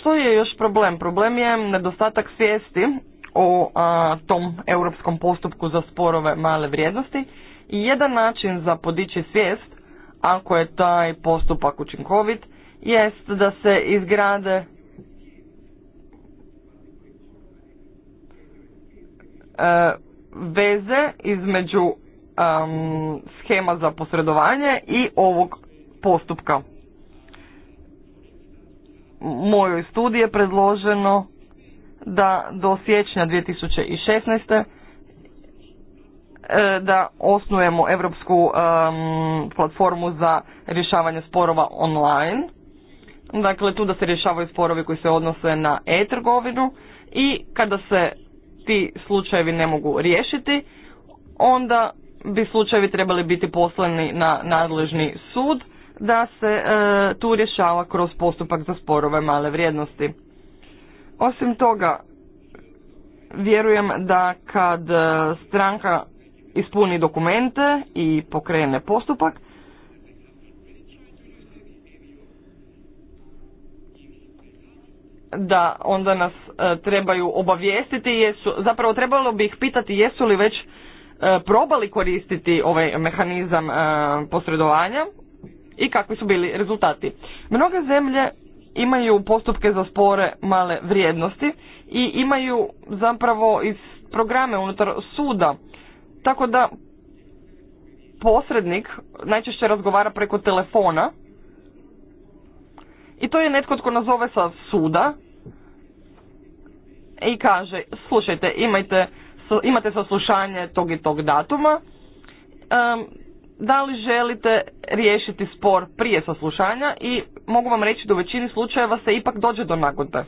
što je još problem? Problem je nedostatak svijesti o tom europskom postupku za sporove male vrijednosti i jedan način za podići svijest, ako je taj postupak učinkovit, jest da se izgrade E, veze između um, schema za posredovanje i ovog postupka. Mojoj studiji je predloženo da do siječnja 2016 e, da osnujemo europsku platformu za rješavanje sporova online. Dakle, tu da se rješavaju sporovi koji se odnose na e-trgovinu i kada se ti slučajevi ne mogu riješiti, onda bi slučajevi trebali biti poslani na nadležni sud da se e, tu rješava kroz postupak za sporove male vrijednosti. Osim toga, vjerujem da kad e, stranka ispuni dokumente i pokrene postupak, da onda nas e, trebaju obavijestiti, jesu, zapravo trebalo bi ih pitati jesu li već e, probali koristiti ovaj mehanizam e, posredovanja i kakvi su bili rezultati. Mnoge zemlje imaju postupke za spore male vrijednosti i imaju zapravo iz programe unutar suda, tako da posrednik najčešće razgovara preko telefona i to je netko tko nazove sa suda i kaže, slušajte, imajte, imate saslušanje tog i tog datuma, da li želite riješiti spor prije saslušanja i mogu vam reći da u većini slučajeva se ipak dođe do nagodbe.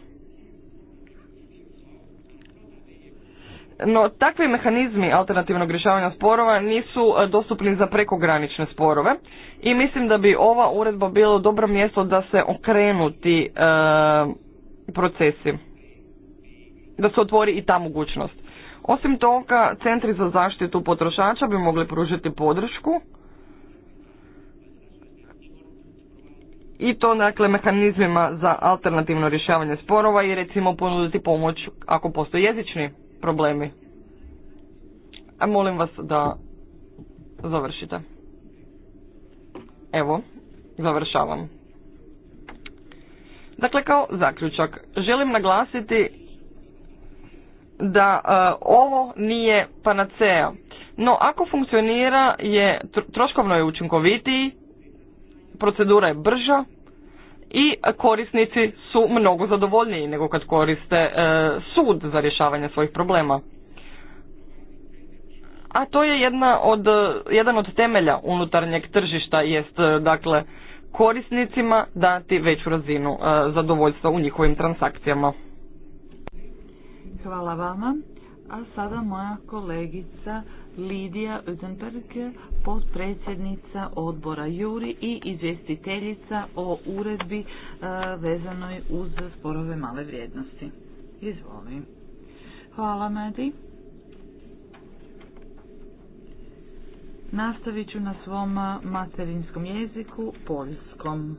No, takvi mehanizmi alternativnog rješavanja sporova nisu e, dostupni za prekogranične sporove i mislim da bi ova uredba bilo dobro mjesto da se okrenu ti e, procesi, da se otvori i ta mogućnost. Osim toga, centri za zaštitu potrošača bi mogli pružiti podršku i to dakle mehanizmima za alternativno rješavanje sporova i recimo ponuditi pomoć ako postoje jezični problemi. A molim vas da završite. Evo, završavam. Dakle, kao zaključak, želim naglasiti da e, ovo nije panacea. No, ako funkcionira, je troškovno je učinkovitiji, procedura je brža, i korisnici su mnogo zadovoljniji nego kad koriste e, sud za rješavanje svojih problema. A to je jedna od, jedan od temelja unutarnjeg tržišta jest e, dakle korisnicima dati veću razinu e, zadovoljstva u njihovim transakcijama. Hvala vama. A sada moja kolegica Lidija Udenberg, potpredsjednica odbora Juri i izvjestiteljica o uredbi e, vezanoj uz sporove male vrijednosti. Izvolim. Hvala, Medi. Nastavit ću na svom materinskom jeziku, poljskom.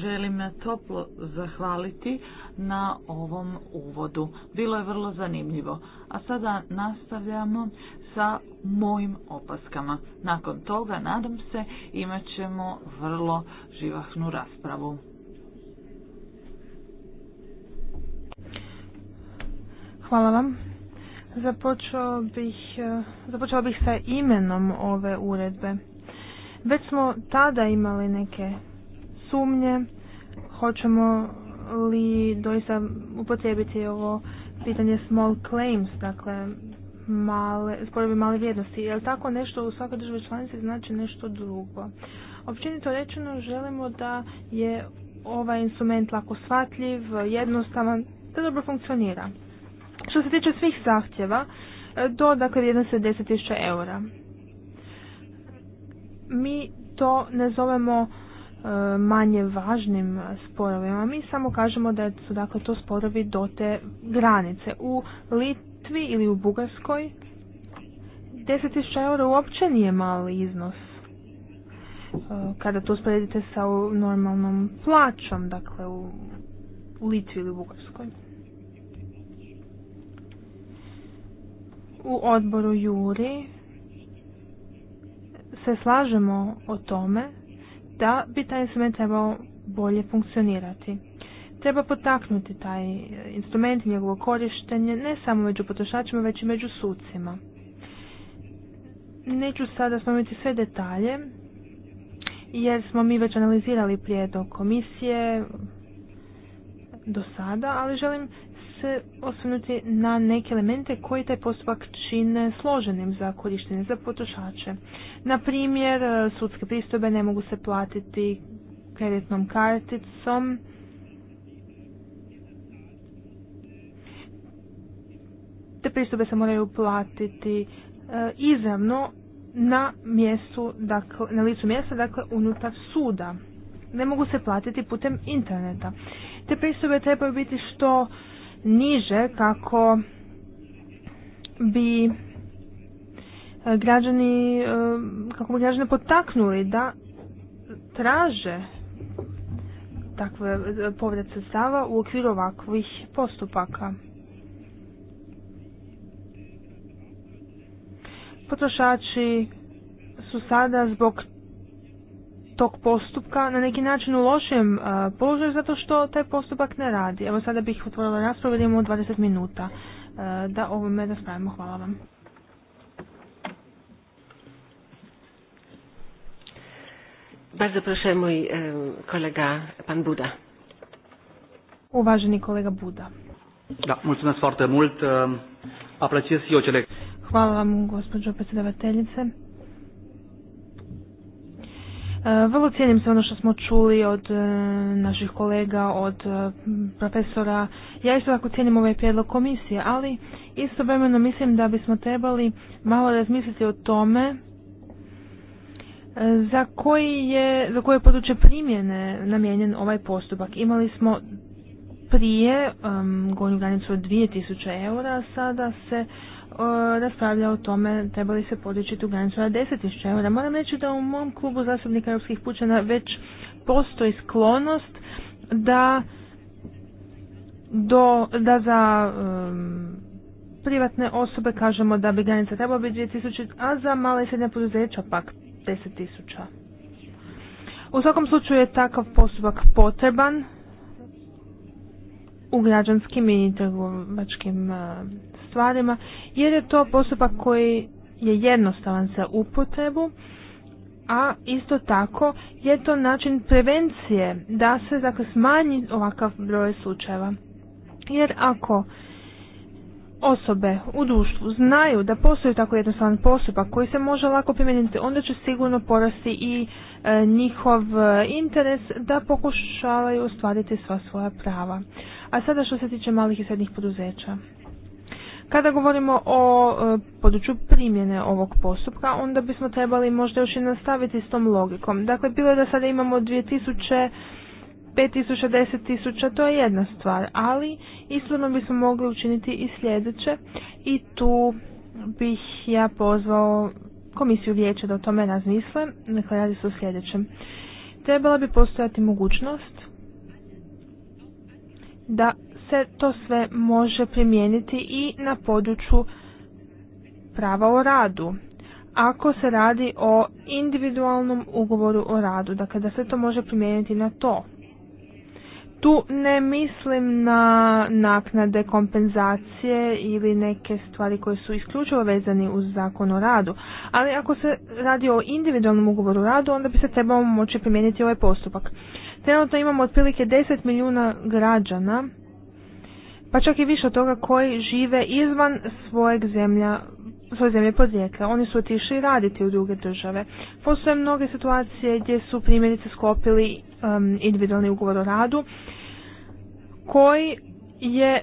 Želim toplo zahvaliti na ovom uvodu. Bilo je vrlo zanimljivo. A sada nastavljamo sa mojim opaskama. Nakon toga, nadam se, imat ćemo vrlo živahnu raspravu. Hvala vam. započeo bih sa imenom ove uredbe. Već smo tada imali neke sumnje hoćemo li doista upotrijebiti ovo pitanje small claims, dakle male, bi male vrijednosti. Jer tako nešto u svakoj državi članici znači nešto drugo. Općenito rečeno želimo da je ovaj instrument lako shvatljiv, jednostavan, da dobro funkcionira. Što se tiče svih zahtjeva, do dakle vrijednosti 10.000 eura. Mi to ne zovemo E, manje važnim sporovima. Mi samo kažemo da su dakle to sporovi do te granice. U Litvi ili u Bugarskoj 10.000 eura uopće nije mali iznos. E, kada to usporedite sa normalnom plaćom, dakle u Litvi ili u Bugarskoj. U odboru Juri se slažemo o tome da bi taj instrument trebao bolje funkcionirati. Treba potaknuti taj instrument i njegovo korištenje ne samo među potrošačima, već i među sucima. Neću sada spomenuti sve detalje, jer smo mi već analizirali prijedlog komisije do sada, ali želim se osvrnuti na neke elemente koji taj postupak čine složenim za korištenje za potrošače. Na primjer, e, sudske pristojbe ne mogu se platiti kreditnom karticom. Te pristojbe se moraju platiti e, izravno na mjestu, dakle, na licu mjesta, dakle unutar suda. Ne mogu se platiti putem interneta. Te pristojbe trebaju biti što niže kako bi e, građani, e, kako bi građane potaknuli da traže takve e, povrede sredstava u okviru ovakvih postupaka. Potrošači su sada zbog tog postupka na neki način u lošem položaju zato što taj postupak ne radi. Evo sada bih otvorila raspravu, vidimo 20 minuta da ovome spravimo. Hvala vam. Bardzo proszę, mój e, kolega, pan Buda. Uvaženi kolega Buda. Da, mulțumesc foarte mult. Apreciez eu cele... Hvala vam, gospođo predsjedavateljice. E, vrlo cijenim se ono što smo čuli od e, naših kolega, od e, profesora. Ja isto tako cijenim ovaj prijedlog komisije, ali istovremeno mislim da bismo trebali malo razmisliti o tome za koji je, za koje područje primjene namijenjen ovaj postupak. Imali smo prije um, gornju granicu od 2000 eura, sada se raspravlja o tome treba li se podići tu granicu na 10.000 eura. Moram reći da u mom klubu zastupnika europskih pučana već postoji sklonost da, do, da za um, privatne osobe kažemo da bi granica trebala biti 2000, a za male i srednje poduzeća pak 10.000. U svakom slučaju je takav postupak potreban u građanskim i trgovačkim uh, stvarima jer je to postupak koji je jednostavan za upotrebu, a isto tako je to način prevencije da se dakle, smanji ovakav broj slučajeva. Jer ako osobe u društvu znaju da postoji tako jednostavan postupak koji se može lako primijeniti, onda će sigurno porasti i e, njihov e, interes da pokušavaju ostvariti sva svoja prava. A sada što se tiče malih i srednjih poduzeća. Kada govorimo o e, području primjene ovog postupka, onda bismo trebali možda još i nastaviti s tom logikom. Dakle, bilo je da sada imamo 2000 5000, 10.000, to je jedna stvar, ali istotno bismo mogli učiniti i sljedeće i tu bih ja pozvao komisiju vijeća da o tome razmisle, dakle radi se o sljedećem. Trebala bi postojati mogućnost da se to sve može primijeniti i na području prava o radu. Ako se radi o individualnom ugovoru o radu, dakle da se to može primijeniti na to. Tu ne mislim na naknade kompenzacije ili neke stvari koje su isključivo vezani uz zakon o radu, ali ako se radi o individualnom ugovoru o radu, onda bi se trebao moći primijeniti ovaj postupak. Trenutno imamo otprilike 10 milijuna građana pa čak i više od toga koji žive izvan svojeg zemlja, svoje zemlje podrijetla. Oni su otišli raditi u druge države. Postoje mnoge situacije gdje su primjerice skopili um, individualni ugovor o radu koji je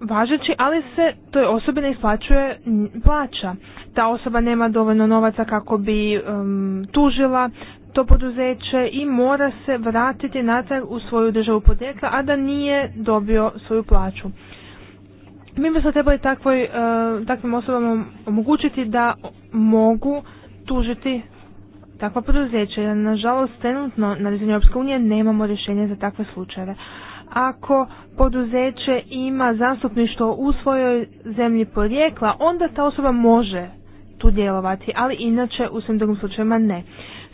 važeći, ali se toj osobi ne isplaćuje plaća. Ta osoba nema dovoljno novaca kako bi um, tužila to poduzeće i mora se vratiti natrag u svoju državu podjekla, a da nije dobio svoju plaću. Mi bismo trebali takvoj, e, takvim osobama omogućiti da mogu tužiti takva poduzeća, jer nažalost trenutno na razini Europske unije nemamo rješenja za takve slučajeve. Ako poduzeće ima zastupništvo u svojoj zemlji porijekla, onda ta osoba može tu djelovati, ali inače u svim drugim slučajevima ne.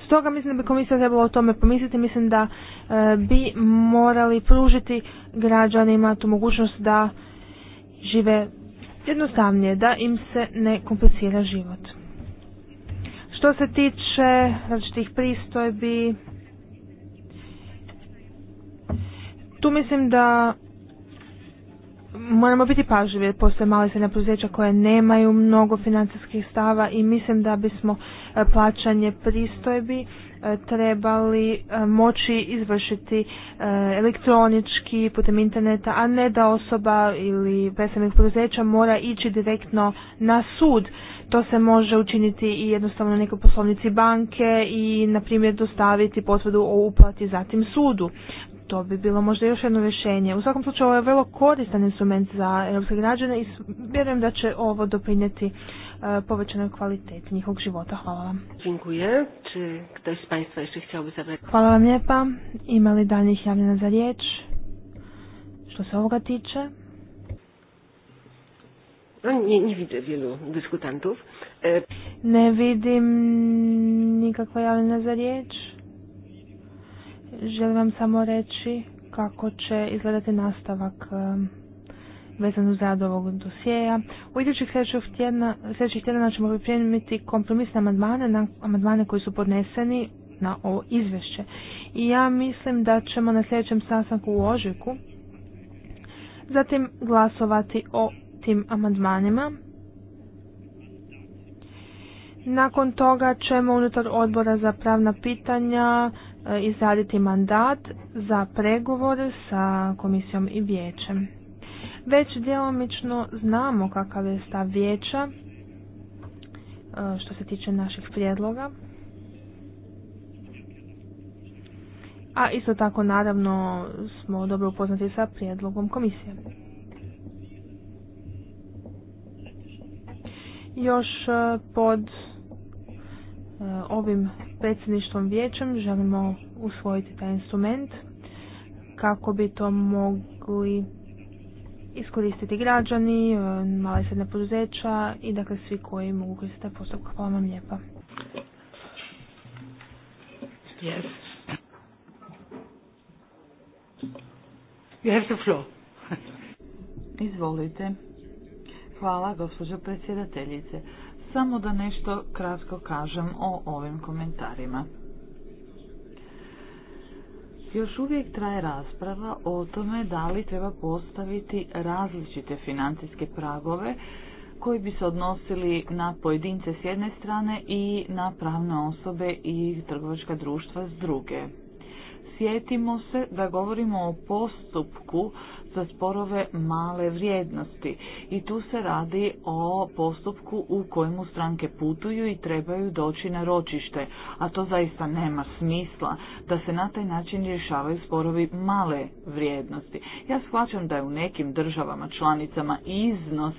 Stoga mislim da bi komisija trebala o tome pomisliti. Mislim da e, bi morali pružiti građanima tu mogućnost da žive jednostavnije, da im se ne komplicira život. Što se tiče različitih pristojbi, tu mislim da moramo biti pažljivi jer postoje male srednja poduzeća koje nemaju mnogo financijskih stava i mislim da bismo e, plaćanje pristojbi e, trebali e, moći izvršiti elektronički putem interneta, a ne da osoba ili predstavnik poduzeća mora ići direktno na sud. To se može učiniti i jednostavno na nekoj poslovnici banke i na primjer dostaviti potvrdu o uplati zatim sudu to bi bilo možda još jedno rješenje. U svakom slučaju ovo je vrlo koristan instrument za europske građane i vjerujem da će ovo doprinijeti e, povećanoj kvaliteti njihovog života. Hvala vam. Dziękuję. Czy ktoś z Państwa jeszcze chciałby zabrać? Hvala vam lijepa. Ima li daljnjih javljena za riječ? Što se ovoga tiče? nie, e, Ne vidim nikakva javljena za riječ. Želim vam samo reći kako će izgledati nastavak vezan uz rad ovog dosijeja. U idućih sljedećih tjedna, tjedana ćemo pripremiti kompromisne amandmane na amandmane koji su podneseni na ovo izvješće. I ja mislim da ćemo na sljedećem sastanku u ožujku. zatim glasovati o tim amandmanima. Nakon toga ćemo unutar odbora za pravna pitanja E, izraditi mandat za pregovore sa komisijom i vijećem. Već djelomično znamo kakav je stav vijeća e, što se tiče naših prijedloga. A isto tako naravno smo dobro upoznati sa prijedlogom komisije. Još e, pod Ovim predsjedništvom vijećem želimo usvojiti taj instrument kako bi to mogli iskoristiti građani, e, male i srednja poduzeća i dakle svi koji mogu koristiti taj postupak. Hvala vam lijepa. Izvolite. Hvala, gospođo predsjedateljice samo da nešto kratko kažem o ovim komentarima. Još uvijek traje rasprava o tome da li treba postaviti različite financijske pragove koji bi se odnosili na pojedince s jedne strane i na pravne osobe i trgovačka društva s druge. Sjetimo se da govorimo o postupku za sporove male vrijednosti i tu se radi o postupku u kojemu stranke putuju i trebaju doći na ročište, a to zaista nema smisla da se na taj način rješavaju sporovi male vrijednosti. Ja shvaćam da je u nekim državama članicama iznos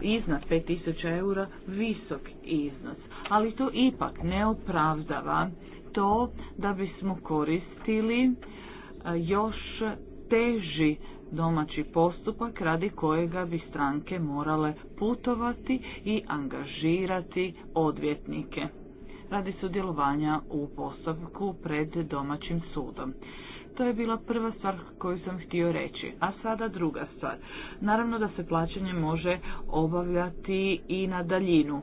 iznad 5000 eura visok iznos, ali to ipak ne opravdava to da bismo koristili e, još teži domaći postupak radi kojega bi stranke morale putovati i angažirati odvjetnike radi sudjelovanja u postupku pred domaćim sudom. To je bila prva stvar koju sam htio reći. A sada druga stvar. Naravno da se plaćanje može obavljati i na daljinu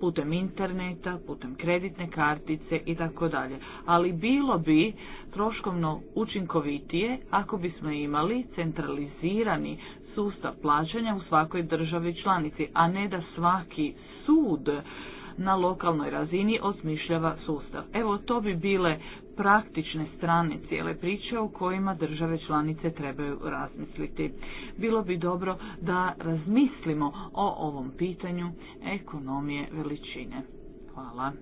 putem interneta, putem kreditne kartice i tako dalje. Ali bilo bi troškovno učinkovitije ako bismo imali centralizirani sustav plaćanja u svakoj državi članici, a ne da svaki sud na lokalnoj razini osmišljava sustav. Evo to bi bile praktične strane cijele priče o kojima države članice trebaju razmisliti. Bilo bi dobro da razmislimo o ovom pitanju ekonomije veličine. Hvala.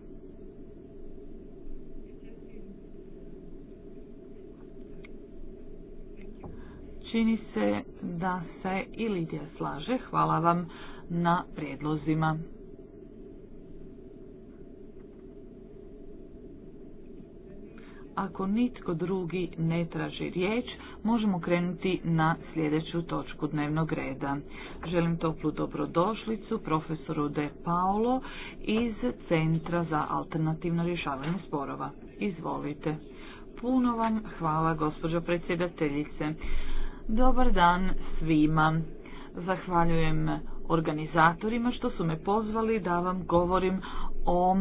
Čini se da se i Lidija slaže. Hvala vam na prijedlozima. Ako nitko drugi ne traži riječ, možemo krenuti na sljedeću točku dnevnog reda. Želim toplu dobrodošlicu profesoru De Paolo iz Centra za alternativno rješavanje sporova. Izvolite. Puno vam hvala, gospođo predsjedateljice. Dobar dan svima. Zahvaljujem organizatorima što su me pozvali da vam govorim o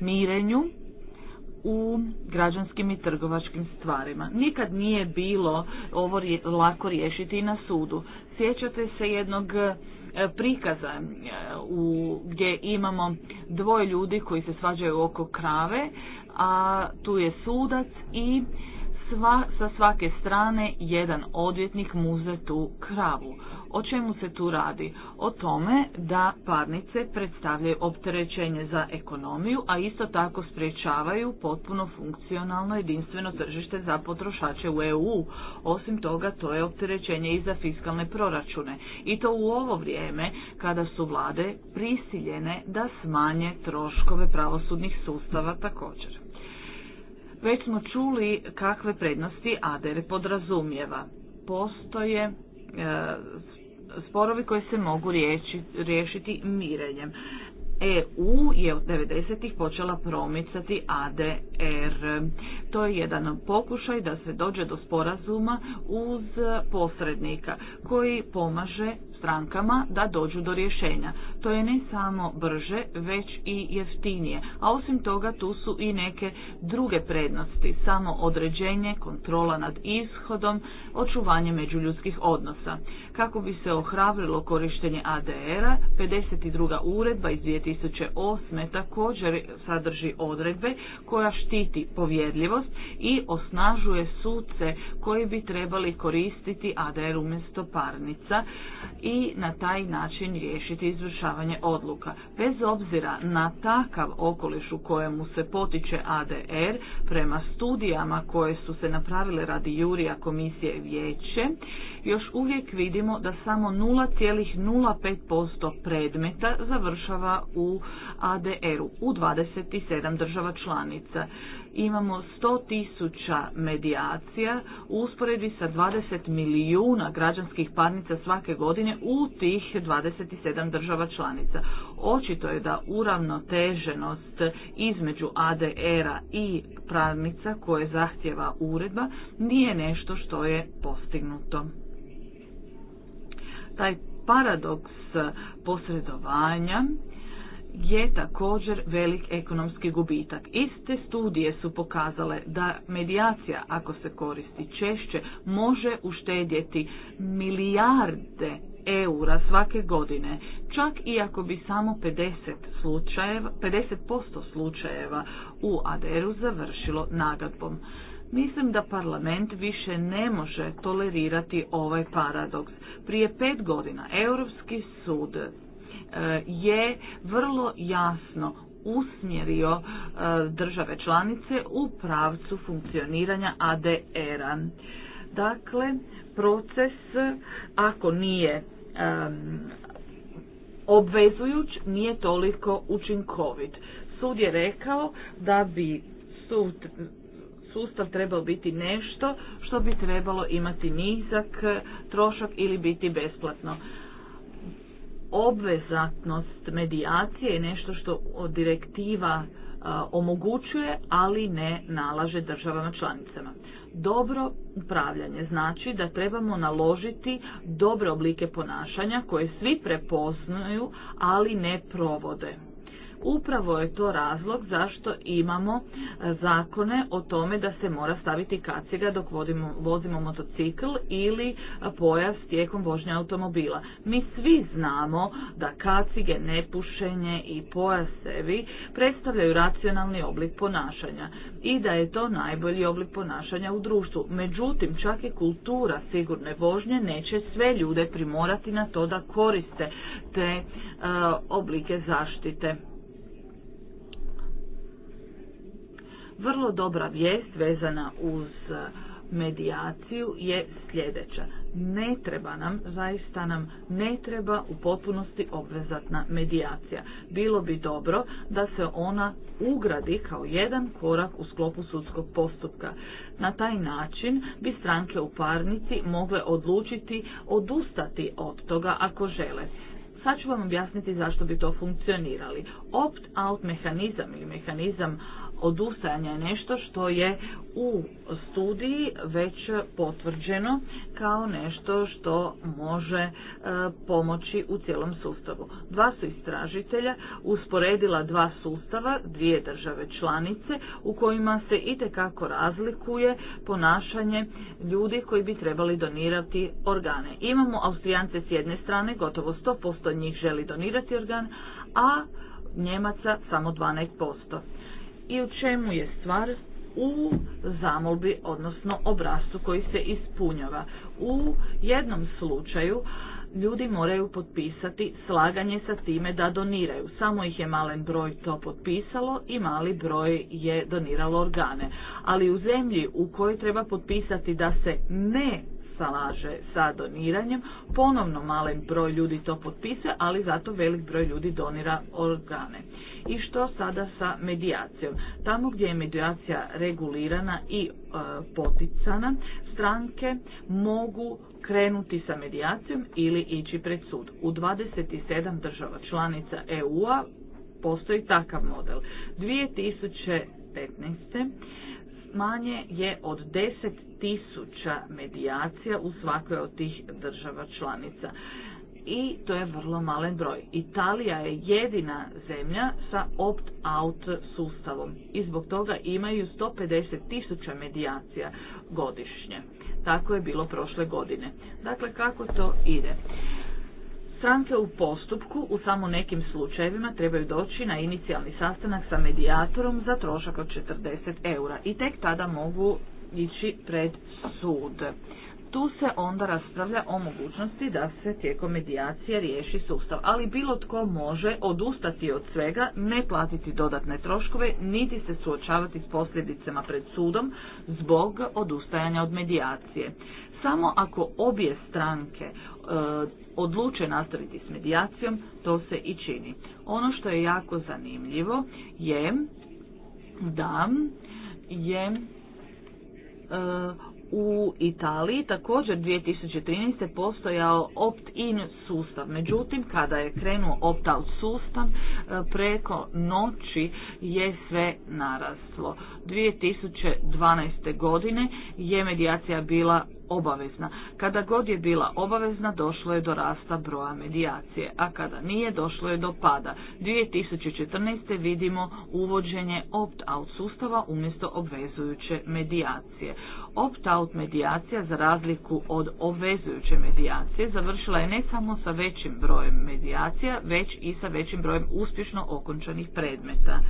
mirenju u građanskim i trgovačkim stvarima. Nikad nije bilo ovo lako riješiti i na sudu. Sjećate se jednog e, prikaza e, u, gdje imamo dvoje ljudi koji se svađaju oko krave, a tu je sudac i sva, sa svake strane jedan odvjetnik muze tu kravu. O čemu se tu radi? O tome da parnice predstavljaju opterećenje za ekonomiju, a isto tako spriječavaju potpuno funkcionalno jedinstveno tržište za potrošače u EU. Osim toga, to je opterećenje i za fiskalne proračune. I to u ovo vrijeme kada su vlade prisiljene da smanje troškove pravosudnih sustava također. Već smo čuli kakve prednosti ADR podrazumijeva. Postoje e, sporovi koji se mogu riješiti mirenjem. EU je od 90-ih počela promicati ADR. To je jedan pokušaj da se dođe do sporazuma uz posrednika koji pomaže strankama da dođu do rješenja. To je ne samo brže, već i jeftinije, a osim toga tu su i neke druge prednosti, samo određenje, kontrola nad ishodom, očuvanje međuljudskih odnosa. Kako bi se ohrabrilo korištenje ADR-a, 52. uredba iz 2008. također sadrži odredbe koja štiti povjedljivost i osnažuje suce koji bi trebali koristiti ADR umjesto parnica i na taj način riješiti izvršavanje odluka. Bez obzira na takav okoliš u kojemu se potiče ADR, prema studijama koje su se napravile radi jurija komisije vijeće, još uvijek vidimo da samo 0,05% predmeta završava u ADR-u u 27 država članica imamo 100 tisuća medijacija u usporedbi sa 20 milijuna građanskih parnica svake godine u tih 27 država članica. Očito je da uravnoteženost između ADR-a i pravnica koje zahtjeva uredba nije nešto što je postignuto. Taj paradoks posredovanja je također velik ekonomski gubitak. Iste studije su pokazale da medijacija, ako se koristi češće, može uštedjeti milijarde eura svake godine, čak i ako bi samo 50 slučajeva, 50% slučajeva u adr završilo nagadbom. Mislim da parlament više ne može tolerirati ovaj paradoks. Prije pet godina Europski sud je vrlo jasno usmjerio e, države članice u pravcu funkcioniranja ADR-a. Dakle, proces ako nije obvezujuć, nije toliko učinkovit. Sud je rekao da bi sud sustav trebao biti nešto što bi trebalo imati nizak trošak ili biti besplatno obvezatnost medijacije je nešto što direktiva omogućuje, ali ne nalaže državama članicama. Dobro upravljanje znači da trebamo naložiti dobre oblike ponašanja koje svi prepoznaju, ali ne provode. Upravo je to razlog zašto imamo e, zakone o tome da se mora staviti kaciga dok vodimo, vozimo motocikl ili e, pojas tijekom vožnje automobila. Mi svi znamo da kacige, nepušenje i pojasevi predstavljaju racionalni oblik ponašanja i da je to najbolji oblik ponašanja u društvu. Međutim, čak i kultura sigurne vožnje neće sve ljude primorati na to da koriste te e, oblike zaštite. Vrlo dobra vijest vezana uz e, medijaciju je sljedeća. Ne treba nam, zaista nam ne treba u potpunosti obvezatna medijacija. Bilo bi dobro da se ona ugradi kao jedan korak u sklopu sudskog postupka. Na taj način bi stranke u parnici mogle odlučiti odustati od toga ako žele. Sad ću vam objasniti zašto bi to funkcionirali. Opt-out mehanizam ili mehanizam odustajanje je nešto što je u studiji već potvrđeno kao nešto što može e, pomoći u cijelom sustavu. Dva su istražitelja usporedila dva sustava, dvije države članice u kojima se itekako razlikuje ponašanje ljudi koji bi trebali donirati organe. Imamo Austrijance s jedne strane, gotovo 100% njih želi donirati organ, a Njemaca samo 12% i u čemu je stvar u zamolbi, odnosno obrascu koji se ispunjava. U jednom slučaju ljudi moraju potpisati slaganje sa time da doniraju. Samo ih je malen broj to potpisalo i mali broj je doniralo organe. Ali u zemlji u kojoj treba potpisati da se ne salaže sa doniranjem. Ponovno malen broj ljudi to potpisuje, ali zato velik broj ljudi donira organe. I što sada sa medijacijom? Tamo gdje je medijacija regulirana i e, poticana, stranke mogu krenuti sa medijacijom ili ići pred sud. U 27 država članica EU-a postoji takav model. 2015 Manje je od 10 tisuća medijacija u svakoj od tih država članica. I to je vrlo malen broj. Italija je jedina zemlja sa opt-out sustavom i zbog toga imaju 150.000 medijacija godišnje. Tako je bilo prošle godine. Dakle, kako to ide? Stranke u postupku u samo nekim slučajevima trebaju doći na inicijalni sastanak sa medijatorom za trošak od 40 eura i tek tada mogu ići pred sud. Tu se onda raspravlja o mogućnosti da se tijekom medijacije riješi sustav, ali bilo tko može odustati od svega, ne platiti dodatne troškove, niti se suočavati s posljedicama pred sudom zbog odustajanja od medijacije. Samo ako obje stranke e, odluče nastaviti s medijacijom, to se i čini. Ono što je jako zanimljivo je da je e, u Italiji također 2013. postojao opt-in sustav. Međutim, kada je krenuo opt-out sustav, e, preko noći je sve naraslo. 2012. godine je medijacija bila obavezna. Kada god je bila obavezna, došlo je do rasta broja medijacije, a kada nije, došlo je do pada. 2014. vidimo uvođenje opt-out sustava umjesto obvezujuće medijacije. Opt-out medijacija, za razliku od obvezujuće medijacije, završila je ne samo sa većim brojem medijacija, već i sa većim brojem uspješno okončanih predmeta.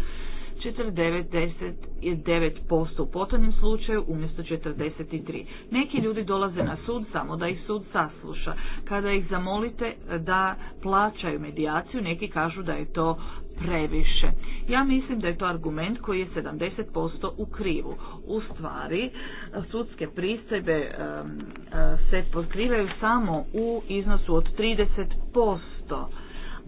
49,9% u potanjem slučaju umjesto 43. Neki ljudi dolaze na sud samo da ih sud sasluša. Kada ih zamolite da plaćaju medijaciju, neki kažu da je to previše. Ja mislim da je to argument koji je 70% u krivu. U stvari, sudske pristojbe se pokrivaju samo u iznosu od 30%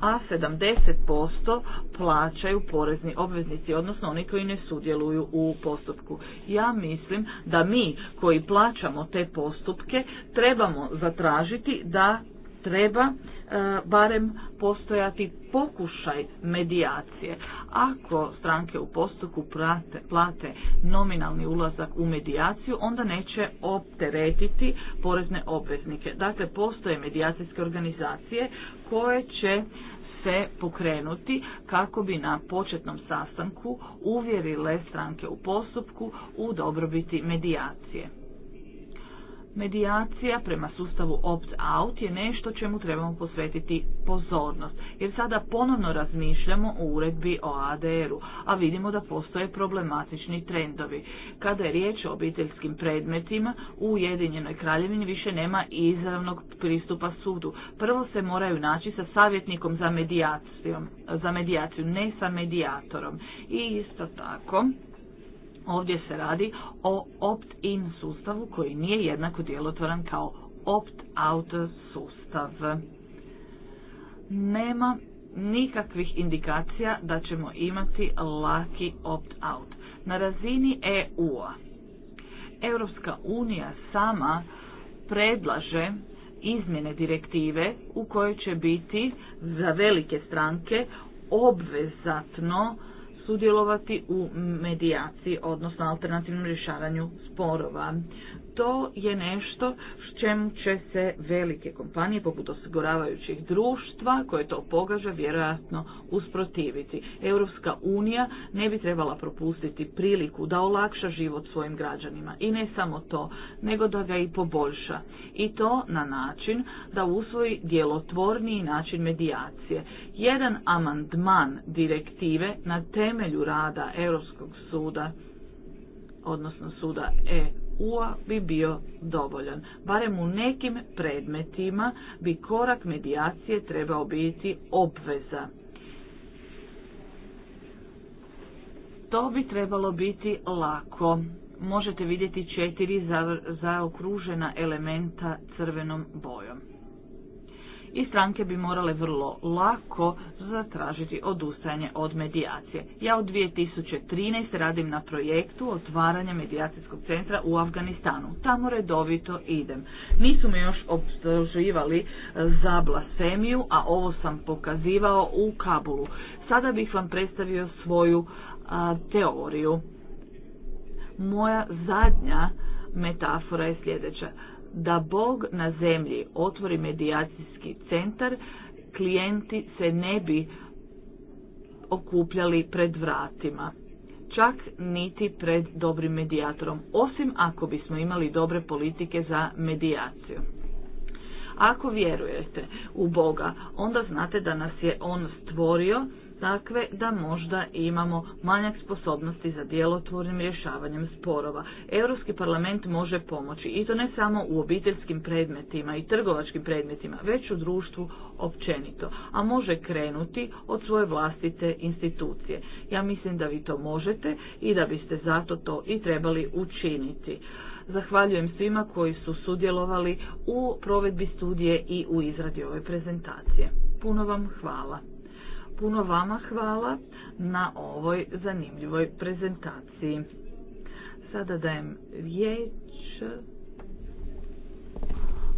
a 70% plaćaju porezni obveznici, odnosno oni koji ne sudjeluju u postupku. Ja mislim da mi koji plaćamo te postupke trebamo zatražiti da treba e, barem postojati pokušaj medijacije. Ako stranke u postupku plate, plate nominalni ulazak u medijaciju, onda neće opteretiti porezne obveznike. Dakle, postoje medijacijske organizacije koje će se pokrenuti kako bi na početnom sastanku uvjerile stranke u postupku u dobrobiti medijacije. Medijacija prema sustavu opt-out je nešto čemu trebamo posvetiti pozornost, jer sada ponovno razmišljamo o uredbi o ADR-u, a vidimo da postoje problematični trendovi. Kada je riječ o obiteljskim predmetima, u Ujedinjenoj kraljevini više nema izravnog pristupa sudu. Prvo se moraju naći sa savjetnikom za, za medijaciju, ne sa medijatorom. I isto tako, Ovdje se radi o opt-in sustavu koji nije jednako djelotvoran kao opt-out sustav. Nema nikakvih indikacija da ćemo imati laki opt-out. Na razini EU-a Europska unija sama predlaže izmjene direktive u kojoj će biti za velike stranke obvezatno sudjelovati u medijaciji, odnosno alternativnom rješavanju sporova to je nešto s čemu će se velike kompanije poput osiguravajućih društva koje to pogaže, vjerojatno usprotiviti. Europska unija ne bi trebala propustiti priliku da olakša život svojim građanima i ne samo to, nego da ga i poboljša. I to na način da usvoji djelotvorniji način medijacije. Jedan amandman direktive na temelju rada Europskog suda odnosno suda EU ua bi bio dovoljan. Barem u nekim predmetima bi korak medijacije trebao biti obveza. To bi trebalo biti lako. Možete vidjeti četiri zaokružena elementa crvenom bojom i stranke bi morale vrlo lako zatražiti odustajanje od medijacije. Ja od 2013 radim na projektu otvaranja medijacijskog centra u Afganistanu. Tamo redovito idem. Nisu me još optuživali e, za blasfemiju, a ovo sam pokazivao u Kabulu. Sada bih vam predstavio svoju teoriju. Moja zadnja metafora je sljedeća da Bog na zemlji otvori medijacijski centar, klijenti se ne bi okupljali pred vratima, čak niti pred dobrim medijatorom, osim ako bismo imali dobre politike za medijaciju. Ako vjerujete u Boga, onda znate da nas je On stvorio takve da možda imamo manjak sposobnosti za djelotvornim rješavanjem sporova. Europski parlament može pomoći i to ne samo u obiteljskim predmetima i trgovačkim predmetima, već u društvu općenito, a može krenuti od svoje vlastite institucije. Ja mislim da vi to možete i da biste zato to i trebali učiniti. Zahvaljujem svima koji su sudjelovali u provedbi studije i u izradi ove prezentacije. Puno vam hvala. Puno vama hvala na ovoj zanimljivoj prezentaciji. Sada dajem riječ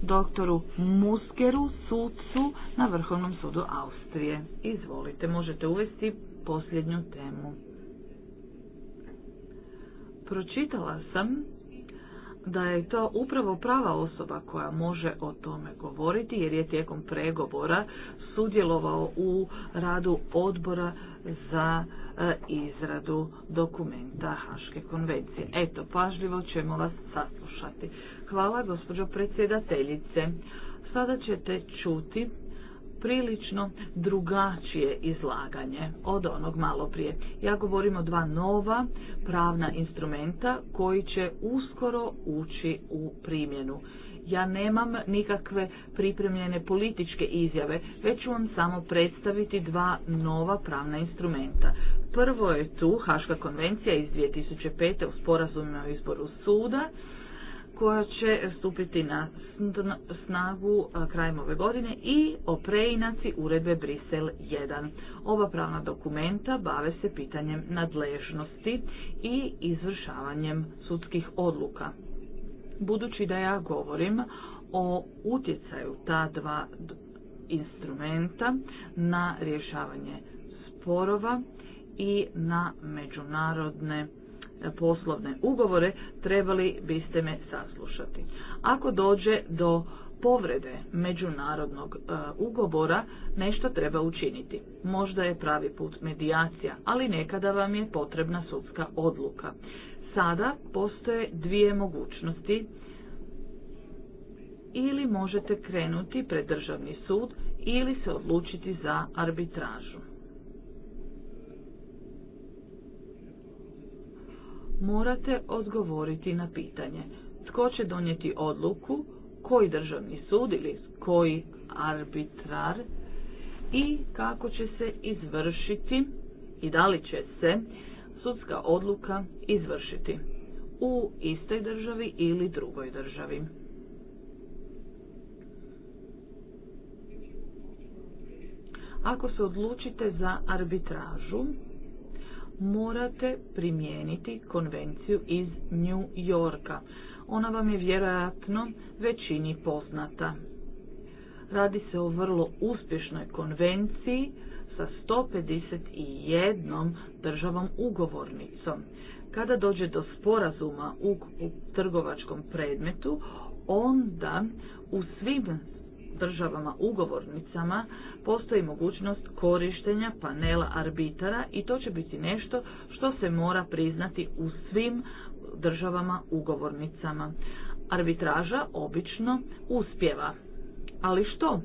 doktoru Muskeru, sudcu na Vrhovnom sudu Austrije. Izvolite, možete uvesti posljednju temu. Pročitala sam da je to upravo prava osoba koja može o tome govoriti jer je tijekom pregovora sudjelovao u radu odbora za e, izradu dokumenta Haške konvencije. Eto, pažljivo ćemo vas saslušati. Hvala gospođo predsjedateljice. Sada ćete čuti prilično drugačije izlaganje od onog malo prije. Ja govorim o dva nova pravna instrumenta koji će uskoro ući u primjenu. Ja nemam nikakve pripremljene političke izjave, već ću vam samo predstaviti dva nova pravna instrumenta. Prvo je tu Haška konvencija iz 2005. u sporazumima o izboru suda, koja će stupiti na snagu krajem ove godine i o preinaci uredbe Brisel 1. Ova pravna dokumenta bave se pitanjem nadležnosti i izvršavanjem sudskih odluka. Budući da ja govorim o utjecaju ta dva instrumenta na rješavanje sporova i na međunarodne poslovne ugovore, trebali biste me saslušati. Ako dođe do povrede međunarodnog e, ugovora nešto treba učiniti. Možda je pravi put medijacija, ali nekada vam je potrebna sudska odluka. Sada postoje dvije mogućnosti. Ili možete krenuti pred državni sud ili se odlučiti za arbitražu. morate odgovoriti na pitanje tko će donijeti odluku, koji državni sud ili koji arbitrar i kako će se izvršiti i da li će se sudska odluka izvršiti u istoj državi ili drugoj državi. Ako se odlučite za arbitražu, morate primijeniti konvenciju iz New Yorka. Ona vam je vjerojatno većini poznata. Radi se o vrlo uspješnoj konvenciji sa 151 državom ugovornicom. Kada dođe do sporazuma u trgovačkom predmetu, onda u svim državama ugovornicama postoji mogućnost korištenja panela arbitara i to će biti nešto što se mora priznati u svim državama ugovornicama. Arbitraža obično uspjeva. Ali što?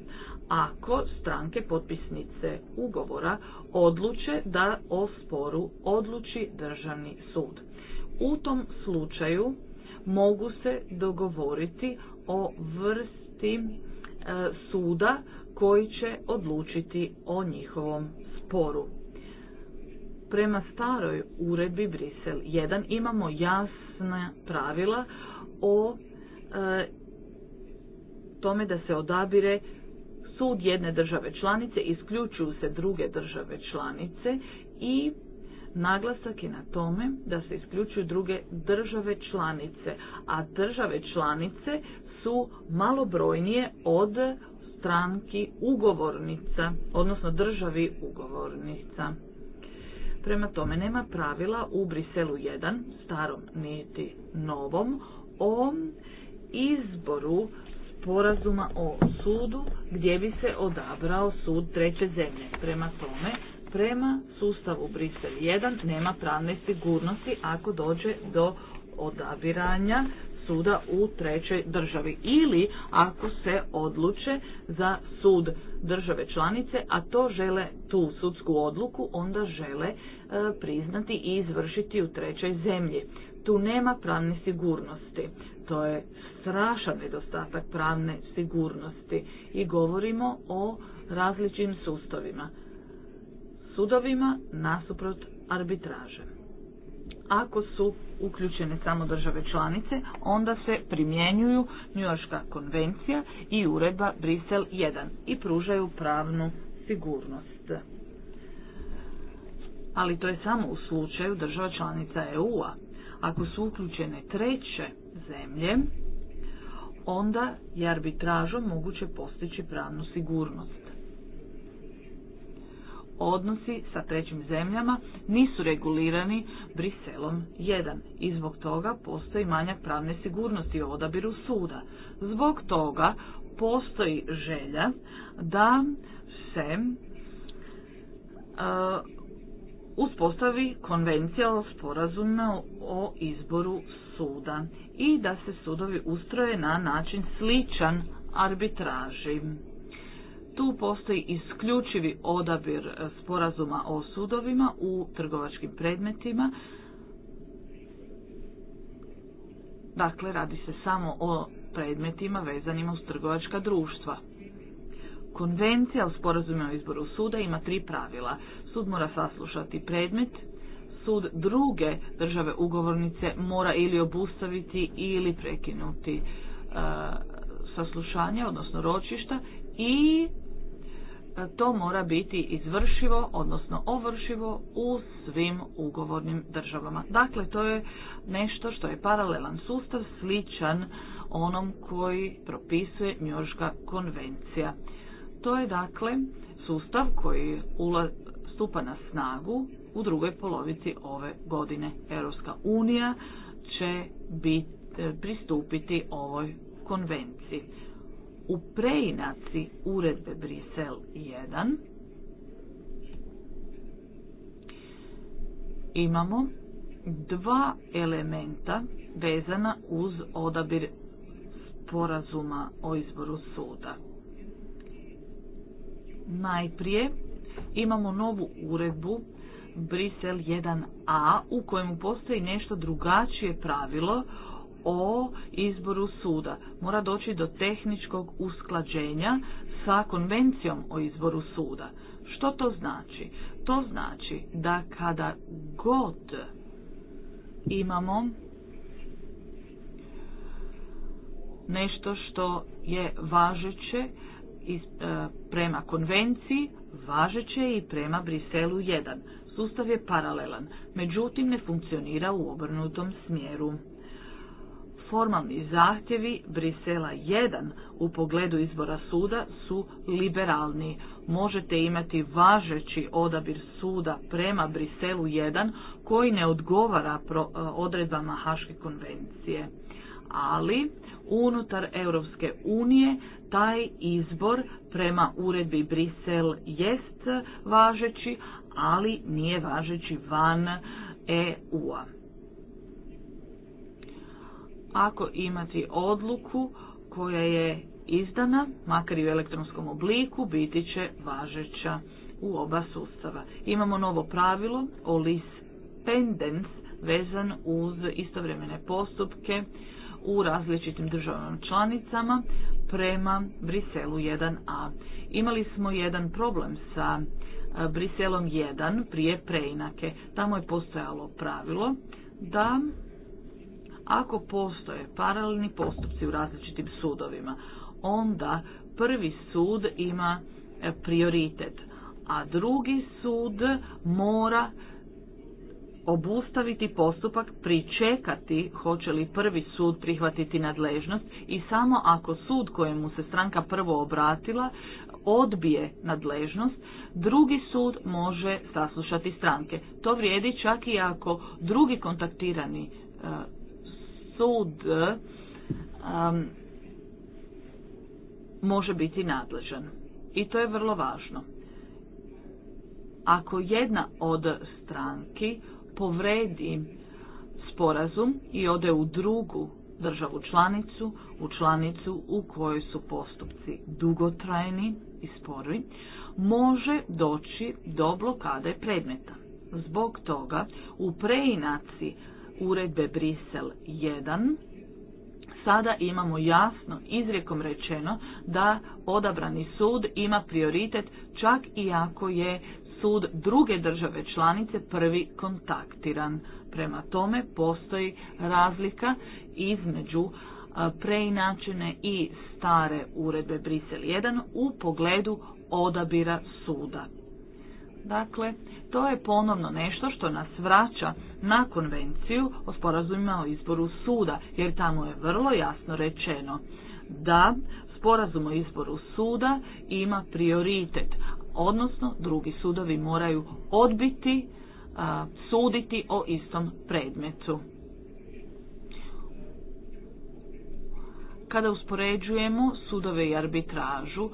ako stranke potpisnice ugovora odluče da o sporu odluči državni sud. U tom slučaju mogu se dogovoriti o vrsti E, suda koji će odlučiti o njihovom sporu. Prema staroj uredbi Brisel 1 imamo jasna pravila o e, tome da se odabire sud jedne države članice, isključuju se druge države članice i naglasak je na tome da se isključuju druge države članice, a države članice su malobrojnije od stranki ugovornica, odnosno državi ugovornica. Prema tome nema pravila u Briselu 1, starom niti novom, o izboru sporazuma o sudu gdje bi se odabrao sud treće zemlje. Prema tome, prema sustavu Brisel 1 nema pravne sigurnosti ako dođe do odabiranja suda u trećoj državi ili ako se odluče za sud države članice, a to žele tu sudsku odluku, onda žele e, priznati i izvršiti u trećoj zemlji. Tu nema pravne sigurnosti. To je strašan nedostatak pravne sigurnosti i govorimo o različitim sustavima. Sudovima nasuprot arbitražem ako su uključene samo države članice, onda se primjenjuju Njujorska konvencija i uredba Brisel 1 i pružaju pravnu sigurnost. Ali to je samo u slučaju država članica EU-a. Ako su uključene treće zemlje, onda je arbitražom moguće postići pravnu sigurnost odnosi sa trećim zemljama nisu regulirani Briselom 1 i zbog toga postoji manjak pravne sigurnosti o odabiru suda. Zbog toga postoji želja da se uh, uspostavi konvencija o sporazumu o izboru suda i da se sudovi ustroje na način sličan arbitraži. Tu postoji isključivi odabir e, sporazuma o sudovima u trgovačkim predmetima. Dakle, radi se samo o predmetima vezanima uz trgovačka društva. Konvencija o sporazumu o izboru suda ima tri pravila. Sud mora saslušati predmet, sud druge države ugovornice mora ili obustaviti ili prekinuti uh, saslušanje, odnosno ročišta i to mora biti izvršivo, odnosno ovršivo u svim ugovornim državama. Dakle, to je nešto što je paralelan sustav sličan onom koji propisuje Njorska konvencija. To je dakle sustav koji ula, stupa na snagu u drugoj polovici ove godine. Europska unija će bit, pristupiti ovoj konvenciji u preinaci uredbe Brisel 1 imamo dva elementa vezana uz odabir sporazuma o izboru suda. Najprije imamo novu uredbu Brisel 1a u kojemu postoji nešto drugačije pravilo o izboru suda mora doći do tehničkog usklađenja sa konvencijom o izboru suda. Što to znači? To znači da kada god imamo nešto što je važeće e, prema konvenciji, važeće i prema Briselu 1. Sustav je paralelan, međutim ne funkcionira u obrnutom smjeru formalni zahtjevi Brisela 1 u pogledu izbora suda su liberalni. Možete imati važeći odabir suda prema Briselu 1 koji ne odgovara e, odredbama Haške konvencije. Ali unutar Europske unije taj izbor prema uredbi Brisel jest važeći, ali nije važeći van EU-a ako imati odluku koja je izdana, makar i u elektronskom obliku, biti će važeća u oba sustava. Imamo novo pravilo o lis pendens vezan uz istovremene postupke u različitim državama članicama prema Briselu 1a. Imali smo jedan problem sa e, Briselom 1 prije preinake. Tamo je postojalo pravilo da ako postoje paralelni postupci u različitim sudovima, onda prvi sud ima e, prioritet, a drugi sud mora obustaviti postupak, pričekati hoće li prvi sud prihvatiti nadležnost i samo ako sud kojemu se stranka prvo obratila odbije nadležnost, drugi sud može saslušati stranke. To vrijedi čak i ako drugi kontaktirani e, sud um, može biti nadležan. I to je vrlo važno. Ako jedna od stranki povredi sporazum i ode u drugu državu članicu, u članicu u kojoj su postupci dugotrajni i spori, može doći do blokade predmeta. Zbog toga u preinaci uredbe Brisel 1 sada imamo jasno izrijekom rečeno da odabrani sud ima prioritet čak i ako je sud druge države članice prvi kontaktiran. Prema tome postoji razlika između preinačene i stare uredbe Brisel 1 u pogledu odabira suda. Dakle, to je ponovno nešto što nas vraća na konvenciju o sporazumima o izboru suda, jer tamo je vrlo jasno rečeno da sporazum o izboru suda ima prioritet, odnosno drugi sudovi moraju odbiti suditi o istom predmetu. Kada uspoređujemo sudove i arbitražu,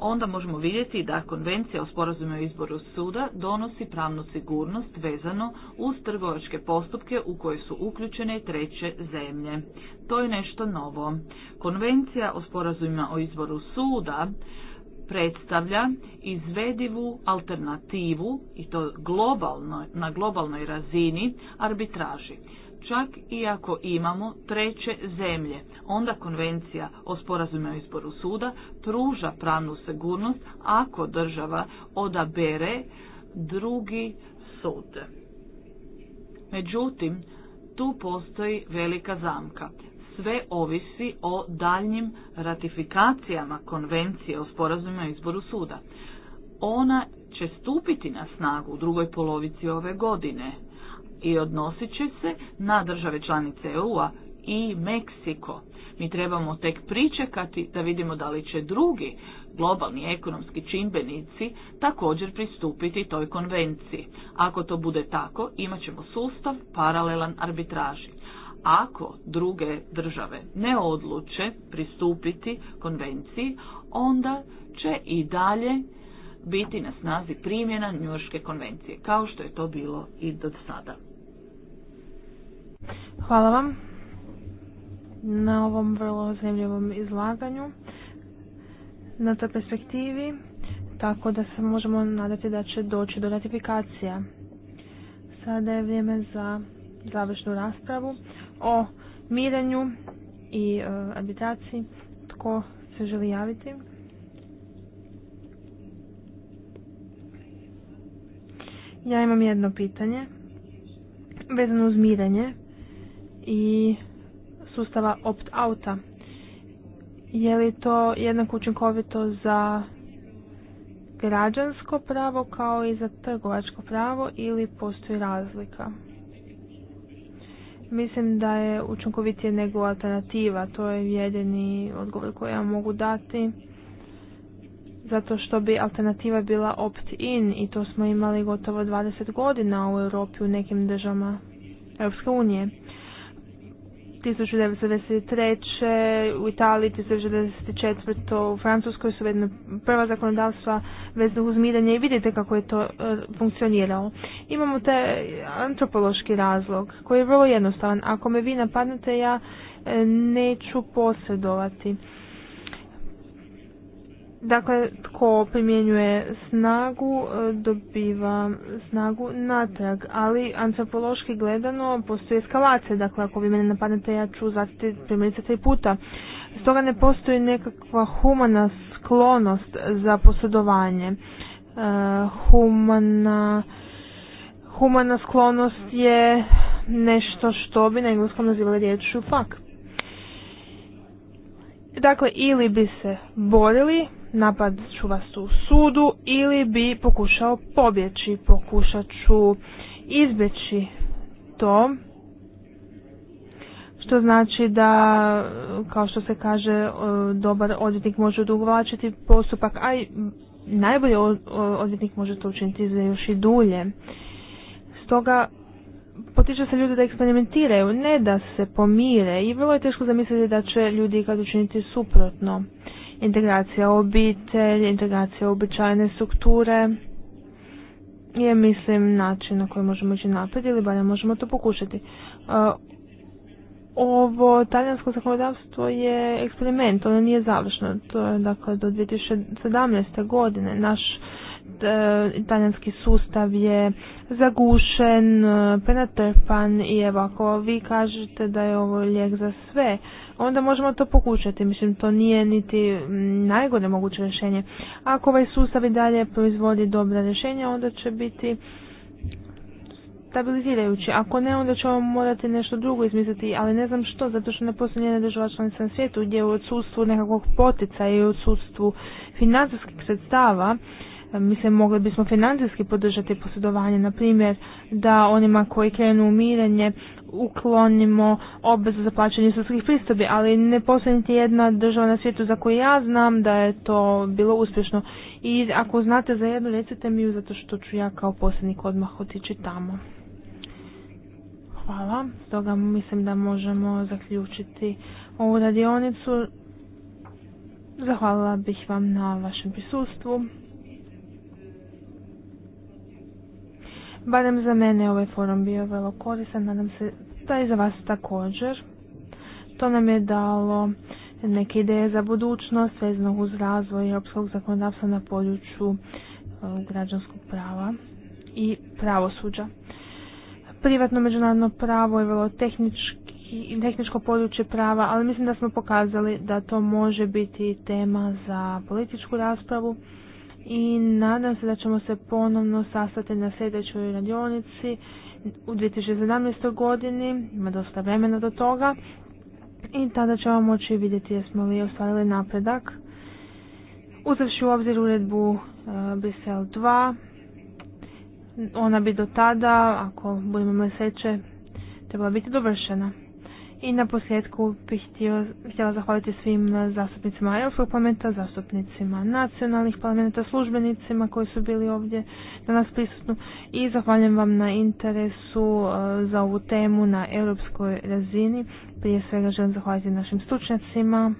onda možemo vidjeti da konvencija o sporazumu o izboru suda donosi pravnu sigurnost vezano uz trgovačke postupke u koje su uključene treće zemlje. To je nešto novo. Konvencija o sporazumima o izboru suda predstavlja izvedivu alternativu i to globalno, na globalnoj razini arbitraži. Čak i ako imamo treće zemlje, onda konvencija o sporazumu o izboru suda pruža pravnu sigurnost ako država odabere drugi sud. Međutim, tu postoji velika zamka. Sve ovisi o daljnjim ratifikacijama konvencije o sporazumu o izboru suda. Ona će stupiti na snagu u drugoj polovici ove godine, i odnosit će se na države članice EU-a i Meksiko. Mi trebamo tek pričekati da vidimo da li će drugi globalni ekonomski čimbenici također pristupiti toj konvenciji. Ako to bude tako, imat ćemo sustav paralelan arbitraži. Ako druge države ne odluče pristupiti konvenciji, onda će i dalje biti na snazi primjena Njujorške konvencije, kao što je to bilo i do sada. Hvala vam na ovom vrlo zanimljivom izlaganju, na toj perspektivi, tako da se možemo nadati da će doći do ratifikacija. Sada je vrijeme za završnu raspravu o mirenju i e, arbitraciji. Tko se želi javiti? Ja imam jedno pitanje vezano uz mirenje i sustava opt-outa. Je li to jednako učinkovito za građansko pravo kao i za trgovačko pravo ili postoji razlika? Mislim da je učinkovitije nego alternativa, to je jedini odgovor koji ja mogu dati. Zato što bi alternativa bila opt-in i to smo imali gotovo 20 godina u Europi u nekim državama Europske unije. 1993. u Italiji, 1994. u Francuskoj su vedno prva zakonodavstva vezno uz mirenje i vidite kako je to e, funkcioniralo. Imamo taj antropološki razlog koji je vrlo jednostavan. Ako me vi napadnete ja e, neću posredovati. Dakle, tko primjenjuje snagu e, dobiva snagu natrag, ali antropološki gledano postoji eskalacija, dakle ako vi mene napadnete ja ću zatiti primjerice tri puta. Stoga ne postoji nekakva humana sklonost za posjedovanje. E, humana, humana sklonost je nešto što bi na engleskom nazivali riječu fuck. Dakle, ili bi se borili napad ću vas u sudu ili bi pokušao pobjeći, pokušat ću izbjeći to. Što znači da, kao što se kaže, e, dobar odvjetnik može odugovlačiti postupak, a najbolji odvjetnik može to učiniti za još i dulje. Stoga potiče se ljudi da eksperimentiraju, ne da se pomire i vrlo je teško zamisliti da će ljudi kad učiniti suprotno integracija obitelj, integracija običajne strukture je mislim način na koji možemo ići naprijed ili barem možemo to pokušati. E, ovo talijansko zakonodavstvo je eksperiment, ono nije završno. To je dakle do 2017. godine naš e, talijanski sustav je zagušen, e, prenatrpan i evo ako vi kažete da je ovo lijek za sve, onda možemo to pokušati. Mislim, to nije niti mm, najgore moguće rješenje. Ako ovaj sustav i dalje proizvodi dobra rješenja, onda će biti stabilizirajući. Ako ne, onda ćemo morati nešto drugo izmisliti, ali ne znam što, zato što ne postoji njena država članica na svijetu gdje u odsustvu nekakvog potica i u odsustvu financijskih sredstava Mislim, mogli bismo financijski podržati posjedovanje, na primjer, da onima koji krenu u mirenje uklonimo obvezu za plaćanje sudskih pristobi, ali ne postoji niti jedna država na svijetu za koju ja znam da je to bilo uspješno. I ako znate za jednu, recite mi ju, zato što ću ja kao posljednik odmah otići tamo. Hvala, stoga mislim da možemo zaključiti ovu radionicu. Zahvalila bih vam na vašem prisustvu. Barem za mene ovaj forum bio vrlo koristan, nadam se da i za vas također. To nam je dalo neke ideje za budućnost vezano uz razvoj europskog zakonodavstva na području e, građanskog prava i pravosuđa. Privatno međunarodno pravo je vrlo tehnički, tehničko područje prava, ali mislim da smo pokazali da to može biti tema za političku raspravu i nadam se da ćemo se ponovno sastati na sljedećoj radionici u 2017. godini, ima dosta vremena do toga i tada ćemo moći vidjeti jesmo li ostvarili napredak. Uzavši u obzir uredbu e, Brisel 2, ona bi do tada, ako budemo imali sreće, trebala biti dovršena. I na posljedku bih htio, htjela zahvaliti svim zastupnicima Europskog parlamenta, zastupnicima nacionalnih parlamenta, službenicima koji su bili ovdje danas prisutni i zahvaljujem vam na interesu e, za ovu temu na europskoj razini. Prije svega želim zahvaliti našim stručnjacima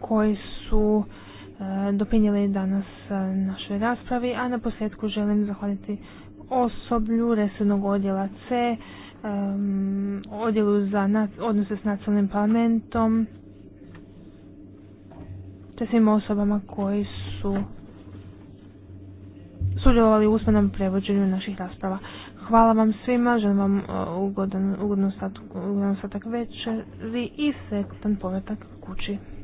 koji su e, doprinijeli danas e, našoj raspravi, a na posljedku želim zahvaliti osoblju resornog odjela C, Um, odjelu za odnose s nacionalnim parlamentom te svim osobama koji su sudjelovali u usmenom prevođenju naših rasprava. Hvala vam svima, želim vam uh, ugodan, ugodan ostatak večeri i sretan povetak kući.